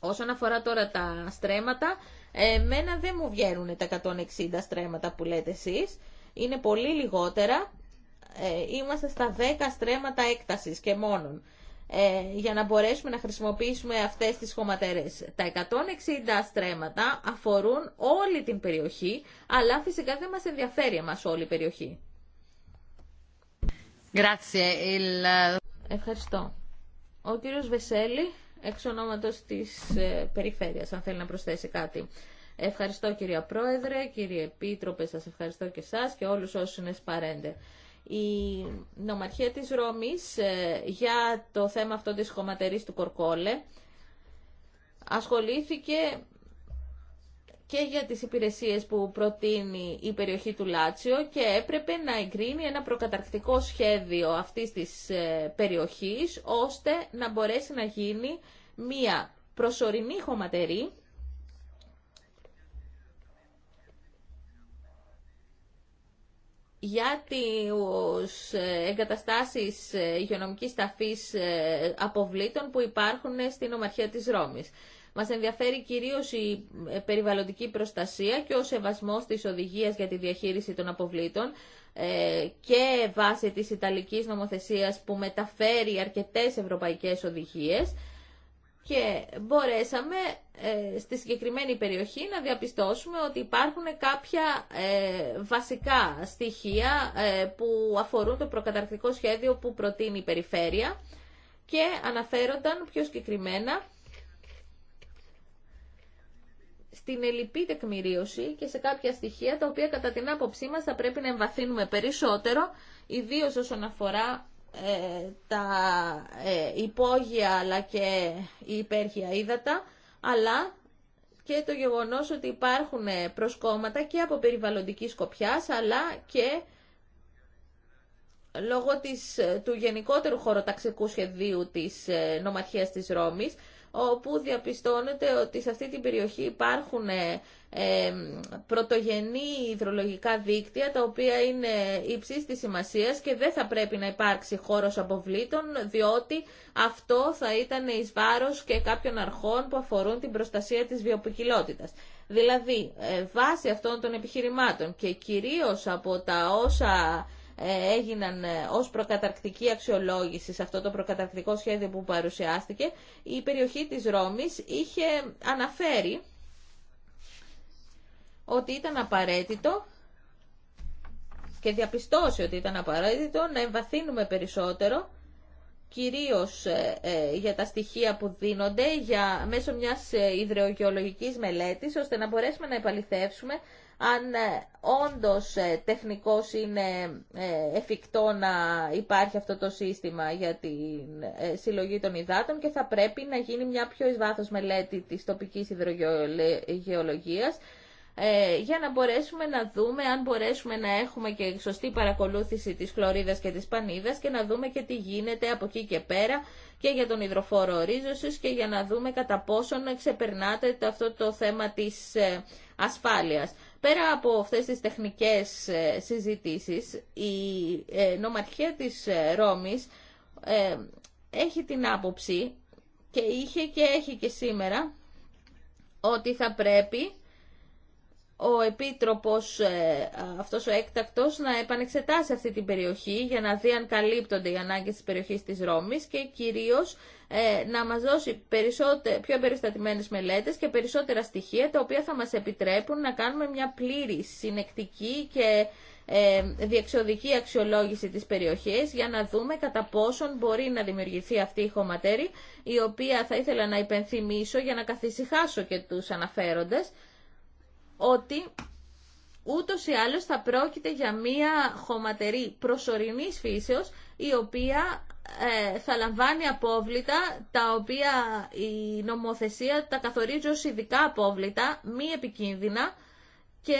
Όσον αφορά τώρα τα στρέμματα, εμένα δεν μου βγαίνουν τα 160 στρέμματα που λέτε εσείς. Είναι πολύ λιγότερα. Ε, είμαστε στα 10 στρέμματα έκτασης και μόνον ε, για να μπορέσουμε να χρησιμοποιήσουμε αυτές τις χωματερές. Τα 160 στρέμματα αφορούν όλη την περιοχή, αλλά φυσικά δεν μας ενδιαφέρει εμάς όλη η περιοχή. Ευχαριστώ. Ο κύριος Βεσέλη εξ ονόματος της ε, περιφέρειας, αν θέλει να προσθέσει κάτι. Ευχαριστώ κυρία Πρόεδρε, κύριε Επίτροπε, σας ευχαριστώ και σας και όλους όσους είναι παρέντε. Η νομαρχία της Ρώμης ε, για το θέμα αυτό της χωματερής του Κορκόλε ασχολήθηκε και για τις υπηρεσίες που προτείνει η περιοχή του Λάτσιο και έπρεπε να εγκρίνει ένα προκαταρκτικό σχέδιο αυτής της ε, περιοχής ώστε να μπορέσει να γίνει μία προσωρινή χωματερή για τις ε, εγκαταστάσεις ε, υγειονομικής ταφής αποβλήτων που υπάρχουν στην Ομαρχία της Ρώμης. Μας ενδιαφέρει κυρίως η ε, περιβαλλοντική προστασία και ο σεβασμός της οδηγίας για τη διαχείριση των αποβλήτων ε, και βάσει της Ιταλικής νομοθεσίας που μεταφέρει αρκετές ευρωπαϊκές οδηγίες και μπορέσαμε ε, στη συγκεκριμένη περιοχή να διαπιστώσουμε ότι υπάρχουν κάποια βασικά στοιχεία που αφορούν το προκαταρκτικό σχέδιο που προτείνει η περιφέρεια και αναφέρονταν πιο συγκεκριμένα στην ελληπή τεκμηρίωση και σε κάποια στοιχεία τα οποία κατά την άποψή μας θα πρέπει να εμβαθύνουμε περισσότερο, ιδίω όσον αφορά ε, τα ε, υπόγεια αλλά και η υπέρχεια ύδατα, αλλά και το γεγονός ότι υπάρχουν ε, προσκόμματα και από περιβαλλοντική σκοπιά αλλά και λόγω της, του γενικότερου χωροταξικού σχεδίου της νομαρχίας της Ρώμης, όπου διαπιστώνεται ότι σε αυτή την περιοχή υπάρχουν ε, ε πρωτογενή υδρολογικά δίκτυα τα οποία είναι υψή τη σημασίας και δεν θα πρέπει να υπάρξει χώρος αποβλήτων διότι αυτό θα ήταν εις και κάποιων αρχών που αφορούν την προστασία της βιοποικιλότητας. Δηλαδή, ε, βάσει αυτών των επιχειρημάτων και κυρίως από τα όσα ε, έγιναν ε, ως προκαταρκτική αξιολόγηση σε αυτό το προκαταρκτικό σχέδιο που παρουσιάστηκε, η περιοχή της Ρώμης είχε αναφέρει ότι ήταν απαραίτητο και διαπιστώσει ότι ήταν απαραίτητο να εμβαθύνουμε περισσότερο κυρίως ε, για τα στοιχεία που δίνονται για, μέσω μιας ε, υδρογεωλογικής μελέτης, ώστε να μπορέσουμε να επαληθεύσουμε αν ε, όντως ε, τεχνικός είναι ε, εφικτό να υπάρχει αυτό το σύστημα για τη συλλογή των υδάτων και θα πρέπει να γίνει μια πιο εις μελέτη της τοπικής υδρογεωλογίας για να μπορέσουμε να δούμε αν μπορέσουμε να έχουμε και σωστή παρακολούθηση της χλωρίδας και της πανίδας και να δούμε και τι γίνεται από εκεί και πέρα και για τον υδροφόρο ορίζωσης και για να δούμε κατά πόσον ξεπερνάτε αυτό το θέμα της ασφάλειας. Πέρα από αυτές τις τεχνικές ε, συζητήσεις, η ε, νομαρχία της ε, Ρώμης έχει την άποψη και είχε και έχει και σήμερα ότι θα πρέπει ο Επίτροπος ε, αυτός ο έκτακτος να επανεξετάσει αυτή την περιοχή για να δει αν καλύπτονται οι ανάγκες της περιοχής της Ρώμης και κυρίως ε, να μας δώσει περισσότε, πιο περιστατημένες μελέτες και περισσότερα στοιχεία τα οποία θα μας επιτρέπουν να κάνουμε μια πλήρη συνεκτική και ε, διεξοδική αξιολόγηση της περιοχής για να δούμε κατά πόσον μπορεί να δημιουργηθεί αυτή η χωματέρη η οποία θα ήθελα να υπενθυμίσω για να καθησυχάσω και τους αναφέροντες ότι ούτως ή άλλως θα πρόκειται για μία χωματερή προσωρινής φύσεως η αλλως θα προκειται για μια χωματερη προσωρινη φυσεω η οποια ε, θα λαμβάνει απόβλητα τα οποία η νομοθεσία τα καθορίζει ως ειδικά απόβλητα, μη επικίνδυνα και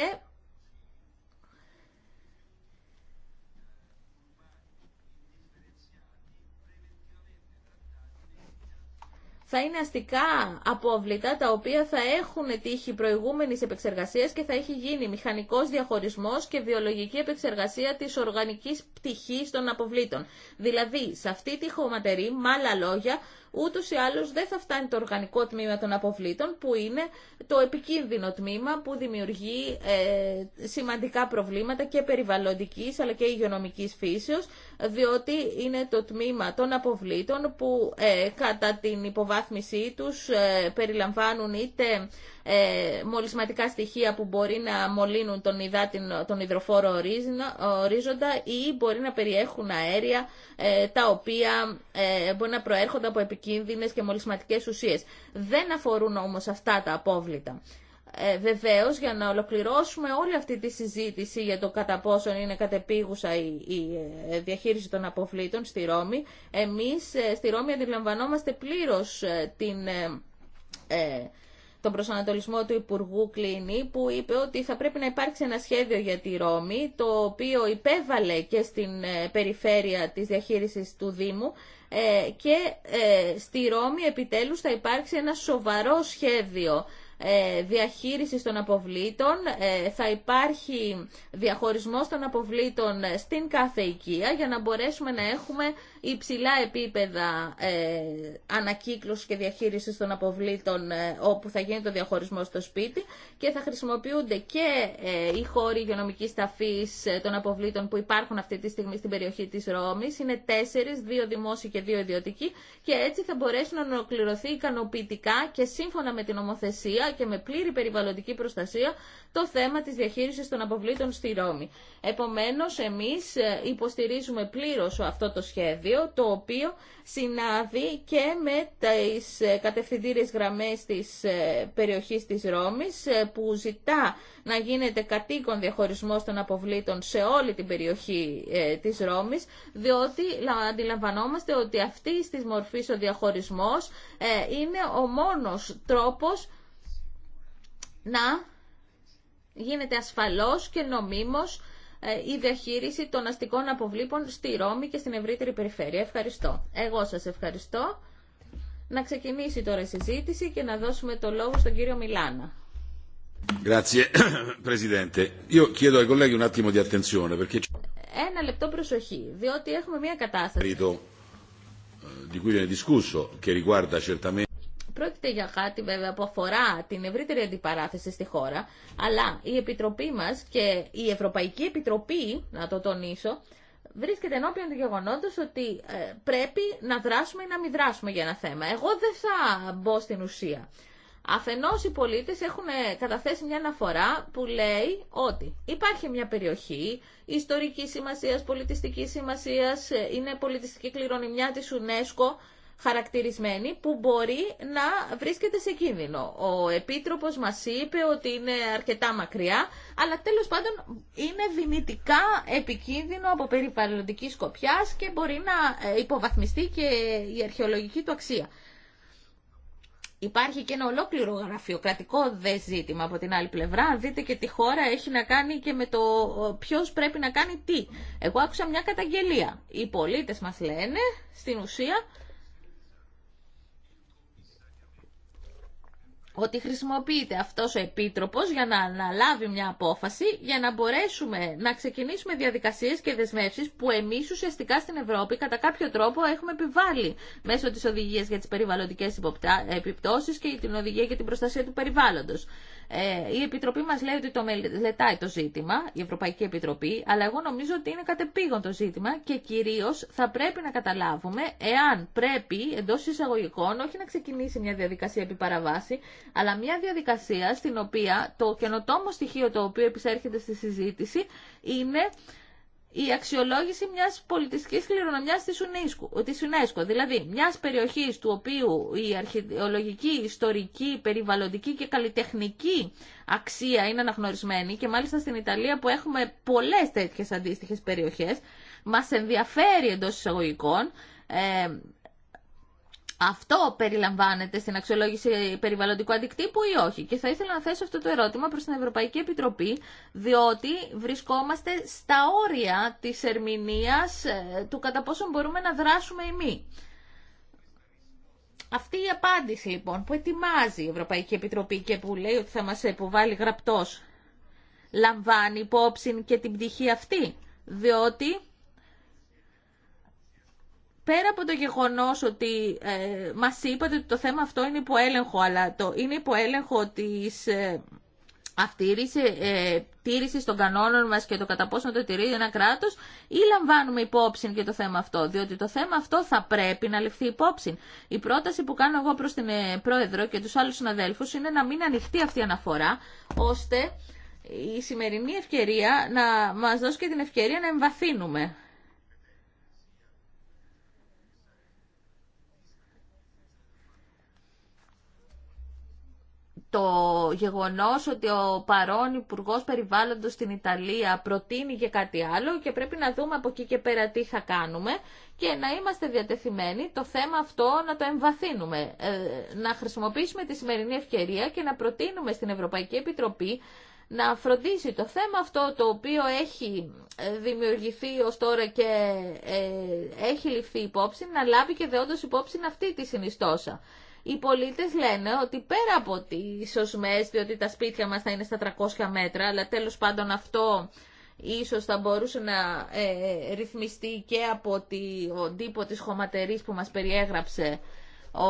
θα είναι αστικά απόβλητα τα οποία θα έχουν τύχει προηγούμενη επεξεργασία και θα έχει γίνει μηχανικό διαχωρισμό και βιολογική επεξεργασία τη οργανική πτυχή των αποβλήτων. Δηλαδή, σε αυτή τη χωματερή, με άλλα λόγια, ούτως ή άλλως δεν θα φτάνει το οργανικό τμήμα των αποβλήτων που είναι το επικίνδυνο τμήμα που δημιουργεί ε, σημαντικά προβλήματα και περιβαλλοντικής αλλά και υγειονομικής φύσεως διότι είναι το τμήμα των αποβλήτων που ε, κατά την υποβάθμισή τους ε, περιλαμβάνουν είτε ε, μολυσματικά στοιχεία που μπορεί να μολύνουν τον, τον υδροφόρο ορίζοντα ή μπορεί να περιέχουν αέρια ε, τα οποία ε, μπορεί να προέρχονται από επικίνδυνες και μολυσματικές ουσίες. Δεν αφορούν όμως αυτά τα απόβλητα. Ε, για να ολοκληρώσουμε όλη αυτή τη συζήτηση για το κατά πόσον είναι κατεπίγουσα η, ε, διαχείριση των αποβλήτων στη Ρώμη, εμείς στη Ρώμη αντιλαμβανόμαστε πλήρως την τον προσανατολισμό του Υπουργού Κλίνη που είπε ότι θα πρέπει να υπάρξει ένα σχέδιο για τη Ρώμη το οποίο υπέβαλε και στην ε, περιφέρεια της διαχείρισης του Δήμου ε, και ε, στη Ρώμη επιτέλους θα υπάρξει ένα σοβαρό σχέδιο διαχείρισης των αποβλήτων, θα υπάρχει διαχωρισμός των αποβλήτων στην κάθε οικία για να μπορέσουμε να έχουμε υψηλά επίπεδα ε, και διαχείρισης των αποβλήτων ε, όπου θα γίνει το διαχωρισμό στο σπίτι και θα χρησιμοποιούνται και ε, οι χώροι υγειονομικής ταφής ε, των αποβλήτων που υπάρχουν αυτή τη στιγμή στην περιοχή της Ρώμης. Είναι τέσσερις, δύο δημόσιοι και δύο ιδιωτικοί και έτσι θα μπορέσουν να ολοκληρωθεί ικανοποιητικά και σύμφωνα με την νομοθεσία και με πλήρη περιβαλλοντική προστασία το θέμα της διαχείρισης των αποβλήτων στη Ρώμη. Επομένως, εμείς ε, υποστηρίζουμε πλήρως αυτό το σχέδιο το οποίο συνάδει και με τις ε, κατευθυντήριες γραμμές της ε, περιοχής της Ρώμης ε, που ζητά να γίνεται κατοίκον διαχωρισμός των αποβλήτων σε όλη την περιοχή της Ρώμης διότι αντιλαμβανόμαστε ότι αυτή τη μορφή ο διαχωρισμός είναι ο μόνος τρόπος να γίνεται ασφαλός και νομίμως ε, η διαχείριση των αστικών αποβλήπων στη Ρώμη και στην ευρύτερη περιφέρεια. Ευχαριστώ. Εγώ σας ευχαριστώ. Να ξεκινήσει τώρα η συζήτηση και να δώσουμε το λόγο στον κύριο Μιλάνα. Ένα λεπτό προσοχή, διότι έχουμε μια κατάσταση Πρόκειται για κάτι βέβαια που αφορά την ευρύτερη αντιπαράθεση στη χώρα, αλλά η Επιτροπή μας και η Ευρωπαϊκή Επιτροπή, να το τονίσω, βρίσκεται ενώπιον του γεγονότος ότι ε, πρέπει να δράσουμε ή να μην δράσουμε για ένα θέμα. Εγώ δεν θα μπω στην ουσία. Αφενός οι πολίτες έχουν ε, καταθέσει μια αναφορά που λέει ότι υπάρχει μια περιοχή ιστορικής σημασίας, πολιτιστικής σημασίας, ε, είναι πολιτιστική κληρονομιά της UNESCO χαρακτηρισμένη που μπορεί να βρίσκεται σε κίνδυνο. Ο Επίτροπος μας είπε ότι είναι αρκετά μακριά, αλλά τέλος πάντων είναι δυνητικά επικίνδυνο από περιβαλλοντική σκοπιά και μπορεί να ε, υποβαθμιστεί και η αρχαιολογική του αξία. Υπάρχει και ένα ολόκληρο γραφειοκρατικό δε ζήτημα από την άλλη πλευρά. δείτε και τη χώρα έχει να κάνει και με το ποιο πρέπει να κάνει τι. Εγώ άκουσα μια καταγγελία. Οι πολίτες μας λένε στην ουσία ότι χρησιμοποιείται αυτός ο επίτροπος για να αναλάβει μια απόφαση για να μπορέσουμε να ξεκινήσουμε διαδικασίες και δεσμεύσεις που εμείς ουσιαστικά στην Ευρώπη κατά κάποιο τρόπο έχουμε επιβάλει μέσω της οδηγίας για τις περιβαλλοντικές επιπτώσεις και την οδηγία για την προστασία του περιβάλλοντος. Ε, η Επιτροπή μας λέει ότι το μελετάει το ζήτημα, η Ευρωπαϊκή Επιτροπή, αλλά εγώ νομίζω ότι είναι κατεπήγον το ζήτημα και κυρίως θα πρέπει να καταλάβουμε εάν πρέπει εντός εισαγωγικών όχι να ξεκινήσει μια διαδικασία επί παραβάση, αλλά μια διαδικασία στην οποία το καινοτόμο στοιχείο το οποίο επισέρχεται στη συζήτηση είναι η αξιολόγηση μιας πολιτιστικής κληρονομιάς τη UNESCO, δηλαδή μιας περιοχής του οποίου η αρχαιολογική, ιστορική, περιβαλλοντική και καλλιτεχνική αξία είναι αναγνωρισμένη και μάλιστα στην Ιταλία που έχουμε πολλές τέτοιες αντίστοιχες περιοχές, μας ενδιαφέρει εντό εισαγωγικών ε, αυτό περιλαμβάνεται στην αξιολόγηση περιβαλλοντικού αντικτύπου ή όχι. Και θα ήθελα να θέσω αυτό το ερώτημα προς την Ευρωπαϊκή Επιτροπή, διότι βρισκόμαστε στα όρια της ερμηνείας ε, του κατά πόσο μπορούμε να δράσουμε εμείς. Αυτή η απάντηση λοιπόν που ετοιμάζει η Ευρωπαϊκή Επιτροπή και που λέει ότι θα μας υποβάλει γραπτός, λαμβάνει υπόψη και την πτυχή αυτή, διότι πέρα από το γεγονό ότι ε, μας είπατε ότι το θέμα αυτό είναι υποέλεγχο έλεγχο, αλλά το είναι υποέλεγχο έλεγχο της ε, ε, των κανόνων μα και το κατά πόσο το τηρεί ένα κράτος ή λαμβάνουμε υπόψη και το θέμα αυτό, διότι το θέμα αυτό θα πρέπει να ληφθεί υπόψη. Η πρόταση που κάνω εγώ προ την ε, Πρόεδρο και του άλλου συναδέλφου είναι να μην ανοιχτεί αυτή η αναφορά, ώστε η σημερινή ευκαιρία να μας δώσει και την ευκαιρία να εμβαθύνουμε. το γεγονός ότι ο παρόν υπουργό Περιβάλλοντος στην Ιταλία προτείνει και κάτι άλλο και πρέπει να δούμε από εκεί και πέρα τι θα κάνουμε και να είμαστε διατεθειμένοι το θέμα αυτό να το εμβαθύνουμε, ε, να χρησιμοποιήσουμε τη σημερινή ευκαιρία και να προτείνουμε στην Ευρωπαϊκή Επιτροπή να φροντίσει το θέμα αυτό το οποίο έχει ε, δημιουργηθεί ως τώρα και ε, έχει ληφθεί υπόψη, να λάβει και δεόντως υπόψη αυτή τη συνιστόσα οι πολίτε λένε ότι πέρα από τις σωσμέ, διότι τα σπίτια μας θα είναι στα 300 μέτρα, αλλά τέλος πάντων αυτό ίσως θα μπορούσε να ε, ρυθμιστεί και από ο τύπο τη χωματερή που μας περιέγραψε ο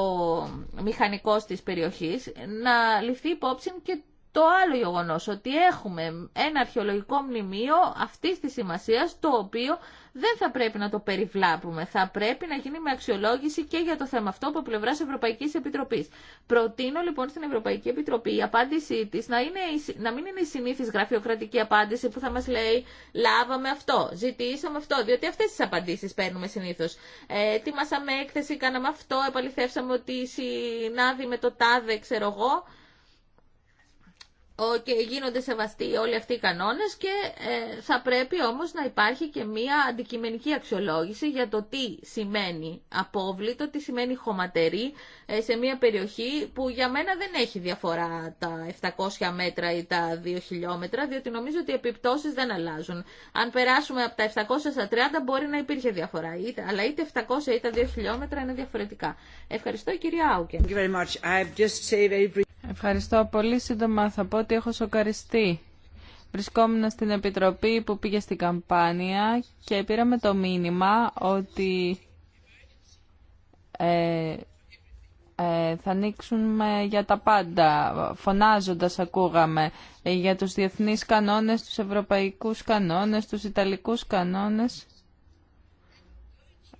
μηχανικός της περιοχής, να ληφθεί υπόψη και το άλλο γεγονό ότι έχουμε ένα αρχαιολογικό μνημείο αυτή τη σημασία, το οποίο δεν θα πρέπει να το περιβλάπουμε. Θα πρέπει να γίνει με αξιολόγηση και για το θέμα αυτό από πλευρά Ευρωπαϊκή Επιτροπή. Προτείνω λοιπόν στην Ευρωπαϊκή Επιτροπή η απάντησή τη να, να μην είναι η συνήθι γραφειοκρατική απάντηση που θα μα λέει Λάβαμε αυτό, ζητήσαμε αυτό, διότι αυτέ τι απαντήσει παίρνουμε συνήθω. Ε, ετοιμάσαμε έκθεση, κάναμε αυτό, επαληθεύσαμε ότι συνάδει με το τάδε, ξέρω εγώ. Και γίνονται σεβαστοί όλοι αυτοί οι κανόνες και ε, θα πρέπει όμως να υπάρχει και μία αντικειμενική αξιολόγηση για το τι σημαίνει απόβλητο, τι σημαίνει χωματερή ε, σε μία περιοχή που για μένα δεν έχει διαφορά τα 700 μέτρα ή τα 2 χιλιόμετρα, διότι νομίζω ότι οι επιπτώσεις δεν αλλάζουν. Αν περάσουμε από τα 700 μπορεί να υπήρχε διαφορά, αλλά είτε 700 είτε 2 χιλιόμετρα είναι διαφορετικά. Ευχαριστώ κυρία Άουκεν. Ευχαριστώ πολύ. Σύντομα θα πω ότι έχω σοκαριστεί. Βρισκόμουν στην Επιτροπή που πήγε στην καμπάνια και πήραμε το μήνυμα ότι ε, ε θα ανοίξουμε για τα πάντα, φωνάζοντας ακούγαμε ε, για τους διεθνείς κανόνες, τους ευρωπαϊκούς κανόνες, τους ιταλικούς κανόνες.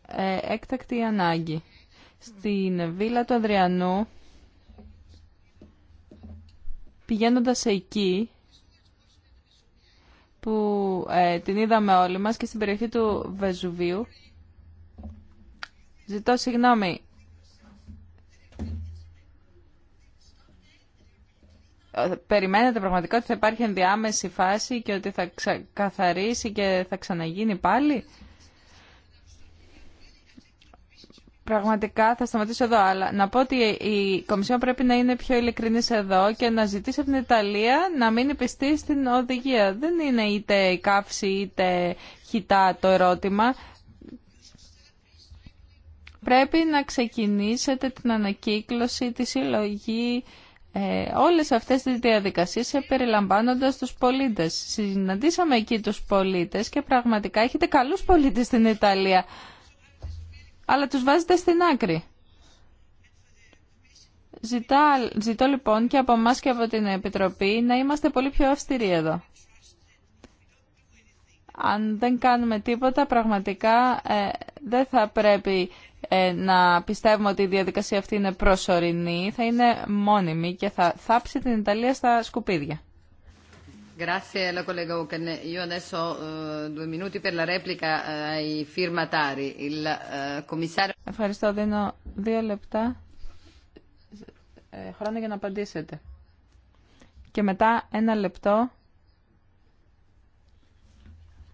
Ε, έκτακτη ανάγκη. Στην Βίλα του Αδριανού πηγαίνοντας εκεί που ε, την είδαμε όλοι μας και στην περιοχή του Βεζουβίου. Ζητώ συγγνώμη. Ε, περιμένετε πραγματικά ότι θα υπάρχει ενδιάμεση φάση και ότι θα καθαρίσει και θα ξαναγίνει πάλι. Πραγματικά θα σταματήσω εδώ, αλλά να πω ότι η Κομισιόν πρέπει να είναι πιο ειλικρινής εδώ και να ζητήσει από την Ιταλία να μην πιστή στην οδηγία. Δεν είναι είτε η καύση είτε χιτά το ερώτημα. Πρέπει να ξεκινήσετε την ανακύκλωση, τη συλλογή, ε, όλες αυτές τις διαδικασίες περιλαμβάνοντας τους πολίτες. Συναντήσαμε εκεί τους πολίτες και πραγματικά έχετε καλούς πολίτες στην Ιταλία αλλά τους βάζετε στην άκρη. ζητώ λοιπόν και από εμά και από την Επιτροπή να είμαστε πολύ πιο αυστηροί εδώ. Αν δεν κάνουμε τίποτα, πραγματικά ε, δεν θα πρέπει ε, να πιστεύουμε ότι η διαδικασία αυτή είναι προσωρινή, θα είναι μόνιμη και θα θάψει την Ιταλία στα σκουπίδια. Ευχαριστώ. Δίνω δύο λεπτά ε, χρόνο για να απαντήσετε. Και μετά ένα λεπτό.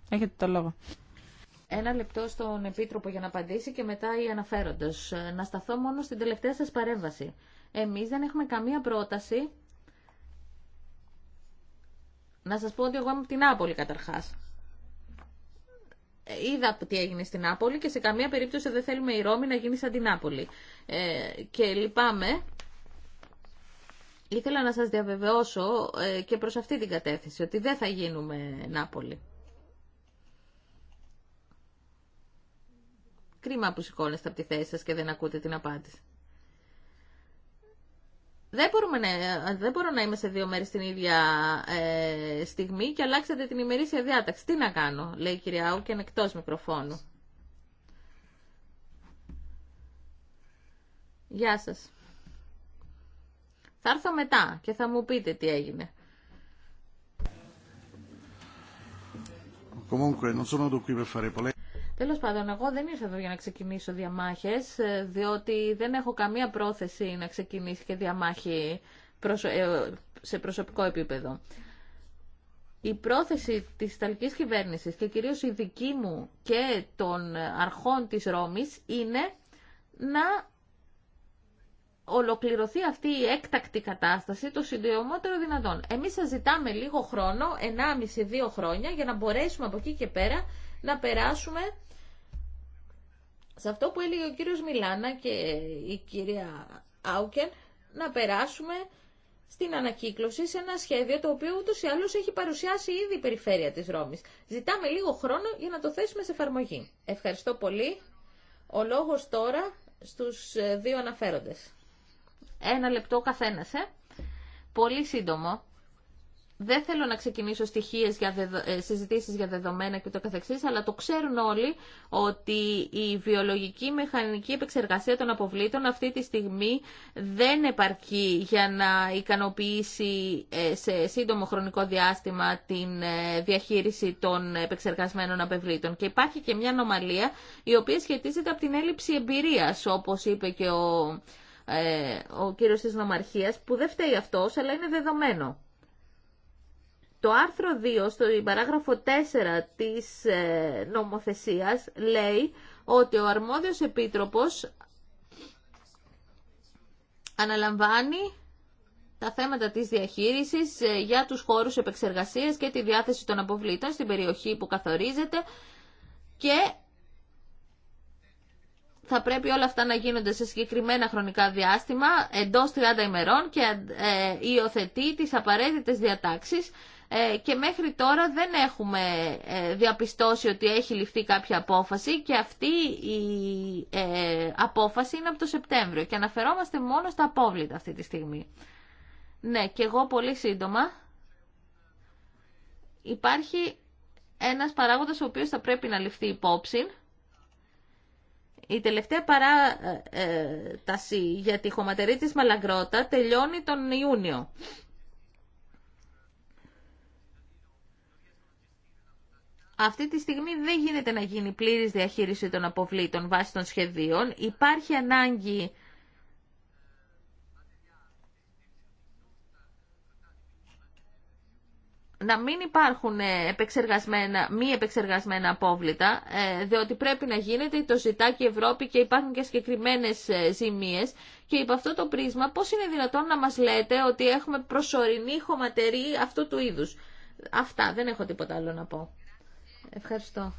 Έχετε το λόγο. Ένα λεπτό στον Επίτροπο για να απαντήσει και μετά η αναφέροντος. Ε, να σταθώ μόνο στην τελευταία σας παρέμβαση. Εμείς δεν έχουμε καμία πρόταση να σας πω ότι εγώ είμαι από την Νάπολη καταρχάς. Ε, είδα τι έγινε στην Νάπολη και σε καμία περίπτωση δεν θέλουμε η Ρώμη να γίνει σαν την Νάπολη. Ε, και λυπάμαι ήθελα να σας διαβεβαιώσω ε, και προς αυτή την κατεύθυνση, ότι δεν θα γίνουμε Νάπολη. Κρίμα που σηκώνεστε από τη θέση σας και δεν ακούτε την απάντηση. Δεν, μπορούμε να, δεν μπορώ να είμαι σε δύο μέρες την ίδια ε, στιγμή και αλλάξατε την ημερήσια διάταξη. Τι να κάνω, λέει η κυρία Άουκεν εκτό μικροφώνου. Γεια σα. Θα έρθω μετά και θα μου πείτε τι έγινε. Comunque non sono qui per fare Τέλο πάντων, εγώ δεν ήρθα εδώ για να ξεκινήσω διαμάχε, ε, διότι δεν έχω καμία πρόθεση να ξεκινήσει και διαμάχη ε, σε προσωπικό επίπεδο. Η πρόθεση της Ιταλικής κυβέρνησης και κυρίως η δική μου και των αρχών της Ρώμης είναι να ολοκληρωθεί αυτή η έκτακτη κατάσταση το συντομότερο δυνατόν. Εμείς σας ζητάμε λίγο χρόνο, 1,5-2 χρόνια, για να μπορέσουμε από εκεί και πέρα να περάσουμε σε αυτό που έλεγε ο κύριος Μιλάνα και η κυρία Άουκεν, να περάσουμε στην ανακύκλωση σε ένα σχέδιο το οποίο ούτως ή άλλως έχει παρουσιάσει ήδη η περιφέρεια της Ρώμης. Ζητάμε λίγο χρόνο για να το θέσουμε σε εφαρμογή. Ευχαριστώ πολύ. Ο λόγος τώρα στους ε, δύο αναφέροντες. Ένα λεπτό καθένας, ε. Πολύ σύντομο δεν θέλω να ξεκινήσω στοιχείες για ε, συζητήσεις για δεδομένα και το καθεξής, αλλά το ξέρουν όλοι ότι η βιολογική μηχανική επεξεργασία των αποβλήτων αυτή τη στιγμή δεν επαρκεί για να ικανοποιήσει ε, σε σύντομο χρονικό διάστημα την ε, διαχείριση των επεξεργασμένων αποβλήτων. Και υπάρχει και μια ανομαλία η οποία σχετίζεται από την έλλειψη εμπειρίας, όπως είπε και ο, ο κύριος της νομαρχίας, που δεν φταίει αυτός, αλλά είναι δεδομένο. Το άρθρο 2, στο παράγραφο 4 της ε, νομοθεσίας, λέει ότι ο αρμόδιος επίτροπος αναλαμβάνει τα θέματα της διαχείρισης ε, για τους χώρους επεξεργασίας και τη διάθεση των αποβλήτων στην περιοχή που καθορίζεται και θα πρέπει όλα αυτά να γίνονται σε συγκεκριμένα χρονικά διάστημα εντός 30 ημερών και ε, υιοθετεί τις απαραίτητες διατάξεις ε, και μέχρι τώρα δεν έχουμε ε, διαπιστώσει ότι έχει ληφθεί κάποια απόφαση και αυτή η ε, απόφαση είναι από το Σεπτέμβριο και αναφερόμαστε μόνο στα απόβλητα αυτή τη στιγμή. Ναι, και εγώ πολύ σύντομα υπάρχει ένας παράγοντας ο οποίος θα πρέπει να ληφθεί υπόψη. Η τελευταία παράταση για τη χωματερή της Μαλαγκρότα τελειώνει τον Ιούνιο. αυτή τη στιγμή δεν γίνεται να γίνει πλήρης διαχείριση των αποβλήτων βάσει των σχεδίων. Υπάρχει ανάγκη να μην υπάρχουν ε, επεξεργασμένα, μη επεξεργασμένα απόβλητα, ε, διότι πρέπει να γίνεται, το ζητά και η Ευρώπη και υπάρχουν και συγκεκριμένε ε, ζημίες. Και υπό αυτό το πρίσμα πώς είναι δυνατόν να μας λέτε ότι έχουμε προσωρινή χωματερή αυτού του είδους. Αυτά, δεν έχω τίποτα άλλο να πω. Ευχαριστώ.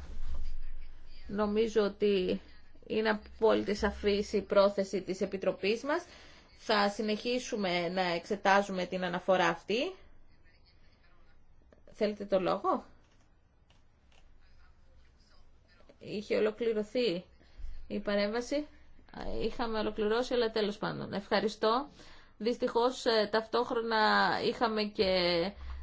Νομίζω ότι είναι απόλυτη σαφή η πρόθεση της Επιτροπής μας. Θα συνεχίσουμε να εξετάζουμε την αναφορά αυτή. Θέλετε το λόγο? Είχε ολοκληρωθεί η παρέμβαση. Είχαμε ολοκληρώσει, αλλά τέλος πάντων. Ευχαριστώ. Δυστυχώς ε, ταυτόχρονα είχαμε και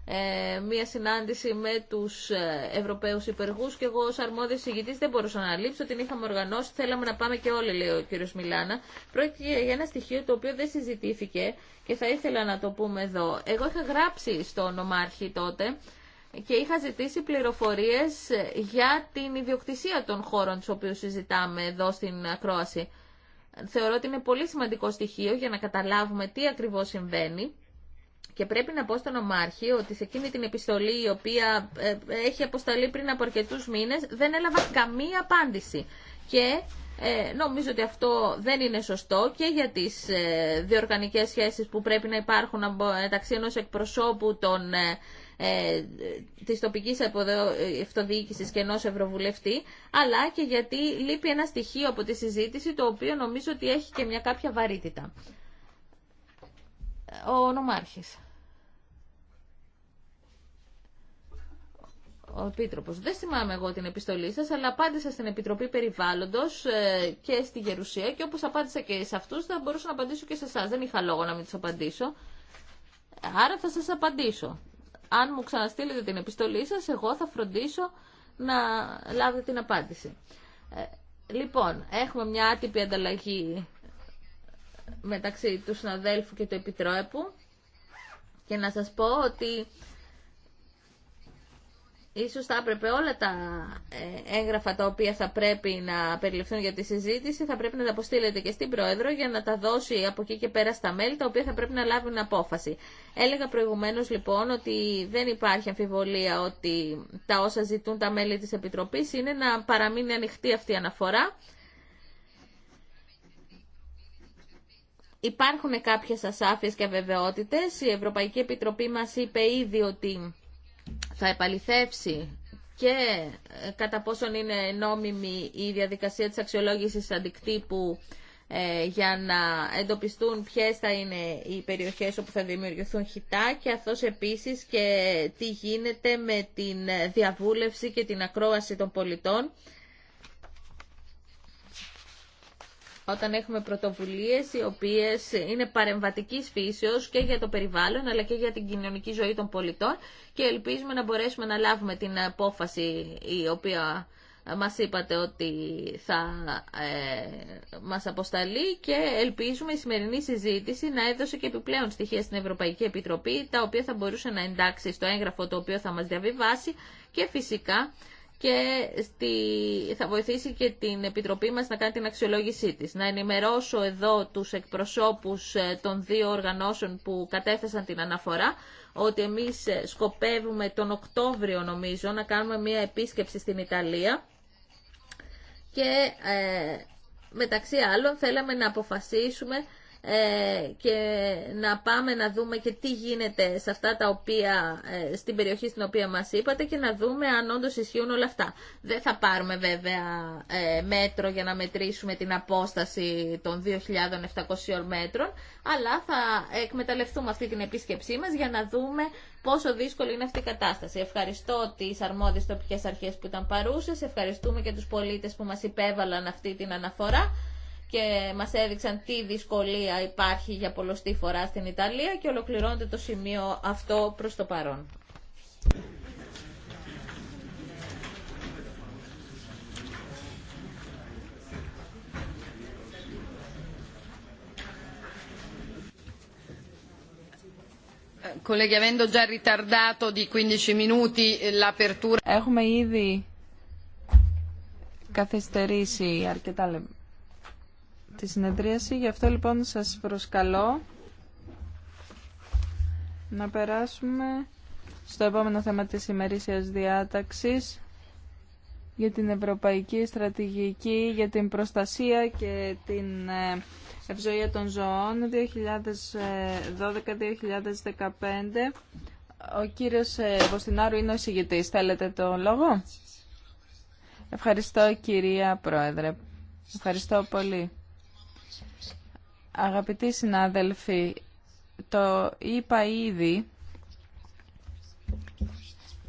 ε, μία συνάντηση με τους ε, Ευρωπαίους υπεργούς και εγώ ως αρμόδιος ηγητής δεν μπορούσα να λείψω, την είχαμε οργανώσει, θέλαμε να πάμε και όλοι, λέει ο κύριος Μιλάνα. Πρόκειται για ένα στοιχείο το οποίο δεν συζητήθηκε και θα ήθελα να το πούμε εδώ. Εγώ είχα γράψει στο νομάρχη τότε και είχα ζητήσει πληροφορίες για την ιδιοκτησία των χώρων τους οποίους συζητάμε εδώ στην Ακρόαση. Θεωρώ ότι είναι πολύ σημαντικό στοιχείο για να καταλάβουμε τι ακριβώς συμβαίνει. Και πρέπει να πω στον Ομάρχη ότι σε εκείνη την επιστολή η οποία ε, έχει αποσταλεί πριν από αρκετού μήνες δεν έλαβα καμία απάντηση. Και ε, νομίζω ότι αυτό δεν είναι σωστό και για τις ε, διοργανικές σχέσεις που πρέπει να υπάρχουν μεταξύ ενός εκπροσώπου των, ε, ε της τοπικής και ενό ευρωβουλευτή, αλλά και γιατί λείπει ένα στοιχείο από τη συζήτηση το οποίο νομίζω ότι έχει και μια κάποια βαρύτητα. Ο νομάρχης. ο Επίτροπος. Δεν θυμάμαι εγώ την επιστολή σας, αλλά απάντησα στην Επιτροπή Περιβάλλοντος ε, και στη Γερουσία και όπως απάντησα και σε αυτού θα μπορούσα να απαντήσω και σε εσά. Δεν είχα λόγο να μην του απαντήσω. Άρα θα σας απαντήσω. Αν μου ξαναστείλετε την επιστολή σας, εγώ θα φροντίσω να λάβετε την απάντηση. Ε, λοιπόν, έχουμε μια άτυπη ανταλλαγή μεταξύ του συναδέλφου και του επιτρόπου και να σας πω ότι Ίσως θα έπρεπε όλα τα ε, έγγραφα τα οποία θα πρέπει να περιληφθούν για τη συζήτηση θα πρέπει να τα αποστείλετε και στην Πρόεδρο για να τα δώσει από εκεί και πέρα στα μέλη τα οποία θα πρέπει να λάβουν απόφαση. Έλεγα προηγουμένως λοιπόν ότι δεν υπάρχει αμφιβολία ότι τα όσα ζητούν τα μέλη της Επιτροπής είναι να παραμείνει ανοιχτή αυτή η αναφορά. Υπάρχουν κάποιες ασάφειες και αβεβαιότητες. Η Ευρωπαϊκή Επιτροπή μας είπε ήδη ότι θα επαληθεύσει και ε, κατά πόσον είναι νόμιμη η διαδικασία της αξιολόγησης αντικτύπου ε, για να εντοπιστούν ποιες θα είναι οι περιοχές όπου θα δημιουργηθούν χιτά και αυτός επίσης και τι γίνεται με την διαβούλευση και την ακρόαση των πολιτών όταν έχουμε πρωτοβουλίες οι οποίες είναι παρεμβατικής φύσεως και για το περιβάλλον αλλά και για την κοινωνική ζωή των πολιτών και ελπίζουμε να μπορέσουμε να λάβουμε την απόφαση η οποία μας είπατε ότι θα ε, μας αποσταλεί και ελπίζουμε η σημερινή συζήτηση να έδωσε και επιπλέον στοιχεία στην Ευρωπαϊκή Επιτροπή τα οποία θα μπορούσε να εντάξει στο έγγραφο το οποίο θα μας διαβιβάσει και φυσικά και στη... θα βοηθήσει και την Επιτροπή μας να κάνει την αξιολόγησή της. Να ενημερώσω εδώ τους εκπροσώπους ε, των δύο οργανώσεων που κατέθεσαν την αναφορά ότι εμείς ε, σκοπεύουμε τον Οκτώβριο νομίζω να κάνουμε μια επίσκεψη στην Ιταλία και ε, μεταξύ άλλων θέλαμε να αποφασίσουμε ε, και να πάμε να δούμε και τι γίνεται σε αυτά τα οποία, ε, στην περιοχή στην οποία μας είπατε και να δούμε αν όντως ισχύουν όλα αυτά. Δεν θα πάρουμε βέβαια ε, μέτρο για να μετρήσουμε την απόσταση των 2.700 μέτρων, αλλά θα εκμεταλλευτούμε αυτή την επίσκεψή μας για να δούμε πόσο δύσκολη είναι αυτή η κατάσταση. Ευχαριστώ τις αρμόδιες τοπικές αρχές που ήταν παρούσες, ευχαριστούμε και τους πολίτες που μας υπέβαλαν αυτή την αναφορά και μας έδειξαν τι δυσκολία υπάρχει για πολλωστή φορά στην Ιταλία και ολοκληρώνεται το σημείο αυτό προς το παρόν. Έχουμε ήδη καθυστερήσει αρκετά λεπτά τη συνεδρίαση. Γι' αυτό λοιπόν σας προσκαλώ να περάσουμε στο επόμενο θέμα της ημερήσιας διάταξης για την Ευρωπαϊκή Στρατηγική για την Προστασία και την ε, Ευζοία των Ζωών 2012-2015. Ε, ο κύριος ε, Βοστινάρου είναι ο εισηγητής. Θέλετε το λόγο? Ευχαριστώ κυρία Πρόεδρε. Ευχαριστώ πολύ. Αγαπητοί συνάδελφοι, το είπα ήδη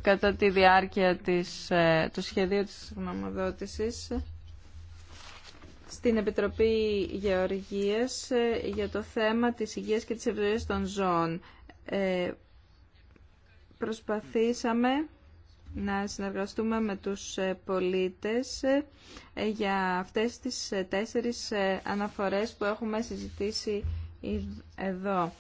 κατά τη διάρκεια της, ε, του σχεδίου της γνωμοδότησης στην Επιτροπή Γεωργίας ε, για το θέμα της υγείας και της ευζοίας των ζώων. Ε, προσπαθήσαμε να συνεργαστούμε με τους ε, πολίτες ε, για αυτές τις ε, τέσσερις αναφορές που έχουμε συζητήσει εδώ.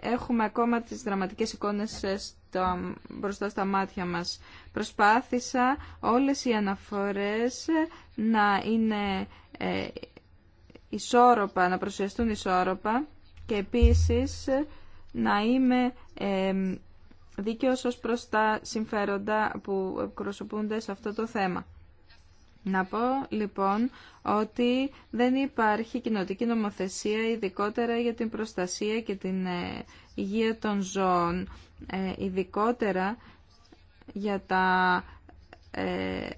Έχουμε ακόμα τις δραματικές εικόνες στο, μπροστά στα μάτια μας. Προσπάθησα όλες οι αναφορές να είναι ισόρροπα, να προσιαστούν ισόρροπα και επίσης να είμαι δίκαιος ω προς τα συμφέροντα που εκπροσωπούνται σε αυτό το θέμα. Να πω λοιπόν ότι δεν υπάρχει κοινοτική νομοθεσία ειδικότερα για την προστασία και την ε, υγεία των ζώων, ε, ειδικότερα για τα ε,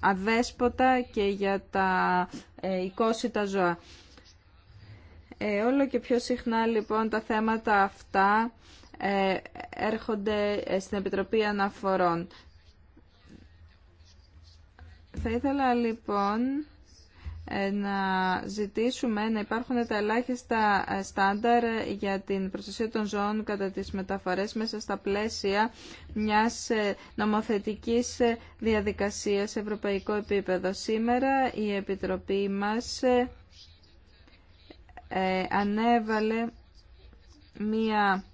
αδέσποτα και για τα ε, οικόσιτα ζώα. όλο και πιο συχνά λοιπόν τα θέματα αυτά ε, έρχονται ε, στην Επιτροπή Αναφορών. Θα ήθελα λοιπόν ε, να ζητήσουμε να υπάρχουν τα ελάχιστα στάνταρ για την προστασία των ζώων κατά τις μεταφορές μέσα στα πλαίσια μιας νομοθετικής διαδικασίας σε ευρωπαϊκό επίπεδο. Σήμερα η Επιτροπή μας ανέβαλε μία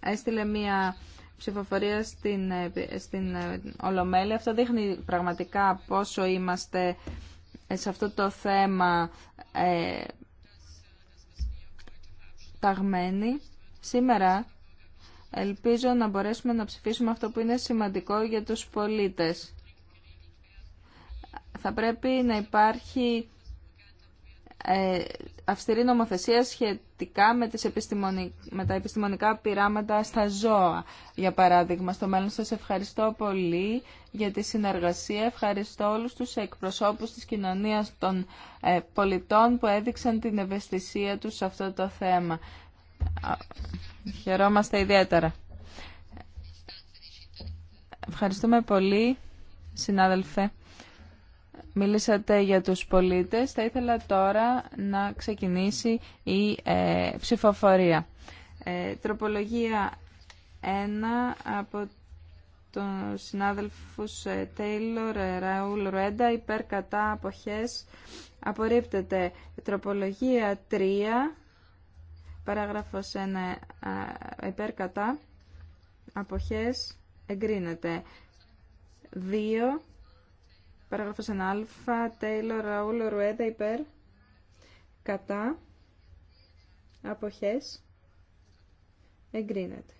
έστειλε μία ψηφοφορία στην, στην Ολομέλη. Αυτό δείχνει πραγματικά πόσο είμαστε σε αυτό το θέμα ε, ταγμένοι. Σήμερα ελπίζω να μπορέσουμε να ψηφίσουμε αυτό που είναι σημαντικό για τους πολίτες. Θα πρέπει να υπάρχει ε, αυστηρή νομοθεσία σχετικά με, τις τα επιστημονικά πειράματα στα ζώα, για παράδειγμα. Στο μέλλον σας ευχαριστώ πολύ για τη συνεργασία. Ευχαριστώ όλους τους εκπροσώπους της κοινωνίας των ε, πολιτών που έδειξαν την ευαισθησία τους σε αυτό το θέμα. Χαιρόμαστε ιδιαίτερα. Ευχαριστούμε πολύ, συνάδελφε. Μιλήσατε για τους πολίτες. Θα ήθελα τώρα να ξεκινήσει η ε, ψηφοφορία. Ε, τροπολογία 1 από τον συνάδελφους Τέιλορ, Ραούλ Ρουέντα, υπέρ κατά αποχές. Απορρίπτεται τροπολογία 3, παράγραφος 1, υπέρ κατά αποχές. Εγκρίνεται 2 Παράγραφος 1α, Τέιλορ, Ραούλ, Ρουέντα, υπέρ, κατά, αποχές, εγκρίνεται.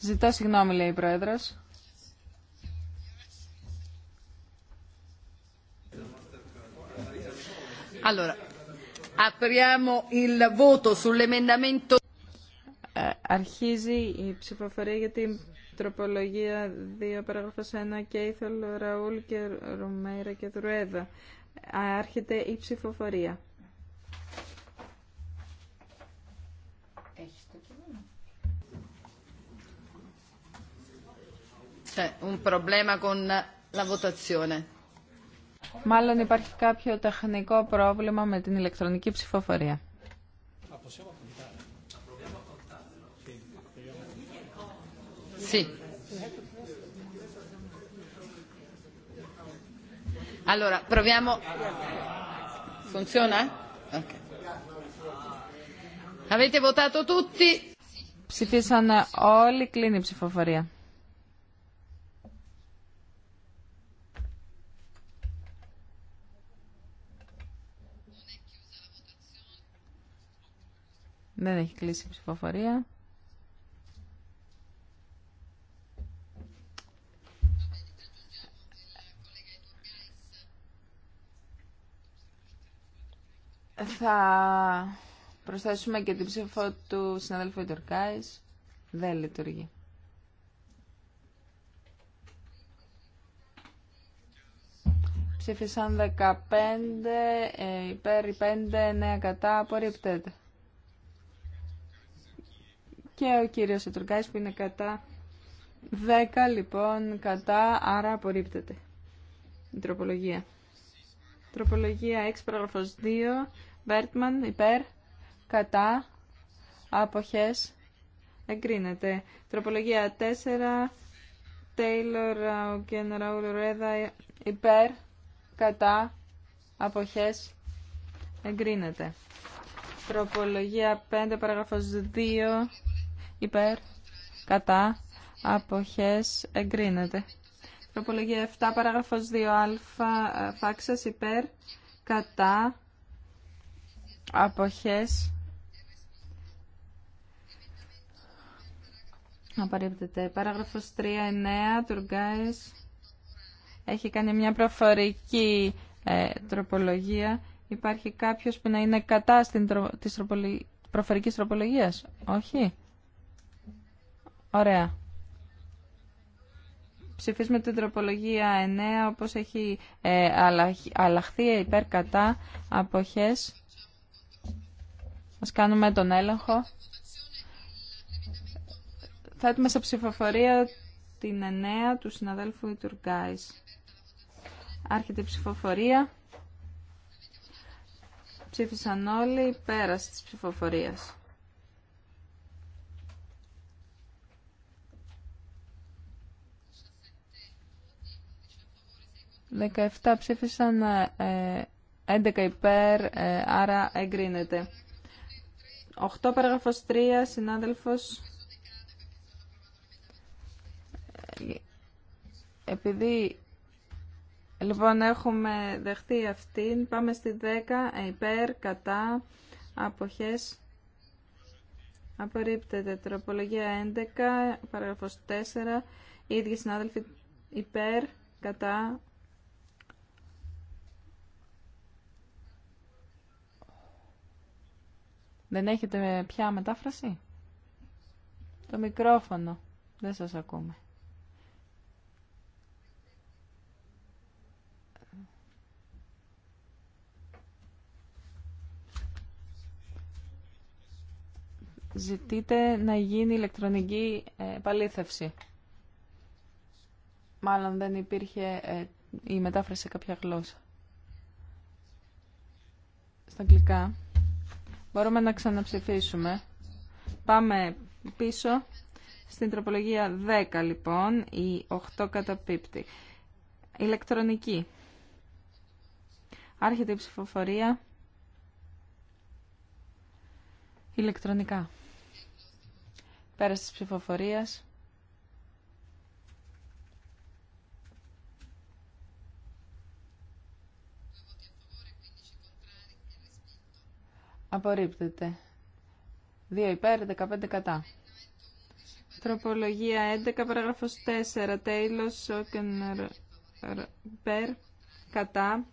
Ζητώ συγγνώμη, λέει η Πρόεδρος. Ε, αρχίζει η ψηφοφορία για την τροπολογία 2 παραγραφός 1 και Κέιθολ, Ραούλ και Ρωμέρα και Δρουέδα. Ε, άρχεται η ψηφοφορία. Μάλλον υπάρχει κάποιο τεχνικό πρόβλημα με την ηλεκτρονική ψηφοφορία. Sì. Allora, proviamo. Funziona? Okay. Avete votato Ψηφίσανε όλοι, κλείνει η ψηφοφορία. Δεν έχει κλείσει η ψηφοφορία. Θα προσθέσουμε και την ψήφο του συναδέλφου Ιντορκάης. Δεν λειτουργεί. Ψήφισαν 15, ε, υπέρ 5, 9 κατά, απορρίπτεται και ο κύριος Ιτουργκάης που είναι κατά 10 λοιπόν κατά, άρα απορρίπτεται η τροπολογία. Τροπολογία 6 παραγραφός 2, Βέρτμαν υπέρ, κατά, αποχές, εγκρίνεται. Τροπολογία 4, Τέιλορ και Ραούλ Ρέδα υπέρ, κατά, αποχές, εγκρίνεται. Τροπολογία 5 παραγραφός 2, υπέρ, κατά, αποχές, εγκρίνεται. Τροπολογία 7, παράγραφος 2α, ε, φάξας υπέρ, κατά, αποχές, απαρρίπτεται. Παράγραφος 3, 9, τουργκάες, έχει κάνει μια προφορική ε, τροπολογία. Υπάρχει κάποιος που να είναι κατά στην τρο... της προφορικής τροπολογίας. Όχι. Ωραία. Ψηφίσουμε την τροπολογία 9, όπως έχει ε, αλλαχθεί υπέρ κατά αποχές. Ας κάνουμε τον έλεγχο. Θέτουμε σε ψηφοφορία την 9 του συναδέλφου Ιτουργκάης. Άρχεται η ψηφοφορία. Ψήφισαν όλοι πέρα της ψηφοφορίας. 17 ψήφισαν 11 ε, ε, υπέρ, ε, άρα εγκρίνεται. 8 παραγραφός 3, συνάδελφος. Επειδή λοιπόν έχουμε δεχτεί αυτήν, πάμε στη 10 υπέρ, κατά, αποχές. Απορρίπτεται τροπολογία 11, παραγραφός 4, οι ίδιοι συνάδελφοι υπέρ, κατά, Δεν έχετε πια μετάφραση. Το μικρόφωνο. Δεν σας ακούμε. Ζητείτε να γίνει ηλεκτρονική επαλήθευση. Μάλλον δεν υπήρχε ε, η μετάφραση σε κάποια γλώσσα. Στα αγγλικά. Μπορούμε να ξαναψηφίσουμε. Πάμε πίσω στην τροπολογία 10 λοιπόν, η 8 καταπίπτει. Ηλεκτρονική. Άρχεται η ψηφοφορία. Ηλεκτρονικά. Πέρα της ψηφοφορίας. Απορρίπτεται. 2 υπέρ, 15 κατά. Τροπολογία 11, παράγραφος 4. Τέιλος, Σόκεν, Περ, κατά.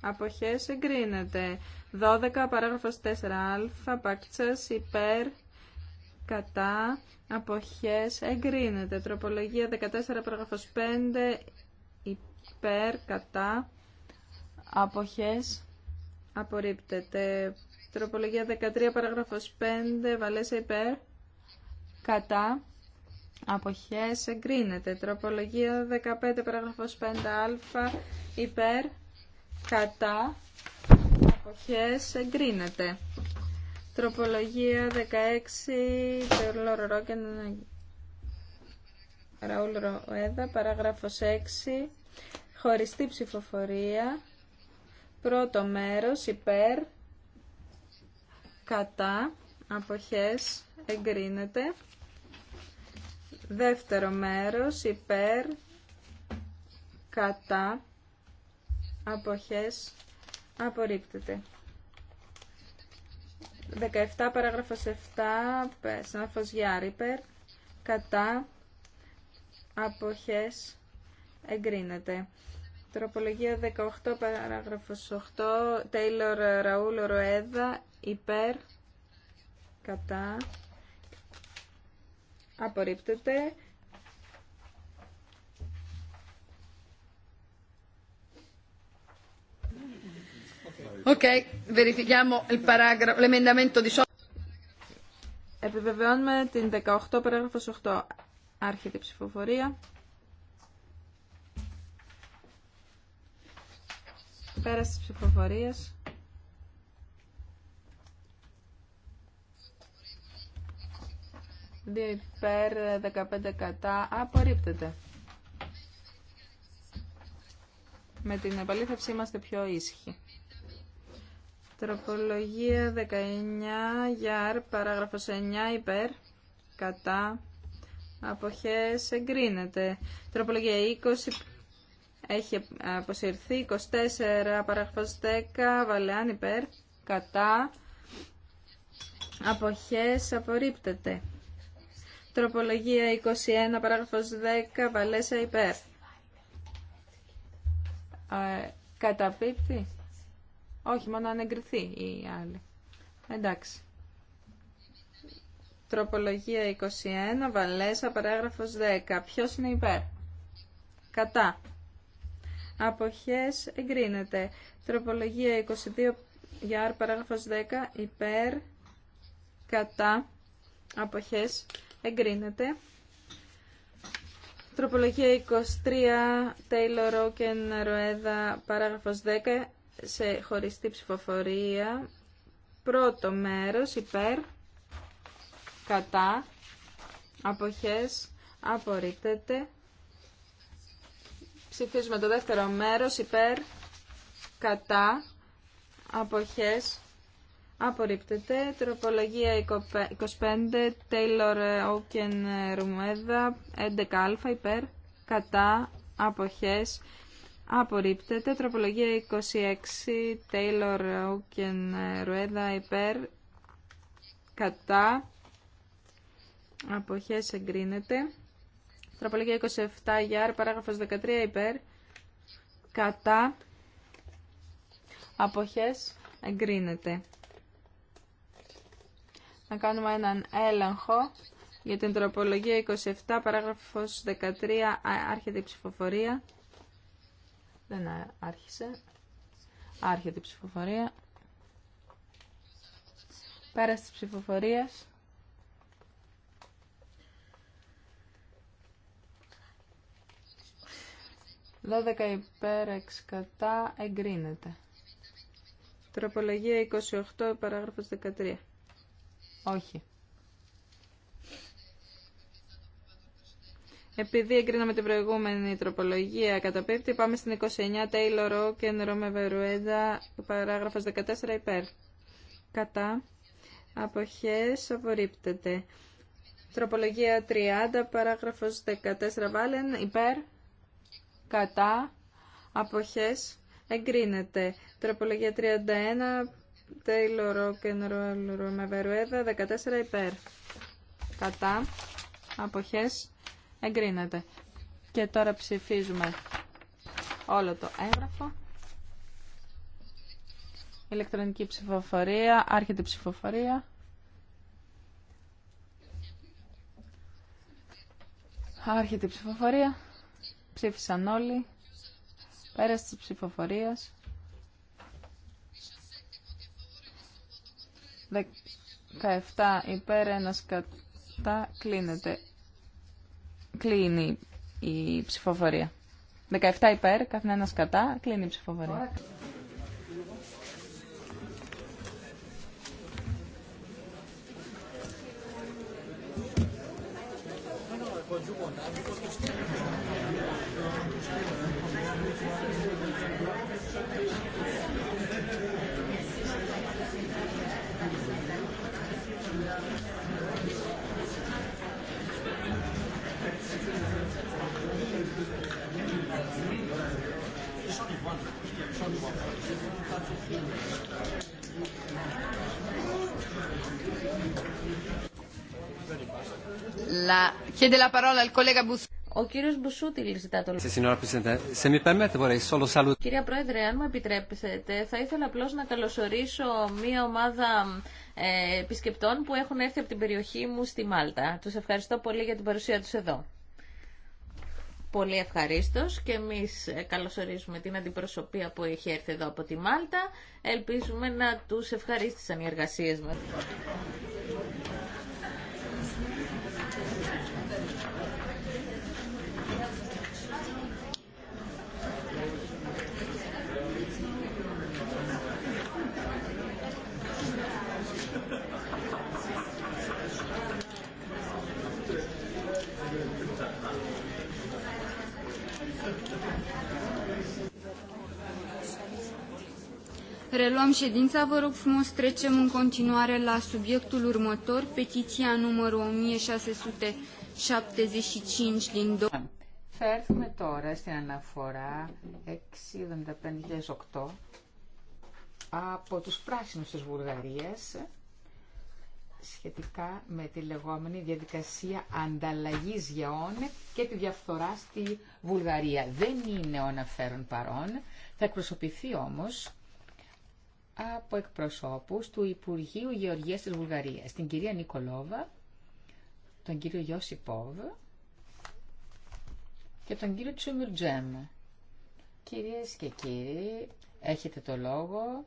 Αποχές εγκρίνεται. 12, παράγραφος 4α, Πάκτσας, υπέρ, κατά. Αποχές εγκρίνεται. Τροπολογία 14, παράγραφος 5, υπέρ, κατά. Αποχές απορρίπτεται. Τροπολογία 13 παράγραφος 5 Βαλέσα υπέρ κατά αποχές εγκρίνεται. Τροπολογία 15 παράγραφος 5α υπέρ κατά αποχές εγκρίνεται. Τροπολογία 16 Τερλόρο Ρόκεν Ραούλ Ροέδα παράγραφος 6 χωριστή ψηφοφορία πρώτο μέρος υπέρ κατά, αποχές, εγκρίνεται. Δεύτερο μέρος, υπέρ, κατά, αποχές, απορρίπτεται. 17 παράγραφος 7, φως Γιάρ, υπέρ, κατά, αποχές, εγκρίνεται. Τροπολογία 18 παράγραφος 8, Τέιλορ Ραούλο Ροέδα, υπέρ, κατά, απορρίπτεται. Ok, verifichiamo il paragrafo, l'emendamento 18. Επιβεβαιώνουμε την 18 παράγραφος 8. Άρχεται η ψηφοφορία. Πέραση της ψηφοφορίας. 2 υπέρ, 15 κατά. Απορρίπτεται. Με την επαλήθευση είμαστε πιο ήσυχοι. Τροπολογία 19 για παράγραφος 9 υπέρ, κατά, αποχές εγκρίνεται. Τροπολογία 20 έχει αποσυρθεί, 24 παράγραφος 10 βαλεάν υπέρ, κατά, αποχές απορρίπτεται. Τροπολογία 21, παράγραφος 10, Βαλέσα υπέρ. Ε, καταπίπτει. Όχι, μόνο αν εγκριθεί η άλλη. Εντάξει. Τροπολογία 21, Βαλέσα, παράγραφος 10. Ποιος είναι υπέρ. Κατά. Αποχές εγκρίνεται. Τροπολογία 22, για παράγραφος 10, υπέρ. Κατά. Αποχές εγκρίνεται. Τροπολογία 23, Τέιλο Ρόκεν Ροέδα, παράγραφος 10, σε χωριστή ψηφοφορία. Πρώτο μέρος, υπέρ, κατά, αποχές, απορρίπτεται. Ψηφίζουμε το δεύτερο μέρος, υπέρ, κατά, αποχές, Απορρίπτεται. Τροπολογία 25, Taylor Oaken Ρουμέδα, 11α, υπέρ, κατά, αποχές. Απορρίπτεται. Τροπολογία 26, Taylor Oaken Ρουέδα, υπέρ, κατά, αποχές εγκρίνεται. Τροπολογία 27, Γιάρ, παράγραφος 13, υπέρ, κατά, αποχές εγκρίνεται να κάνουμε έναν έλεγχο για την τροπολογία 27, παράγραφος 13, άρχεται η ψηφοφορία. Δεν άρχισε. Άρχεται η ψηφοφορία. Πέρα της ψηφοφορίας. Δώδεκα υπέρ εξκατά εγκρίνεται. Τροπολογία 28, παράγραφος 13. Όχι. Επειδή εγκρίναμε την προηγούμενη τροπολογία κατά πάμε στην 29 Taylor Rock και Veruenda, παράγραφος 14 υπέρ. Κατά. Αποχές απορρίπτεται. Τροπολογία 30, παράγραφος 14 Βάλεν, υπέρ. Κατά. Αποχές εγκρίνεται. Τροπολογία 31, Τέιλο με Ρομεβερουέδα 14 υπέρ. Κατά. Αποχές. Εγκρίνεται. Και τώρα ψηφίζουμε όλο το έγγραφο. Ηλεκτρονική ψηφοφορία. Άρχεται ψηφοφορία. Άρχεται ψηφοφορία. Ψήφισαν όλοι. Πέρασε τη ψηφοφορία. 17 υπέρ ένα κατά κλείνεται. Κλείνει η ψηφοφορία. 17 υπέρ, καθένα κατά, κλείνει η ψηφοφορία. you Κύριε Ο κύριος Μπουσούτιλ ζητά λόγο. Κυρία Πρόεδρε, αν μου επιτρέπετε, θα ήθελα απλώ να καλωσορίσω μία ομάδα ε, επισκεπτών που έχουν έρθει από την περιοχή μου στη Μάλτα. Του ευχαριστώ πολύ για την παρουσία του εδώ. Πολύ ευχαριστώ και εμεί ε, καλωσορίζουμε την αντιπροσωπεία που έχει έρθει εδώ από τη Μάλτα. Ελπίζουμε να του ευχαρίστησαν οι εργασίες μας. Reluăm ședința. Vă rog frumos, trecem în continuare la subiectul următor, petiția numărul 1675 din 2. Θα τώρα στην αναφορά 675-8 από τους πράσινους της Βουλγαρίας σχετικά με τη λεγόμενη διαδικασία ανταλλαγής γεών και τη διαφθορά στη Βουλγαρία. Δεν είναι ο αναφέρον παρόν, θα εκπροσωπηθεί όμως από εκπροσώπους του Υπουργείου Γεωργίας της Βουλγαρίας, την κυρία Νικολόβα, τον κύριο Ιώσιπόβ και τον κύριο Τσουμιρτζέμ. Κυρίες και κύριοι, έχετε το λόγο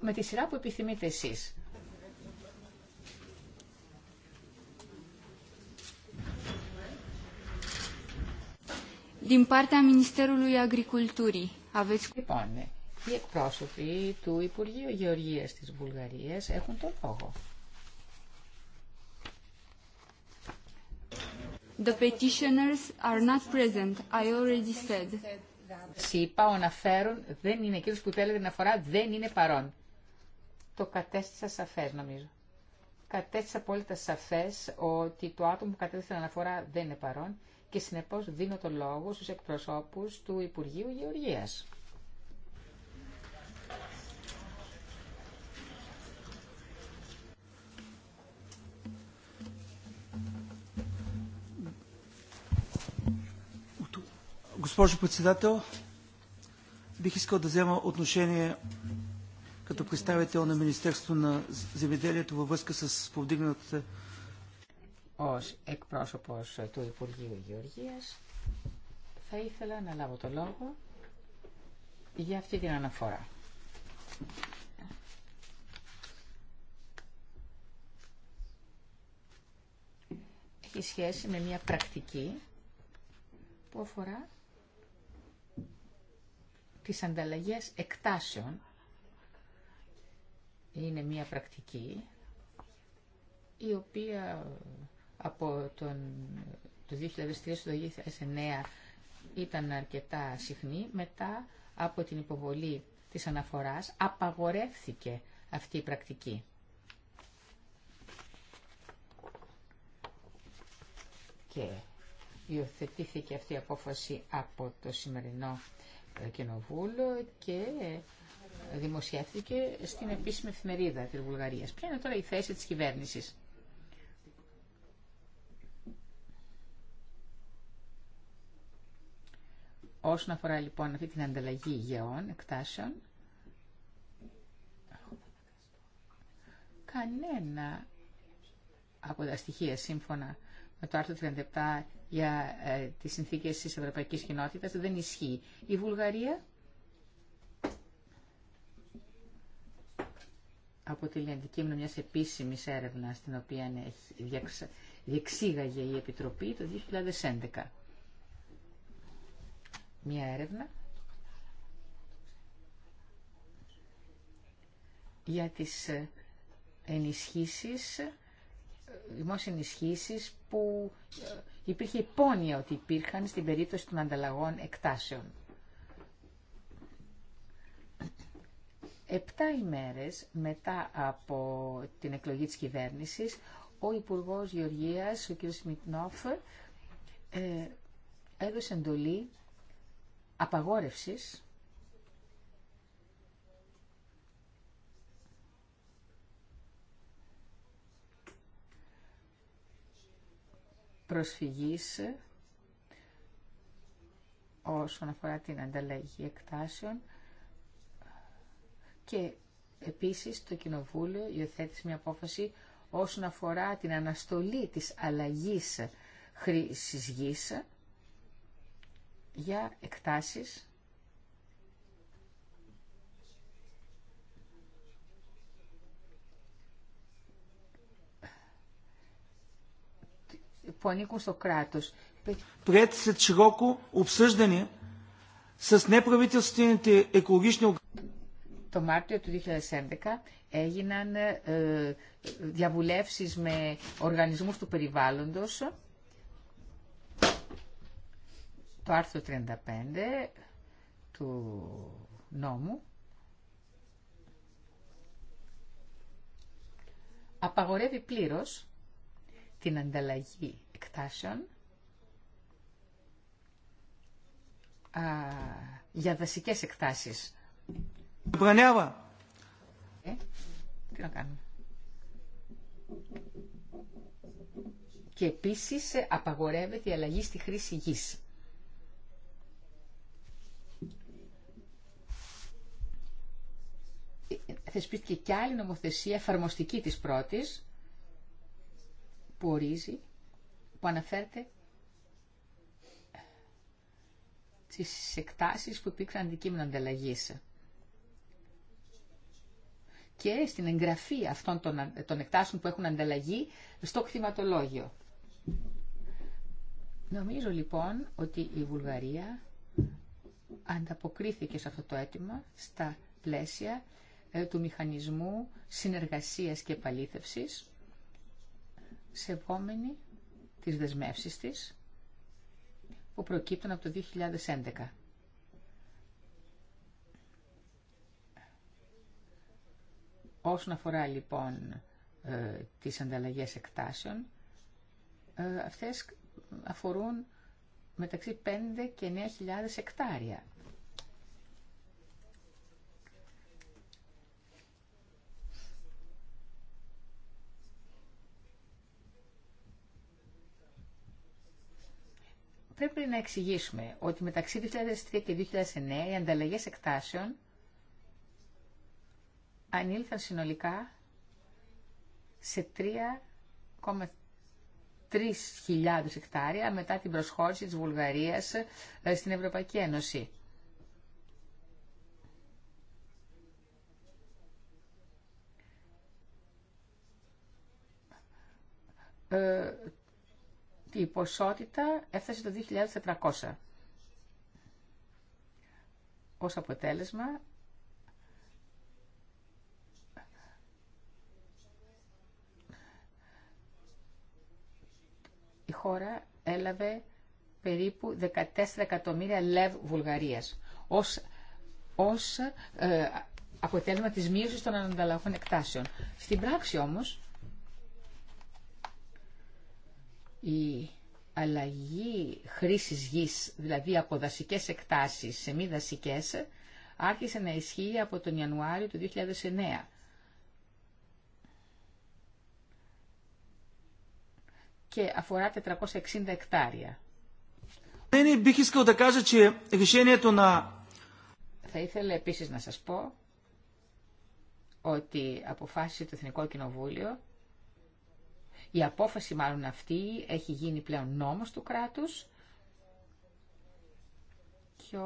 με τη σειρά που επιθυμείτε εσείς. Din partea Ministerului Agriculturii, aveți... Λοιπόν, οι εκπρόσωποι του Υπουργείου Γεωργίας της Βουλγαρίας έχουν τον λόγο. The petitioners are not present, I already said. ο δεν είναι εκείνος που θέλετε να φορά, δεν είναι παρόν. Το κατέστησα σαφές νομίζω. Κατέστησα απόλυτα σαφές ότι το άτομο που κατέστησε την αναφορά δεν είναι παρόν και συνεπώς δίνω το λόγο στους εκπροσώπους του Υπουργείου Γεωργίας. Госпожо председател, бих искал да взема отношение като представител на Министерството на земеделието във връзка с повдигнатата ως εκπρόσωπος του Υπουργείου Γεωργίας θα ήθελα να λάβω το λόγο για αυτή την αναφορά. Έχει σχέση με μια πρακτική που αφορά τις ανταλλαγές εκτάσεων. Είναι μια πρακτική η οποία από τον, το 2003 στο 2009 ήταν αρκετά συχνή. Μετά από την υποβολή της αναφοράς απαγορεύθηκε αυτή η πρακτική. Και υιοθετήθηκε αυτή η απόφαση από το σημερινό ε, κοινοβούλιο και δημοσιεύθηκε στην επίσημη εφημερίδα της Βουλγαρίας. Ποια είναι τώρα η θέση της κυβέρνησης. Όσον αφορά λοιπόν αυτή την ανταλλαγή γεών, εκτάσεων, κανένα από τα στοιχεία σύμφωνα με το άρθρο 37 για ε, τις συνθήκες της Ευρωπαϊκής Κοινότητας δεν ισχύει. Η Βουλγαρία αποτελεί αντικείμενο μιας επίσημης έρευνας την οποία διεξήγαγε η Επιτροπή το 2011 μια έρευνα για τις ε, ενισχύσεις, ε, δημόσιες ενισχύσεις που ε, υπήρχε υπόνοια ότι υπήρχαν στην περίπτωση των ανταλλαγών εκτάσεων. Επτά ημέρες μετά από την εκλογή της κυβέρνησης, ο Υπουργός Γεωργίας, ο κ. Σμιτνόφ, έδωσε εντολή απαγόρευσης προσφυγής όσον αφορά την ανταλλαγή εκτάσεων και επίσης το Κοινοβούλιο υιοθέτησε μια απόφαση όσον αφορά την αναστολή της αλλαγής χρήσης γης για εκτάσεις που ανήκουν στο κράτος. το Μάρτιο του 2011 έγιναν ε, ε, διαβουλεύσεις με οργανισμούς του περιβάλλοντος το άρθρο 35 του νόμου απαγορεύει πλήρως την ανταλλαγή εκτάσεων α, για δασικές εκτάσεις. Ε, τι Και επίσης απαγορεύεται η αλλαγή στη χρήση γης. θεσπίστηκε και άλλη νομοθεσία εφαρμοστική της πρώτης που ορίζει, που αναφέρεται στις εκτάσεις που υπήρξαν αντικείμενο ανταλλαγή. Και στην εγγραφή αυτών των, των εκτάσεων που έχουν ανταλλαγή στο κτηματολόγιο. Νομίζω λοιπόν ότι η Βουλγαρία ανταποκρίθηκε σε αυτό το αίτημα στα πλαίσια ε, του μηχανισμού συνεργασίας και επαλήθευσης επόμενη τις δεσμεύσεις της που προκύπτουν από το 2011. Όσον αφορά λοιπόν ε, τις ανταλλαγές εκτάσεων, ε, αυτές αφορούν μεταξύ 5 και 9.000 εκτάρια. πρέπει να εξηγήσουμε ότι μεταξύ 2003 και 2009 οι ανταλλαγές εκτάσεων ανήλθαν συνολικά σε 3,3 εκτάρια μετά την προσχώρηση της Βουλγαρίας ε, στην Ευρωπαϊκή Ένωση. Ε, η ποσότητα έφτασε το 2.400. Ως αποτέλεσμα, η χώρα έλαβε περίπου 14 εκατομμύρια λεβ Βουλγαρίας ως, ε, αποτέλεσμα της μείωσης των ανταλλαγών εκτάσεων. Στην πράξη όμως, η αλλαγή χρήσης γης, δηλαδή από δασικές εκτάσεις σε μη δασικές, άρχισε να ισχύει από τον Ιανουάριο του 2009. και αφορά 460 εκτάρια. Θα ήθελα επίσης να σας πω ότι αποφάσισε το Εθνικό Κοινοβούλιο η απόφαση μάλλον αυτή έχει γίνει πλέον νόμος του κράτους και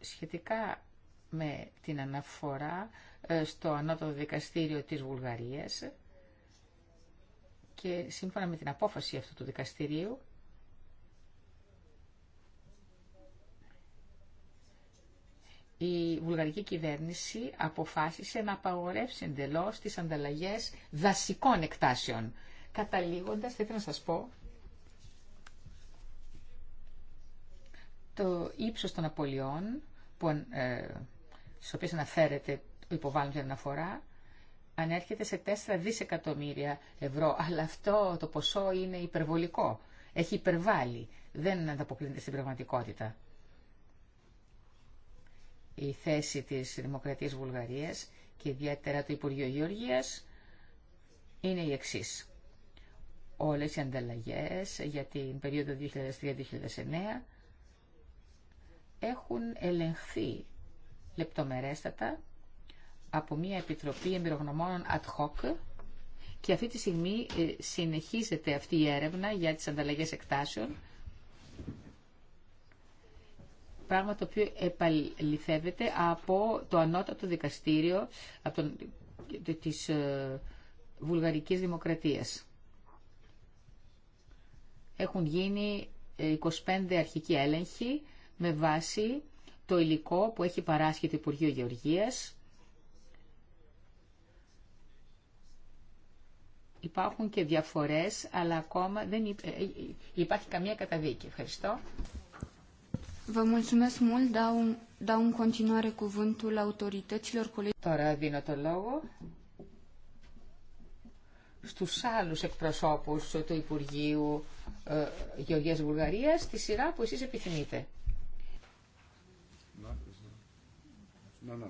σχετικά με την αναφορά ε, στο Ανώτατο Δικαστήριο της Βουλγαρίας και σύμφωνα με την απόφαση αυτού του δικαστηρίου η βουλγαρική κυβέρνηση αποφάσισε να απαγορεύσει εντελώς τις ανταλλαγές δασικών εκτάσεων Καταλήγοντας, θέλω να σας πω το ύψος των απολειών που, ε, στις οποίες αναφέρεται ο αναφορά ανέρχεται σε 4 δισεκατομμύρια ευρώ, αλλά αυτό το ποσό είναι υπερβολικό. Έχει υπερβάλλει. δεν ανταποκρίνεται στην πραγματικότητα. Η θέση της Δημοκρατίας Βουλγαρίας και ιδιαίτερα του Υπουργείου Γεωργίας είναι η εξής όλες οι ανταλλαγές για την περίοδο 2003-2009 έχουν ελεγχθεί λεπτομερέστατα από μια επιτροπή εμπειρογνωμόνων ad hoc και αυτή τη στιγμή ε, συνεχίζεται αυτή η έρευνα για τις ανταλλαγές εκτάσεων πράγμα το οποίο επαληθεύεται από το ανώτατο δικαστήριο από τον, της ε, Βουλγαρικής Δημοκρατίας έχουν γίνει 25 ε, αρχικοί έλεγχοι με βάση το υλικό που έχει παράσχει το Υπουργείο Γεωργίας. Υπάρχουν και διαφορές, αλλά ακόμα δεν ε, ε, υπάρχει καμία καταδίκη. Ευχαριστώ. Τώρα δίνω το λόγο στους άλλους εκπροσώπους του Υπουργείου ε, Γεωργίας Βουλγαρίας τη σειρά που εσείς επιθυμείτε. No, no.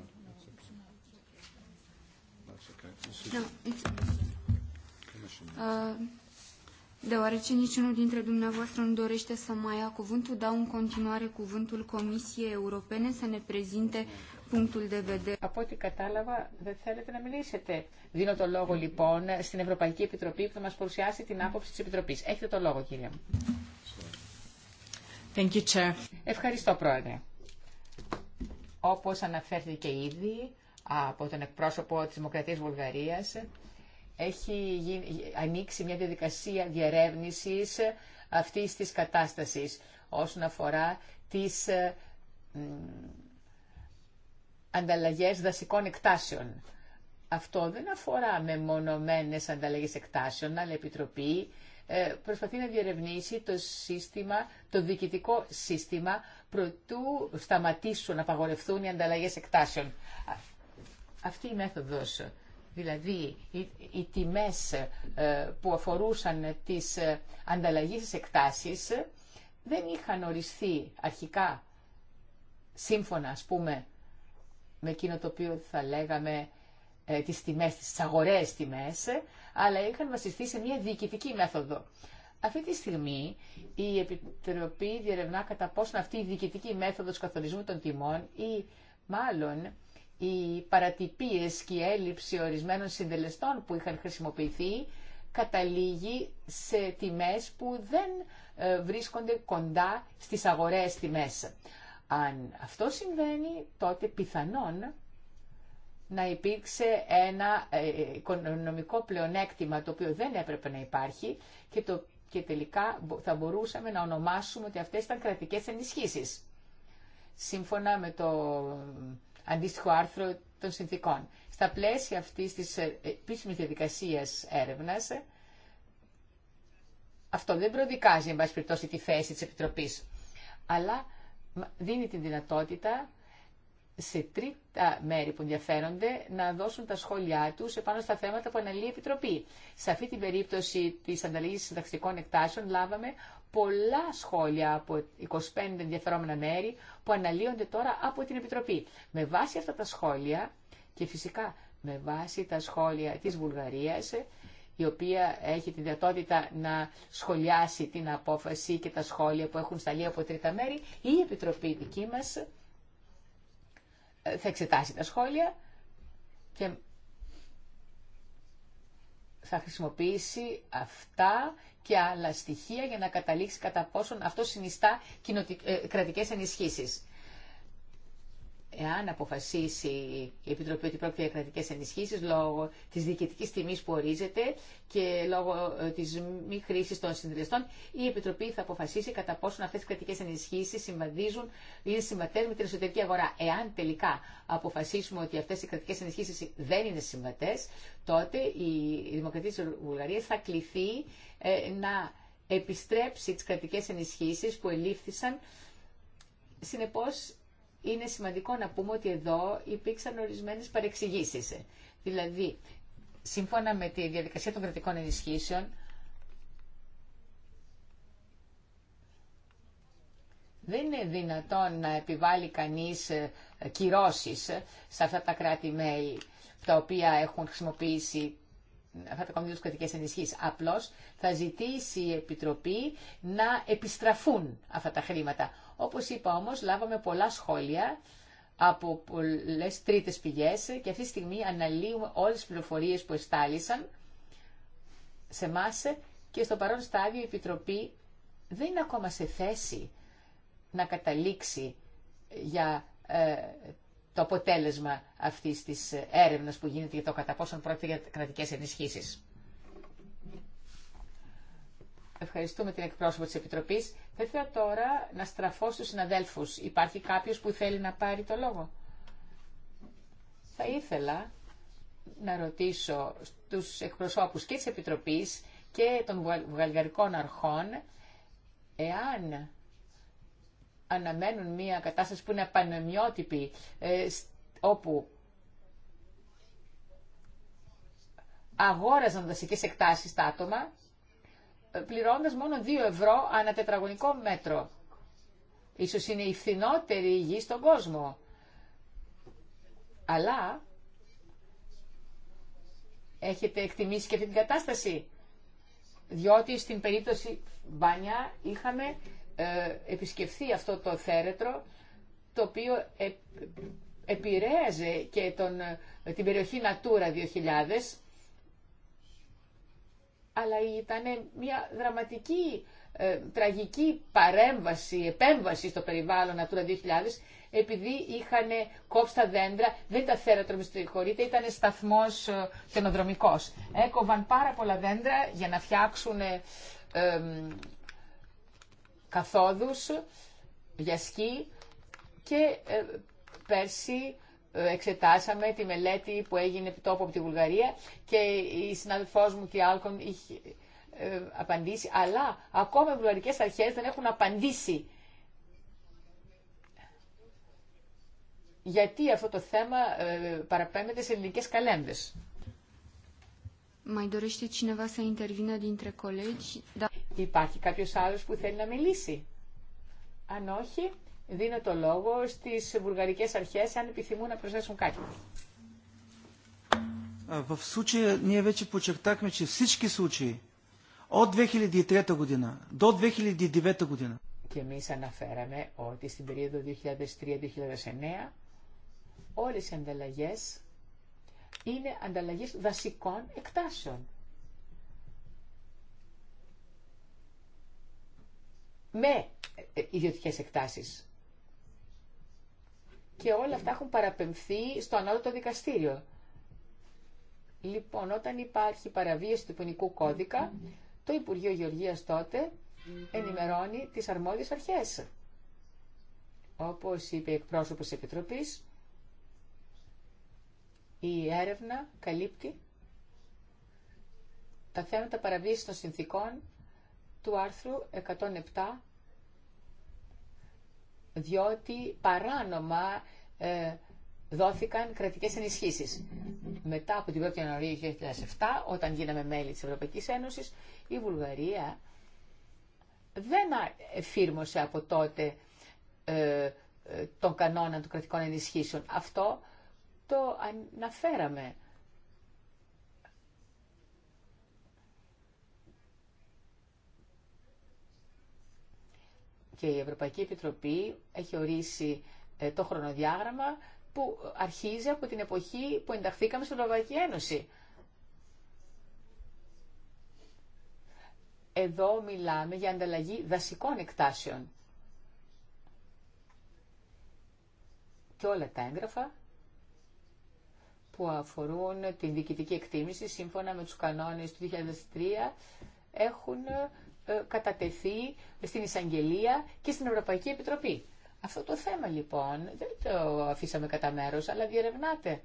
Da, deoarece niciunul dintre dumneavoastră nu dorește să mai ia cuvântul, dau în continuare cuvântul Comisiei Europene să ne prezinte από ό,τι κατάλαβα, δεν θέλετε να μιλήσετε. Δίνω το λόγο λοιπόν στην Ευρωπαϊκή Επιτροπή που θα μα παρουσιάσει την άποψη της Επιτροπής. Έχετε το λόγο, κύριε μου. Ευχαριστώ, Πρόεδρε. Όπως αναφέρθηκε ήδη από τον εκπρόσωπο τη Δημοκρατία Βουλγαρίας, έχει ανοίξει μια διαδικασία διερεύνηση αυτής της κατάσταση όσον αφορά τις ε, ανταλλαγές δασικών εκτάσεων. Αυτό δεν αφορά με μονομένες ανταλλαγές εκτάσεων, αλλά η Επιτροπή ε, προσπαθεί να διερευνήσει το σύστημα, το διοικητικό σύστημα, προτού σταματήσουν να απαγορευτούν οι ανταλλαγές εκτάσεων. Αυτή η μέθοδος, δηλαδή οι, οι τιμές ε, που αφορούσαν τις ε, ανταλλαγές εκτάσεις, δεν είχαν οριστεί αρχικά σύμφωνα, ας πούμε, με εκείνο το οποίο θα λέγαμε ε, τις τιμές, τις αγορές τιμές, αλλά είχαν βασιστεί σε μια διοικητική μέθοδο. Αυτή τη στιγμή η Επιτροπή διερευνά κατά πόσον αυτή η διοικητική μέθοδος καθορισμού των τιμών ή μάλλον οι παρατυπίες και η έλλειψη ορισμένων συντελεστών που είχαν χρησιμοποιηθεί καταλήγει σε τιμές που δεν ε, βρίσκονται κοντά στις αγορές τιμές. Αν αυτό συμβαίνει, τότε πιθανόν να υπήρξε ένα ε, ε, οικονομικό πλεονέκτημα το οποίο δεν έπρεπε να υπάρχει και, το, και τελικά θα μπορούσαμε να ονομάσουμε ότι αυτές ήταν κρατικές ενισχύσεις. Σύμφωνα με το αντίστοιχο άρθρο των συνθήκων. Στα πλαίσια αυτής της ε, επίσημης διαδικασίας έρευνας, αυτό δεν προδικάζει, εν πάση περιπτώσει, τη θέση της Επιτροπής. Αλλά δίνει την δυνατότητα σε τρίτα μέρη που ενδιαφέρονται να δώσουν τα σχόλιά τους επάνω στα θέματα που αναλύει η Επιτροπή. Σε αυτή την περίπτωση της ανταλλαγή συνταξιτικών εκτάσεων λάβαμε πολλά σχόλια από 25 ενδιαφερόμενα μέρη που αναλύονται τώρα από την Επιτροπή. Με βάση αυτά τα σχόλια και φυσικά με βάση τα σχόλια της Βουλγαρίας η οποία έχει τη δυνατότητα να σχολιάσει την απόφαση και τα σχόλια που έχουν σταλεί από τρίτα μέρη, η Επιτροπή δική μας ε, θα εξετάσει τα σχόλια και θα χρησιμοποιήσει αυτά και άλλα στοιχεία για να καταλήξει κατά πόσον αυτό συνιστά ε, κρατικές ενισχύσεις εάν αποφασίσει η Επιτροπή ότι πρόκειται για κρατικέ ενισχύσει λόγω τη διοικητική τιμή που ορίζεται και λόγω ε, τη μη χρήση των συντελεστών, η Επιτροπή θα αποφασίσει κατά πόσον αυτέ οι κρατικέ ενισχύσει συμβαδίζουν ή είναι συμβατέ με την εσωτερική αγορά. Εάν τελικά αποφασίσουμε ότι αυτέ οι κρατικέ ενισχύσει δεν είναι συμβατέ, τότε η Δημοκρατία τη Βουλγαρία θα κληθεί ε, να επιστρέψει τι κρατικέ ενισχύσει που ελήφθησαν. Συνεπώς, είναι σημαντικό να πούμε ότι εδώ υπήρξαν ορισμένες παρεξηγήσεις. Δηλαδή, σύμφωνα με τη διαδικασία των κρατικών ενισχύσεων, Δεν είναι δυνατόν να επιβάλλει κανείς ε, κυρώσεις σε αυτά τα κράτη-μέλη τα οποία έχουν χρησιμοποιήσει αυτά τα κονδύλια δύο κρατικέ Απλώς θα ζητήσει η Επιτροπή να επιστραφούν αυτά τα χρήματα. Όπως είπα όμω, λάβαμε πολλά σχόλια από πολλές τρίτες πηγές και αυτή τη στιγμή αναλύουμε όλες τις πληροφορίες που εστάλησαν σε εμά και στο παρόν στάδιο η Επιτροπή δεν είναι ακόμα σε θέση να καταλήξει για ε, το αποτέλεσμα αυτής της έρευνας που γίνεται για το κατά πόσον πρόκειται για κρατικές ενισχύσεις. Ευχαριστούμε την εκπρόσωπο της Επιτροπής. Θα ήθελα τώρα να στραφώ στους συναδέλφους. Υπάρχει κάποιος που θέλει να πάρει το λόγο. Θα ήθελα να ρωτήσω στους εκπροσώπους και της Επιτροπής και των βουλγαρικών αρχών εάν αναμένουν μια κατάσταση που είναι πανεμιότυπη, ε, όπου αγόραζαν δασικές εκτάσεις τα άτομα, ε, πληρώντας μόνο 2 ευρώ ανά τετραγωνικό μέτρο. Ίσως είναι η φθηνότερη γη στον κόσμο. Αλλά έχετε εκτιμήσει και αυτή την κατάσταση. Διότι στην περίπτωση Μπάνια είχαμε ε, επισκεφθεί αυτό το θέρετρο το οποίο ε, επηρέαζε και τον, ε, την περιοχή Natura 2000 αλλά ήταν μια δραματική, τραγική παρέμβαση, επέμβαση στο περιβάλλον Natura 2000 επειδή είχαν κόψει τα δέντρα, δεν ήταν θέρετρο, με συγχωρείτε, ήταν σταθμός στενοδρομικός. Έκοβαν πάρα πολλά δέντρα για να φτιάξουν καθόδους για σκι και ε, πέρσι ε, εξετάσαμε τη μελέτη που έγινε τόπο από τη Βουλγαρία και η συνάδελφός μου και η Άλκον είχε ε, απαντήσει, αλλά ακόμα οι βουλγαρικές αρχές δεν έχουν απαντήσει γιατί αυτό το θέμα παραπέμπεται σε ελληνικές καλένδες. Υπάρχει κάποιος άλλος που θέλει να μιλήσει. Αν όχι, δίνω το λόγο στις βουλγαρικές αρχές αν επιθυμούν να προσθέσουν κάτι. Ε, в случая ние вече подчертахме, че всички случаи от 2003 година до 2009 година. Και εμεί αναφέραμε ότι στην περίοδο 2003-2009 όλες οι ανταλλαγές είναι ανταλλαγές δασικών εκτάσεων. με ε, ε, ιδιωτικέ εκτάσεις. Και όλα αυτά έχουν παραπεμφθεί στο ανώτατο δικαστήριο. Λοιπόν, όταν υπάρχει παραβίαση του ποινικού κώδικα, το Υπουργείο Γεωργίας τότε ενημερώνει τις αρμόδιες αρχές. Όπως είπε εκπρόσωπος Επιτροπής, η έρευνα καλύπτει τα θέματα παραβίαση των συνθήκων του άρθρου 107 διότι παράνομα ε, δόθηκαν κρατικές ενισχύσεις. Μετά από την 1η Ιανουαρίου 2007, όταν γίναμε μέλη της Ευρωπαϊκής Ένωσης, η Βουλγαρία δεν εφήρμοσε από τότε ε, ε, τον κανόνα των κρατικών ενισχύσεων. Αυτό το αναφέραμε και η Ευρωπαϊκή Επιτροπή έχει ορίσει ε, το χρονοδιάγραμμα που αρχίζει από την εποχή που ενταχθήκαμε στην Ευρωπαϊκή Ένωση. Εδώ μιλάμε για ανταλλαγή δασικών εκτάσεων. Και όλα τα έγγραφα που αφορούν την διοικητική εκτίμηση σύμφωνα με τους κανόνες του 2003 έχουν ε, κατατεθεί στην εισαγγελία και στην Ευρωπαϊκή Επιτροπή. Αυτό το θέμα λοιπόν δεν το αφήσαμε κατά μέρο, αλλά διερευνάται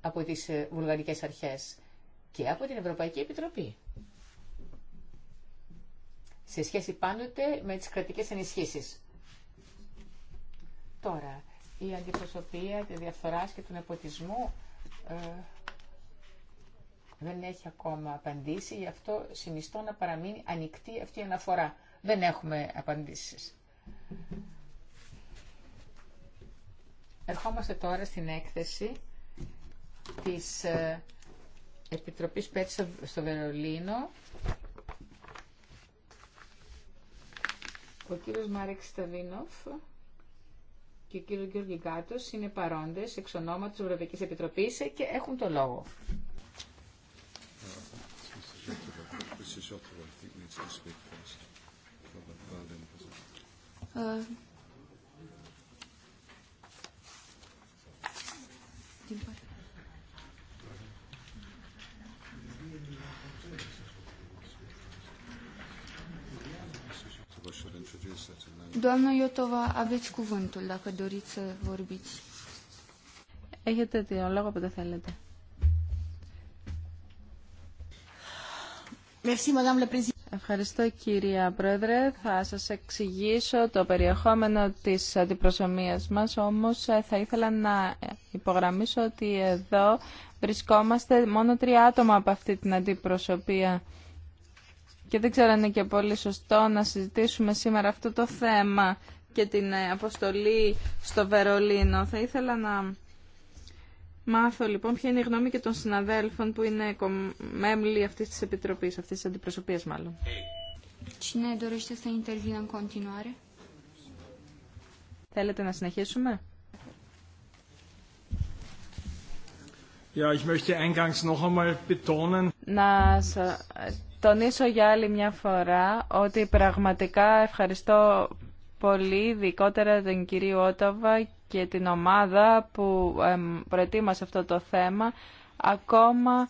από τις ε, βουλγαρικές αρχές και από την Ευρωπαϊκή Επιτροπή. Σε σχέση πάντοτε με τις κρατικές ενισχύσεις. Τώρα, η αντιπροσωπεία τη διαφθοράς και του νεποτισμού ε, δεν έχει ακόμα απαντήσει, γι' αυτό συνιστώ να παραμείνει ανοιχτή αυτή η αναφορά. Δεν έχουμε απαντήσεις. Ερχόμαστε τώρα στην έκθεση της ε, Επιτροπής Πέτσα στο Βερολίνο. Ο κύριος Μάρεξ Σταβίνοφ και ο κύριος Γιώργη Γκάτος είναι παρόντες εξ ονόματος Ευρωπαϊκής Επιτροπής ε, και έχουν το λόγο. Doamna Iotova, aveți cuvântul dacă doriți să vorbiți. Ευχαριστώ κυρία Πρόεδρε. Θα σας εξηγήσω το περιεχόμενο της αντιπροσωμίας μας, όμως ε, θα ήθελα να υπογραμμίσω ότι εδώ βρισκόμαστε μόνο τρία άτομα από αυτή την αντιπροσωπεία. Και δεν ξέρω αν είναι και πολύ σωστό να συζητήσουμε σήμερα αυτό το θέμα και την ε, αποστολή στο Βερολίνο. Θα ήθελα να μάθω λοιπόν ποια είναι η γνώμη και των συναδέλφων που είναι μέμλη αυτή τη επιτροπή, αυτή τη αντιπροσωπείας μάλλον. Θέλετε να συνεχίσουμε? ich möchte eingangs noch einmal betonen. Να τονίσω για άλλη μια φορά ότι πραγματικά ευχαριστώ πολύ, ειδικότερα τον κύριο Ότοβα και την ομάδα που προετοίμασε αυτό το θέμα, ακόμα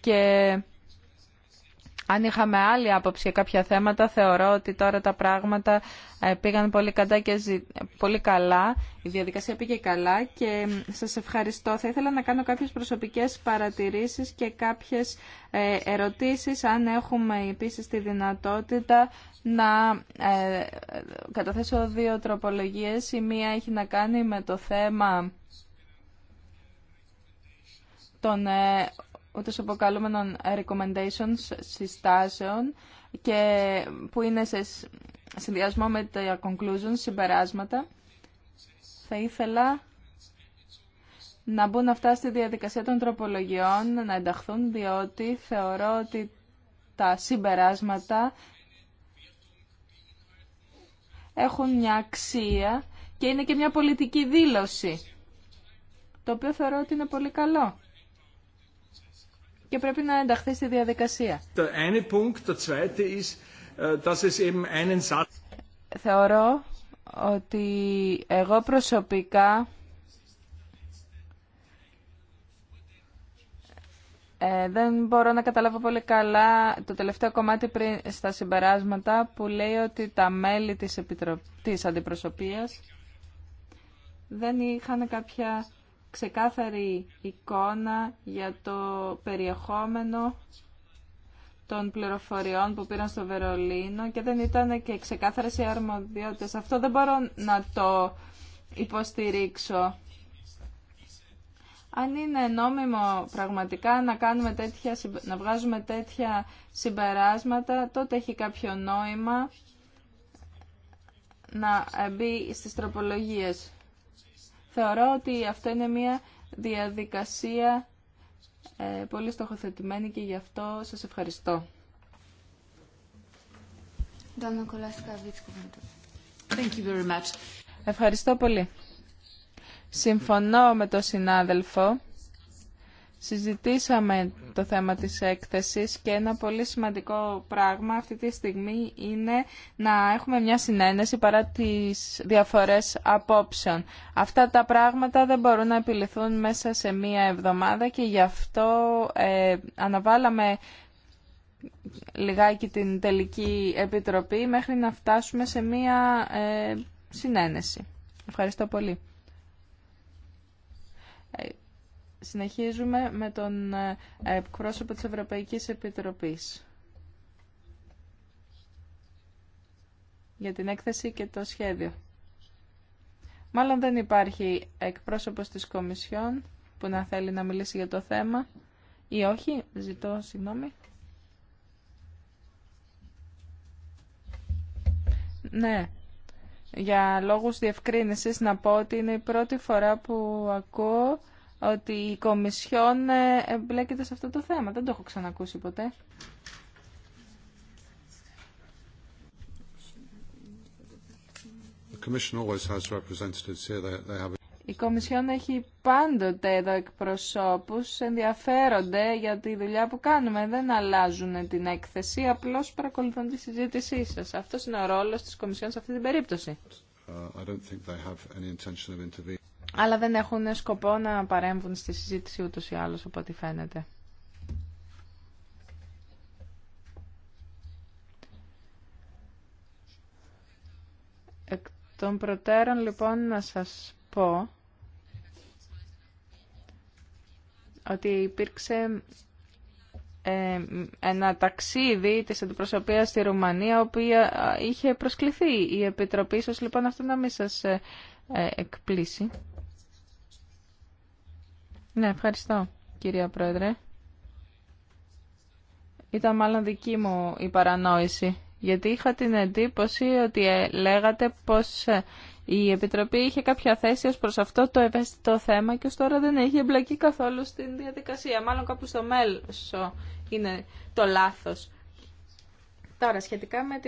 και αν είχαμε άλλη άποψη για κάποια θέματα, θεωρώ ότι τώρα τα πράγματα ε, πήγαν πολύ, κατά και πολύ καλά. Η διαδικασία πήγε καλά και σας ευχαριστώ. Θα ήθελα να κάνω κάποιες προσωπικές παρατηρήσεις και κάποιες ε, ερωτήσεις, αν έχουμε επίσης τη δυνατότητα να ε, καταθέσω δύο τροπολογίες. Η μία έχει να κάνει με το θέμα των ούτως αποκαλούμενων recommendations συστάσεων και που είναι σε συνδυασμό με τα conclusions, συμπεράσματα. Θα ήθελα να μπουν αυτά στη διαδικασία των τροπολογιών, να ενταχθούν, διότι θεωρώ ότι τα συμπεράσματα έχουν μια αξία και είναι και μια πολιτική δήλωση, το οποίο θεωρώ ότι είναι πολύ καλό και πρέπει να ενταχθεί στη διαδικασία. Äh, Θεωρώ ότι εγώ προσωπικά ε, δεν μπορώ να καταλάβω πολύ καλά το τελευταίο κομμάτι πριν στα συμπεράσματα που λέει ότι τα μέλη της, αντιπροσωπείας δεν είχαν κάποια ξεκάθαρη εικόνα για το περιεχόμενο των πληροφοριών που πήραν στο Βερολίνο και δεν ήταν και ξεκάθαρες οι αρμοδιότητες. Αυτό δεν μπορώ να το υποστηρίξω. Αν είναι νόμιμο πραγματικά να, κάνουμε τέτοια, να βγάζουμε τέτοια συμπεράσματα, τότε έχει κάποιο νόημα να μπει στις τροπολογίες. Θεωρώ ότι αυτό είναι μια διαδικασία ε, πολύ στοχοθετημένη και γι' αυτό σας ευχαριστώ. Thank you very much. Ευχαριστώ πολύ. Συμφωνώ με τον συνάδελφο Συζητήσαμε το θέμα της έκθεσης και ένα πολύ σημαντικό πράγμα αυτή τη στιγμή είναι να έχουμε μια συνένεση παρά τις διαφορές απόψεων. Αυτά τα πράγματα δεν μπορούν να επιληθούν μέσα σε μία εβδομάδα και γι' αυτό ε, αναβάλαμε λιγάκι την τελική επιτροπή μέχρι να φτάσουμε σε μία ε, συνένεση. Ευχαριστώ πολύ. Ε, Συνεχίζουμε με τον ε, εκπρόσωπο της Ευρωπαϊκής Επιτροπής για την έκθεση και το σχέδιο. Μάλλον δεν υπάρχει εκπρόσωπος της Κομισιόν που να θέλει να μιλήσει για το θέμα ή όχι. Ζητώ συγγνώμη. Ναι. Για λόγους διευκρίνησης να πω ότι είναι η πρώτη φορά που ακούω ότι η Κομισιόν ε, εμπλέκεται σε αυτό το θέμα. Δεν το έχω ξανακούσει ποτέ. Η Κομισιόν έχει πάντοτε εδώ εκπροσώπους, ενδιαφέρονται για τη δουλειά που κάνουμε. Δεν αλλάζουν την έκθεση, απλώς παρακολουθούν τη συζήτησή σας. Αυτός είναι ο ρόλος της Κομισιόν σε αυτή την περίπτωση. Uh, I don't think they have αλλά δεν έχουν σκοπό να παρέμβουν στη συζήτηση ούτως ή άλλως από ό,τι φαίνεται. Εκ των προτέρων λοιπόν να σας πω ότι υπήρξε ε, ένα ταξίδι της αντιπροσωπείας στη Ρουμανία, οποία ε, είχε προσκληθεί η Επιτροπή. Ίσως λοιπόν αυτό να μην σας ε, εκπλήσει. Ναι, ευχαριστώ κυρία Πρόεδρε. Ήταν μάλλον δική μου η παρανόηση, γιατί είχα την εντύπωση ότι ε, λέγατε πως ε, η Επιτροπή είχε κάποια θέση ως προς αυτό το ευαίσθητο θέμα και ως τώρα δεν έχει εμπλακεί καθόλου στην διαδικασία. Μάλλον κάπου στο μέλσο είναι το λάθος. Τώρα, σχετικά με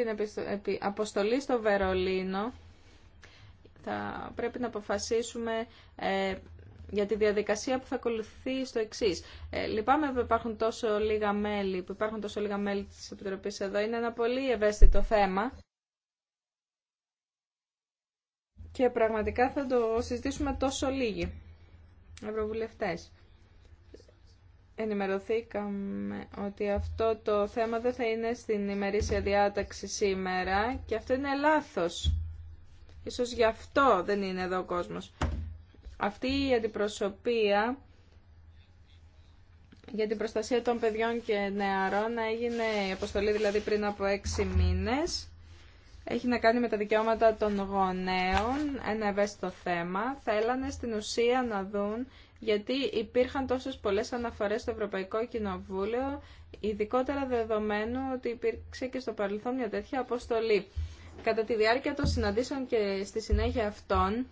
την αποστολή στο Βερολίνο, θα πρέπει να αποφασίσουμε ε, για τη διαδικασία που θα ακολουθεί στο εξή. Ε, λυπάμαι που υπάρχουν τόσο λίγα μέλη, που υπάρχουν τόσο λίγα μέλη της Επιτροπής εδώ. Είναι ένα πολύ ευαίσθητο θέμα. Και πραγματικά θα το συζητήσουμε τόσο λίγοι. Ευρωβουλευτές. Ενημερωθήκαμε ότι αυτό το θέμα δεν θα είναι στην ημερήσια διάταξη σήμερα και αυτό είναι λάθος. Ίσως γι' αυτό δεν είναι εδώ ο κόσμος. Αυτή η αντιπροσωπεία για την προστασία των παιδιών και νεαρών έγινε η αποστολή δηλαδή πριν από έξι μήνες. Έχει να κάνει με τα δικαιώματα των γονέων, ένα ευαίσθητο θέμα. Θέλανε στην ουσία να δουν γιατί υπήρχαν τόσες πολλές αναφορές στο Ευρωπαϊκό Κοινοβούλιο, ειδικότερα δεδομένου ότι υπήρξε και στο παρελθόν μια τέτοια αποστολή. Κατά τη διάρκεια των συναντήσεων και στη συνέχεια αυτών,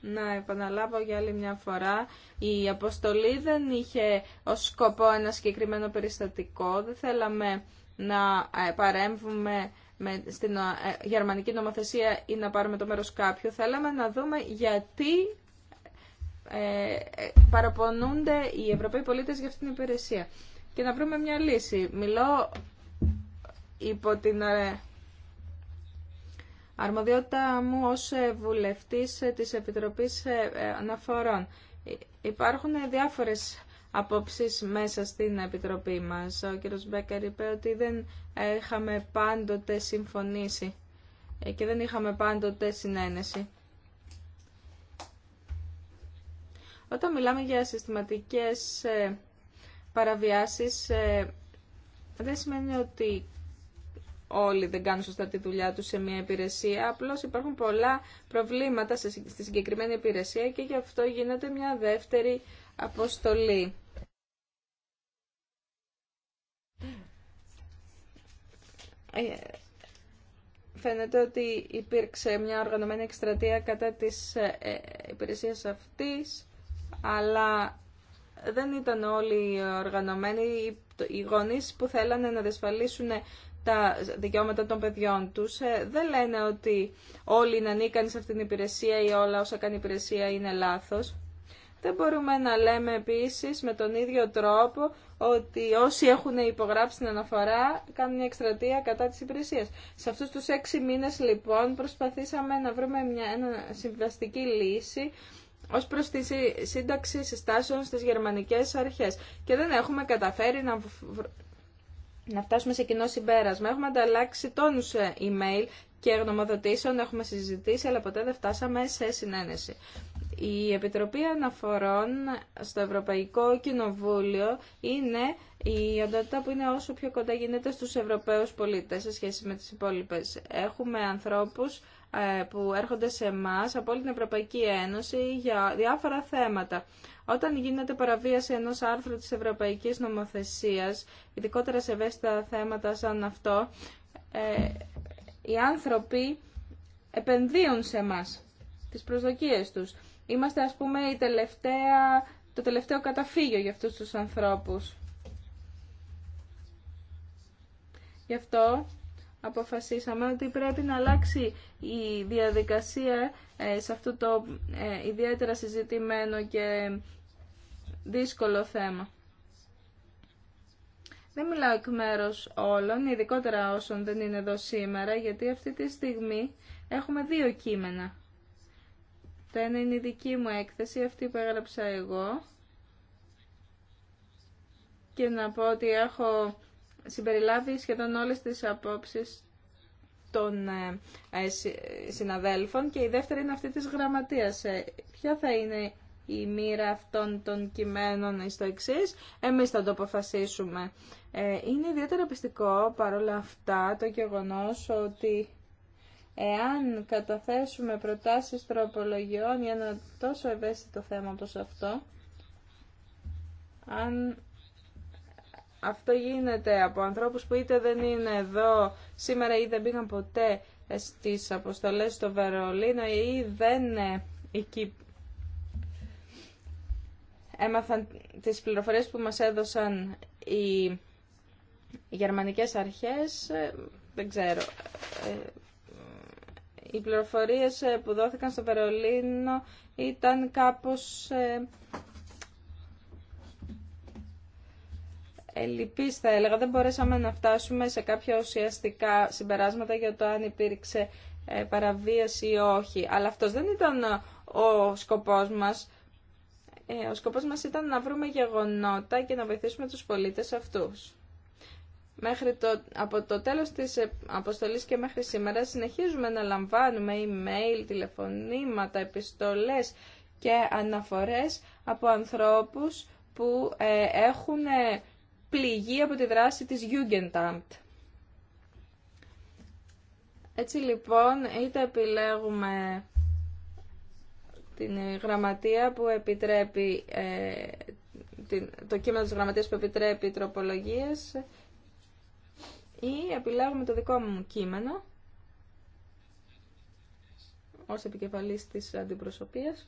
να επαναλάβω για άλλη μια φορά, η αποστολή δεν είχε ως σκοπό ένα συγκεκριμένο περιστατικό. Δεν θέλαμε να ε, παρέμβουμε με, στην ε, γερμανική νομοθεσία ή να πάρουμε το μέρος κάποιου. Θέλαμε να δούμε γιατί ε, παραπονούνται οι Ευρωπαίοι πολίτες για αυτήν την υπηρεσία. Και να βρούμε μια λύση. Μιλώ υπό την Αρμοδιότητα μου ως ε, βουλευτής ε, της Επιτροπής ε, Αναφορών. Υπάρχουν διάφορες απόψεις μέσα στην Επιτροπή μας. Ο κ. Μπέκερ είπε ότι δεν είχαμε πάντοτε συμφωνήσει και δεν είχαμε πάντοτε συνένεση. Όταν μιλάμε για συστηματικές παραβιάσεις, δεν σημαίνει ότι όλοι δεν κάνουν σωστά τη δουλειά τους σε μια υπηρεσία, απλώς υπάρχουν πολλά προβλήματα στη συγκεκριμένη υπηρεσία και γι' αυτό γίνεται μια δεύτερη αποστολή. Ε, φαίνεται ότι υπήρξε μια οργανωμένη εκστρατεία κατά της ε, ε, υπηρεσίας αυτής, αλλά δεν ήταν όλοι οργανωμένοι οι γονείς που θέλανε να διασφαλίσουν τα δικαιώματα των παιδιών τους. Ε, δεν λένε ότι όλοι είναι ανήκαν σε αυτήν την υπηρεσία ή όλα όσα κάνει η υπηρεσία είναι λάθος. Δεν μπορούμε να λέμε επίσης με τον ίδιο τρόπο ότι όσοι έχουν υπογράψει την αναφορά κάνουν μια εκστρατεία κατά της υπηρεσίας. Σε αυτούς τους έξι μήνες λοιπόν προσπαθήσαμε να βρούμε μια συμβαστική λύση ως προς τη σύνταξη συστάσεων στις γερμανικές αρχές και δεν έχουμε καταφέρει να να φτάσουμε σε κοινό συμπέρασμα. Έχουμε ανταλλάξει τόνου ε, email και γνωμοδοτήσεων, έχουμε συζητήσει, αλλά ποτέ δεν φτάσαμε σε συνένεση. Η Επιτροπή Αναφορών στο Ευρωπαϊκό Κοινοβούλιο είναι η οντότητα που είναι όσο πιο κοντά γίνεται στους Ευρωπαίους πολίτες σε σχέση με τις υπόλοιπες. Έχουμε ανθρώπους ε, που έρχονται σε εμά από όλη την Ευρωπαϊκή Ένωση για διάφορα θέματα. Όταν γίνεται παραβίαση ενός άρθρου της Ευρωπαϊκής Νομοθεσίας, ειδικότερα σε ευαίσθητα θέματα σαν αυτό, ε, οι άνθρωποι επενδύουν σε μας τις προσδοκίες τους. Είμαστε, ας πούμε, η τελευταία, το τελευταίο καταφύγιο για αυτούς τους ανθρώπους. Γι' αυτό αποφασίσαμε ότι πρέπει να αλλάξει η διαδικασία ε, σε αυτό το ε, ιδιαίτερα συζητημένο και δύσκολο θέμα. Δεν μιλάω εκ μέρους όλων, ειδικότερα όσων δεν είναι εδώ σήμερα, γιατί αυτή τη στιγμή έχουμε δύο κείμενα. Το ένα είναι η δική μου έκθεση, αυτή που έγραψα εγώ. Και να πω ότι έχω συμπεριλάβει σχεδόν όλες τις απόψεις των ε, ε, συναδέλφων και η δεύτερη είναι αυτή της γραμματείας. Ε, ποια θα είναι η μοίρα αυτών των κειμένων στο εξή. Εμείς θα το αποφασίσουμε. Ε, είναι ιδιαίτερα πιστικό παρόλα αυτά το γεγονός ότι εάν καταθέσουμε προτάσεις τροπολογιών για ένα τόσο ευαίσθητο θέμα όπως αυτό, αν αυτό γίνεται από ανθρώπους που είτε δεν είναι εδώ σήμερα ή δεν πήγαν ποτέ στις αποστολές στο Βερολίνο ή δεν εκεί έμαθαν τις πληροφορίες που μας έδωσαν οι γερμανικές αρχές, ε, δεν ξέρω. Ε, οι πληροφορίες ε, που δόθηκαν στο Περολίνο ήταν κάπως ελλειπής θα έλεγα. Δεν μπορέσαμε να φτάσουμε σε κάποια ουσιαστικά συμπεράσματα για το αν υπήρξε παραβίαση ή όχι. Αλλά αυτός δεν ήταν ο σκοπός μας. Ε, ο σκοπός μας ήταν να βρούμε γεγονότα και να βοηθήσουμε τους πολίτες αυτούς. Μέχρι το, από το τέλος της ε, αποστολής και μέχρι σήμερα συνεχίζουμε να λαμβάνουμε email, τηλεφωνήματα, επιστολές και αναφορές από ανθρώπους που ε, έχουν πληγεί από τη δράση της Jugendamt. Έτσι λοιπόν είτε επιλέγουμε την ε, γραμματεία που επιτρέπει ε, το κείμενο της γραμματείας που επιτρέπει τροπολογίες ή επιλέγουμε το δικό μου κείμενο ως επικεφαλής της αντιπροσωπείας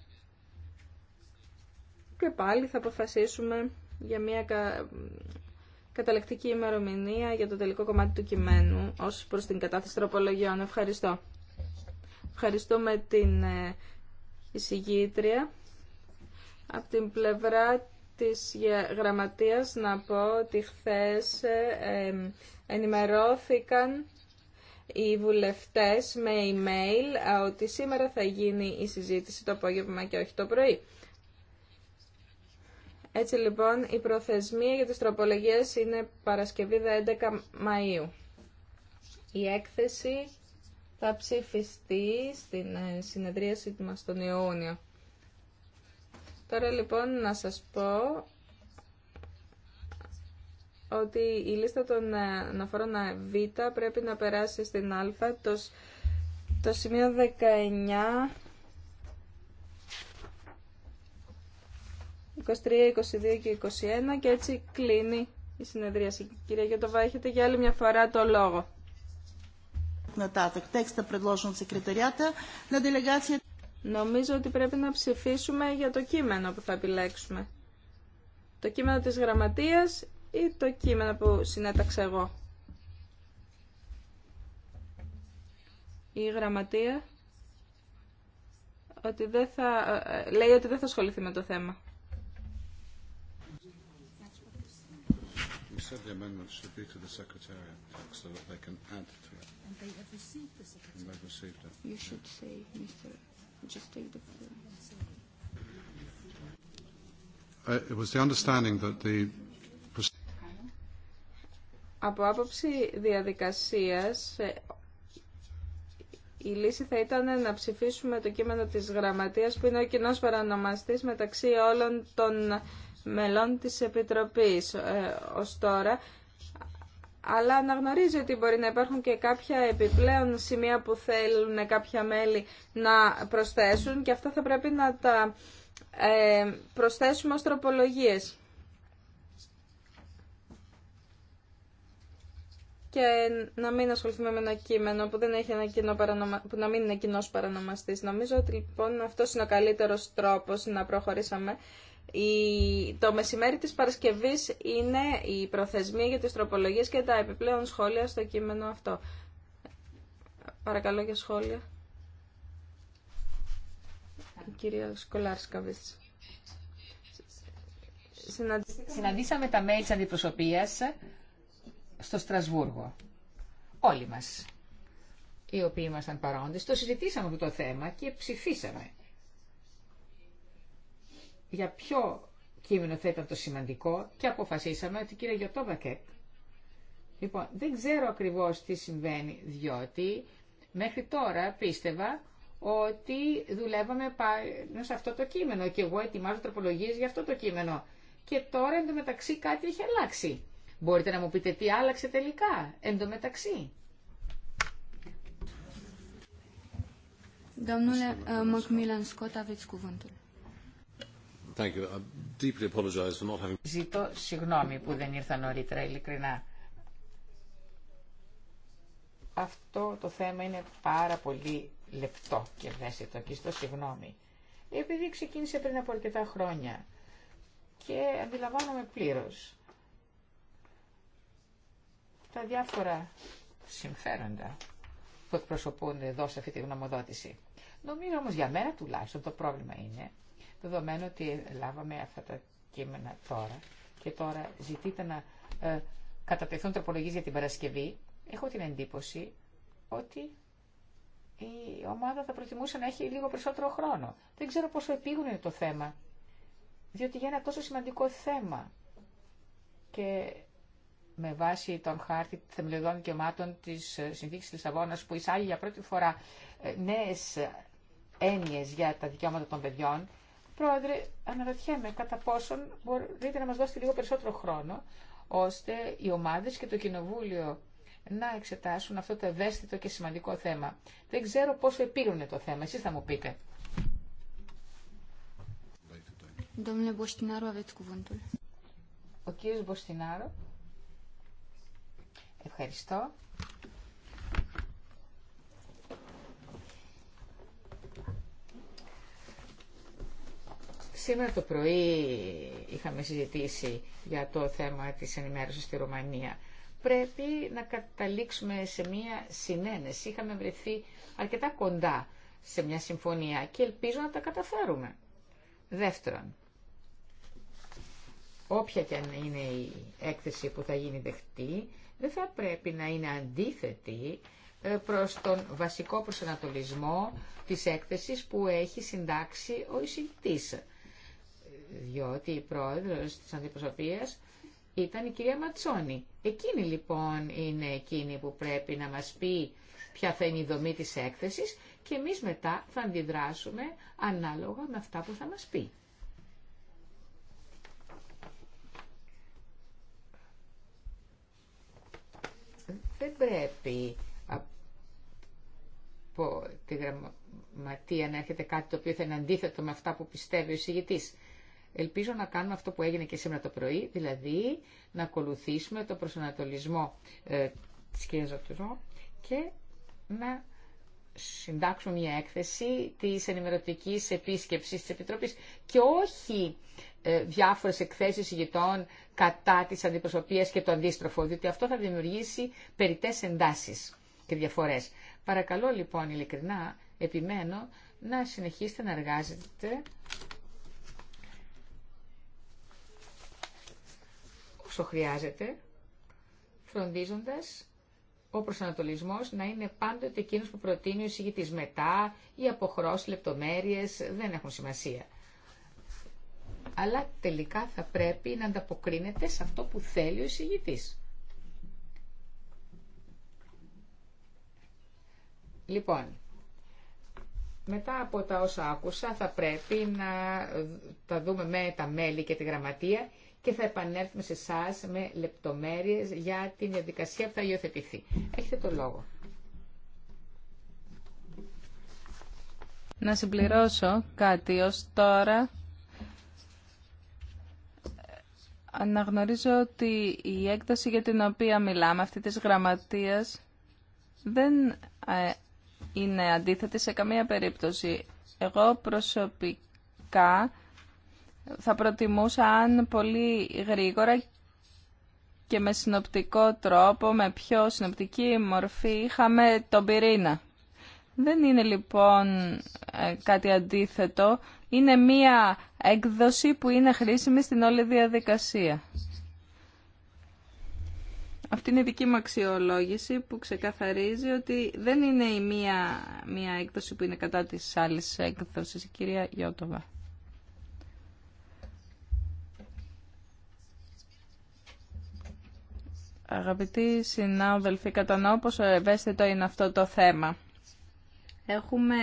και πάλι θα αποφασίσουμε για μια καταλεκτική ημερομηνία για το τελικό κομμάτι του κειμένου ως προς την κατάθεση τροπολογιών. Ευχαριστώ. Ευχαριστούμε την ε, η συγγήτρια, Από την πλευρά της γραμματείας να πω ότι χθε ε, ενημερώθηκαν οι βουλευτές με email ότι σήμερα θα γίνει η συζήτηση το απόγευμα και όχι το πρωί. Έτσι λοιπόν η προθεσμία για τις τροπολογίες είναι Παρασκευή 11 Μαΐου. Η έκθεση θα ψηφιστεί στην ε, συνεδρίαση μας τον Ιούνιο. Τώρα λοιπόν να σας πω ότι η λίστα των ε, αναφορών Β πρέπει να περάσει στην Α. Το, σημείο 19, 23, 22 και 21 και έτσι κλείνει η συνεδρίαση. Κυρία Γιωτοβά, έχετε για άλλη μια φορά το λόγο. Νομίζω ότι πρέπει να ψηφίσουμε για το κείμενο που θα επιλέξουμε. Το κείμενο της γραμματείας ή το κείμενο που συνέταξα εγώ. Η γραμματεία ότι δεν θα, ε, ε, λέει ότι δεν θα ασχοληθεί με το θέμα. said the amendment should be to the Secretariat so that they can add to it. And they have received the Secretariat. And they've received it. You should say, Mr. Just take the floor. It was the understanding that the από άποψη διαδικασίας η λύση θα ήταν να ψηφίσουμε το κείμενο της γραμματείας που είναι ο κοινός παρανομαστής μεταξύ όλων των μελών της Επιτροπής ε, ως τώρα, αλλά αναγνωρίζει ότι μπορεί να υπάρχουν και κάποια επιπλέον σημεία που θέλουν κάποια μέλη να προσθέσουν και αυτά θα πρέπει να τα ε, προσθέσουμε ως τροπολογίες. και να μην ασχοληθούμε με ένα κείμενο που, δεν έχει ένα κοινό που να μην είναι κοινό παρανομαστής. Νομίζω ότι λοιπόν αυτό είναι ο καλύτερος τρόπος να προχωρήσαμε το μεσημέρι της Παρασκευής είναι η προθεσμία για τις τροπολογίες και τα επιπλέον σχόλια στο κείμενο αυτό. Παρακαλώ για σχόλια. κυρία Σκολάρσκαβης. Συναντήσαμε τα μέλη της αντιπροσωπείας στο Στρασβούργο. Όλοι μας, οι οποίοι ήμασταν παρόντες, το συζητήσαμε αυτό το θέμα και ψηφίσαμε για ποιο κείμενο θα ήταν το σημαντικό και αποφασίσαμε ότι κύριε Γιωτόβακεκ. Λοιπόν, δεν ξέρω ακριβώς τι συμβαίνει, διότι μέχρι τώρα πίστευα ότι δουλεύαμε πάνω σε αυτό το κείμενο και εγώ ετοιμάζω τροπολογίες για αυτό το κείμενο. Και τώρα εντωμεταξύ κάτι έχει αλλάξει. Μπορείτε να μου πείτε τι άλλαξε τελικά, εντωμεταξύ. Domnule ε, Macmillan Scott, aveți cuvântul. Ζητώ συγγνώμη που δεν ήρθα νωρίτερα, ειλικρινά. Αυτό το θέμα είναι πάρα πολύ λεπτό και ευαίσθητο και στο συγγνώμη. Επειδή ξεκίνησε πριν από αρκετά χρόνια και αντιλαμβάνομαι πλήρως τα διάφορα συμφέροντα που εκπροσωπούνται εδώ σε αυτή τη γνωμοδότηση. Νομίζω όμως για μένα τουλάχιστον το πρόβλημα είναι δεδομένου ότι λάβαμε αυτά τα κείμενα τώρα και τώρα ζητείτε να ε, κατατεθούν τροπολογίες για την Παρασκευή, έχω την εντύπωση ότι η ομάδα θα προτιμούσε να έχει λίγο περισσότερο χρόνο. Δεν ξέρω πόσο επίγον είναι το θέμα, διότι για ένα τόσο σημαντικό θέμα και με βάση τον χάρτη θεμελιωδών δικαιωμάτων της ε, Συνθήκης της Λισαβόνας που εισάγει για πρώτη φορά ε, νέες έννοιες για τα δικαιώματα των παιδιών, Πρόεδρε, αναρωτιέμαι κατά πόσον μπορείτε να μας δώσετε λίγο περισσότερο χρόνο, ώστε οι ομάδες και το Κοινοβούλιο να εξετάσουν αυτό το ευαίσθητο και σημαντικό θέμα. Δεν ξέρω πόσο επίγουν το θέμα, εσείς θα μου πείτε. Ο κύριος Μποστινάρο. Ευχαριστώ. Σήμερα το πρωί είχαμε συζητήσει για το θέμα της ενημέρωσης στη Ρουμανία. Πρέπει να καταλήξουμε σε μία συνένεση. Είχαμε βρεθεί αρκετά κοντά σε μια συμφωνία και ελπίζω να τα καταφέρουμε. Δεύτερον, όποια και αν είναι η έκθεση που θα γίνει δεχτή, δεν θα πρέπει να είναι αντίθετη ε, προς τον βασικό προσανατολισμό της έκθεσης που έχει συντάξει ο εισηγητής διότι η πρόεδρος της αντιπροσωπείας ήταν η κυρία Ματσόνη. Εκείνη λοιπόν είναι εκείνη που πρέπει να μας πει ποια θα είναι η δομή της έκθεσης και εμείς μετά θα αντιδράσουμε ανάλογα με αυτά που θα μας πει. Δεν πρέπει από τη γραμματεία να έρχεται κάτι το οποίο θα είναι αντίθετο με αυτά που πιστεύει ο εισηγητής. Ελπίζω να κάνουμε αυτό που έγινε και σήμερα το πρωί, δηλαδή να ακολουθήσουμε το προσανατολισμό ε, της κυρίας και να συντάξουμε μια έκθεση της ενημερωτικής επίσκεψης της Επιτροπής και όχι ε, διάφορες εκθέσεις ηγετών κατά της αντιπροσωπείας και το αντίστροφο, διότι αυτό θα δημιουργήσει περιττές εντάσεις και διαφορές. Παρακαλώ λοιπόν ειλικρινά, επιμένω, να συνεχίσετε να εργάζεστε Φροντίζοντα χρειάζεται, φροντίζοντας ο προσανατολισμός να είναι πάντοτε εκείνος που προτείνει ο εισηγητής. Μετά, οι αποχρώσεις, λεπτομέρειες δεν έχουν σημασία. Αλλά τελικά θα πρέπει να ανταποκρίνεται σε αυτό που θέλει ο εισηγητής. Λοιπόν, μετά από τα όσα άκουσα θα πρέπει να τα δούμε με τα μέλη και τη γραμματεία και θα επανέλθουμε σε εσά με λεπτομέρειες για την διαδικασία που θα υιοθετηθεί. Έχετε το λόγο. Να συμπληρώσω κάτι ως τώρα. Αναγνωρίζω ότι η έκταση για την οποία μιλάμε, αυτή της γραμματείας, δεν ε, είναι αντίθετη σε καμία περίπτωση. Εγώ προσωπικά θα προτιμούσα αν πολύ γρήγορα και με συνοπτικό τρόπο, με πιο συνοπτική μορφή, είχαμε τον πυρήνα. Δεν είναι λοιπόν ε, κάτι αντίθετο, είναι μία έκδοση που είναι χρήσιμη στην όλη διαδικασία. Αυτή είναι η δική μου αξιολόγηση που ξεκαθαρίζει ότι δεν είναι η μία, μία έκδοση που είναι κατά της άλλης έκδοσης, η κυρία Γιώτοβα. Αγαπητοί συνάδελφοι, κατανοώ πόσο ευαίσθητο είναι αυτό το θέμα. Έχουμε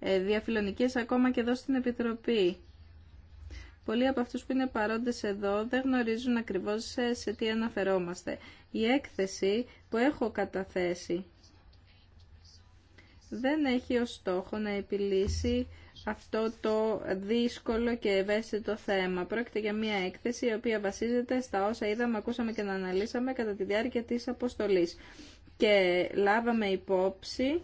ε, διαφιλονικές ακόμα και εδώ στην Επιτροπή. Πολλοί από αυτούς που είναι παρόντες εδώ δεν γνωρίζουν ακριβώς ε, σε τι αναφερόμαστε. Η έκθεση που έχω καταθέσει δεν έχει ως στόχο να επιλύσει αυτό το δύσκολο και ευαίσθητο θέμα. Πρόκειται για μια έκθεση η οποία βασίζεται στα όσα είδαμε, ακούσαμε και να αναλύσαμε κατά τη διάρκεια της αποστολής. Και λάβαμε υπόψη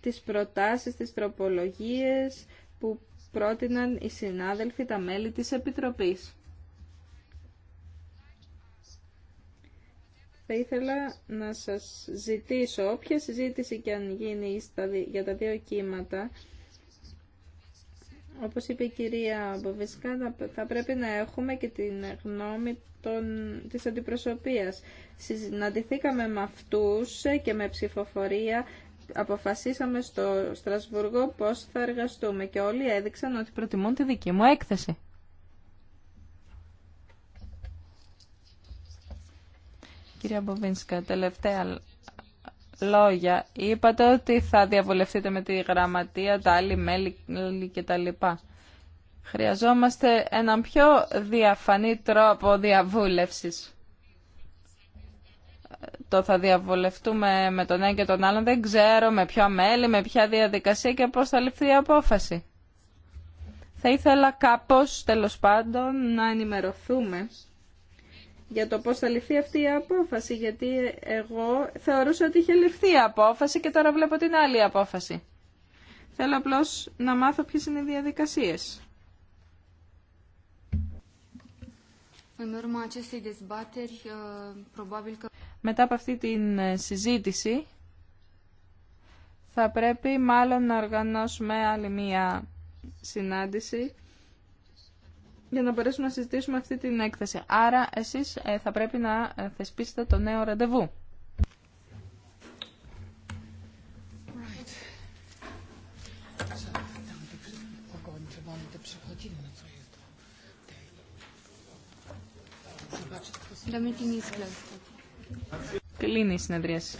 τις προτάσεις, τις τροπολογίες που πρότειναν οι συνάδελφοι, τα μέλη της Επιτροπής. Θα ήθελα να σας ζητήσω, όποια συζήτηση και αν γίνει για τα δύο κύματα, όπως είπε η κυρία Μποβισκά, θα πρέπει να έχουμε και την γνώμη των, της αντιπροσωπείας. Συναντηθήκαμε με αυτούς και με ψηφοφορία αποφασίσαμε στο Στρασβουργό πώς θα εργαστούμε και όλοι έδειξαν ότι προτιμούν τη δική μου έκθεση. Κυρία Μποβίνσκα, τελευταία λόγια. Είπατε ότι θα διαβολευτείτε με τη γραμματεία, τα άλλη μέλη κτλ. Χρειαζόμαστε έναν πιο διαφανή τρόπο διαβούλευσης. Το θα διαβολευτούμε με τον ένα και τον άλλον δεν ξέρω με ποια μέλη, με ποια διαδικασία και πώς θα ληφθεί η απόφαση. Θα ήθελα κάπως, τέλος πάντων, να ενημερωθούμε για το πώς θα ληφθεί αυτή η απόφαση, γιατί εγώ θεωρούσα ότι είχε ληφθεί η απόφαση και τώρα βλέπω την άλλη απόφαση. Θέλω απλώς να μάθω ποιες είναι οι διαδικασίες. Uh, Μετά από αυτή την ε, συζήτηση θα πρέπει μάλλον να οργανώσουμε άλλη μία συνάντηση για να μπορέσουμε να συζητήσουμε αυτή την έκθεση. Άρα εσείς ε, θα πρέπει να ε, θεσπίσετε το νέο ραντεβού. Κλείνει η συνεδρίαση.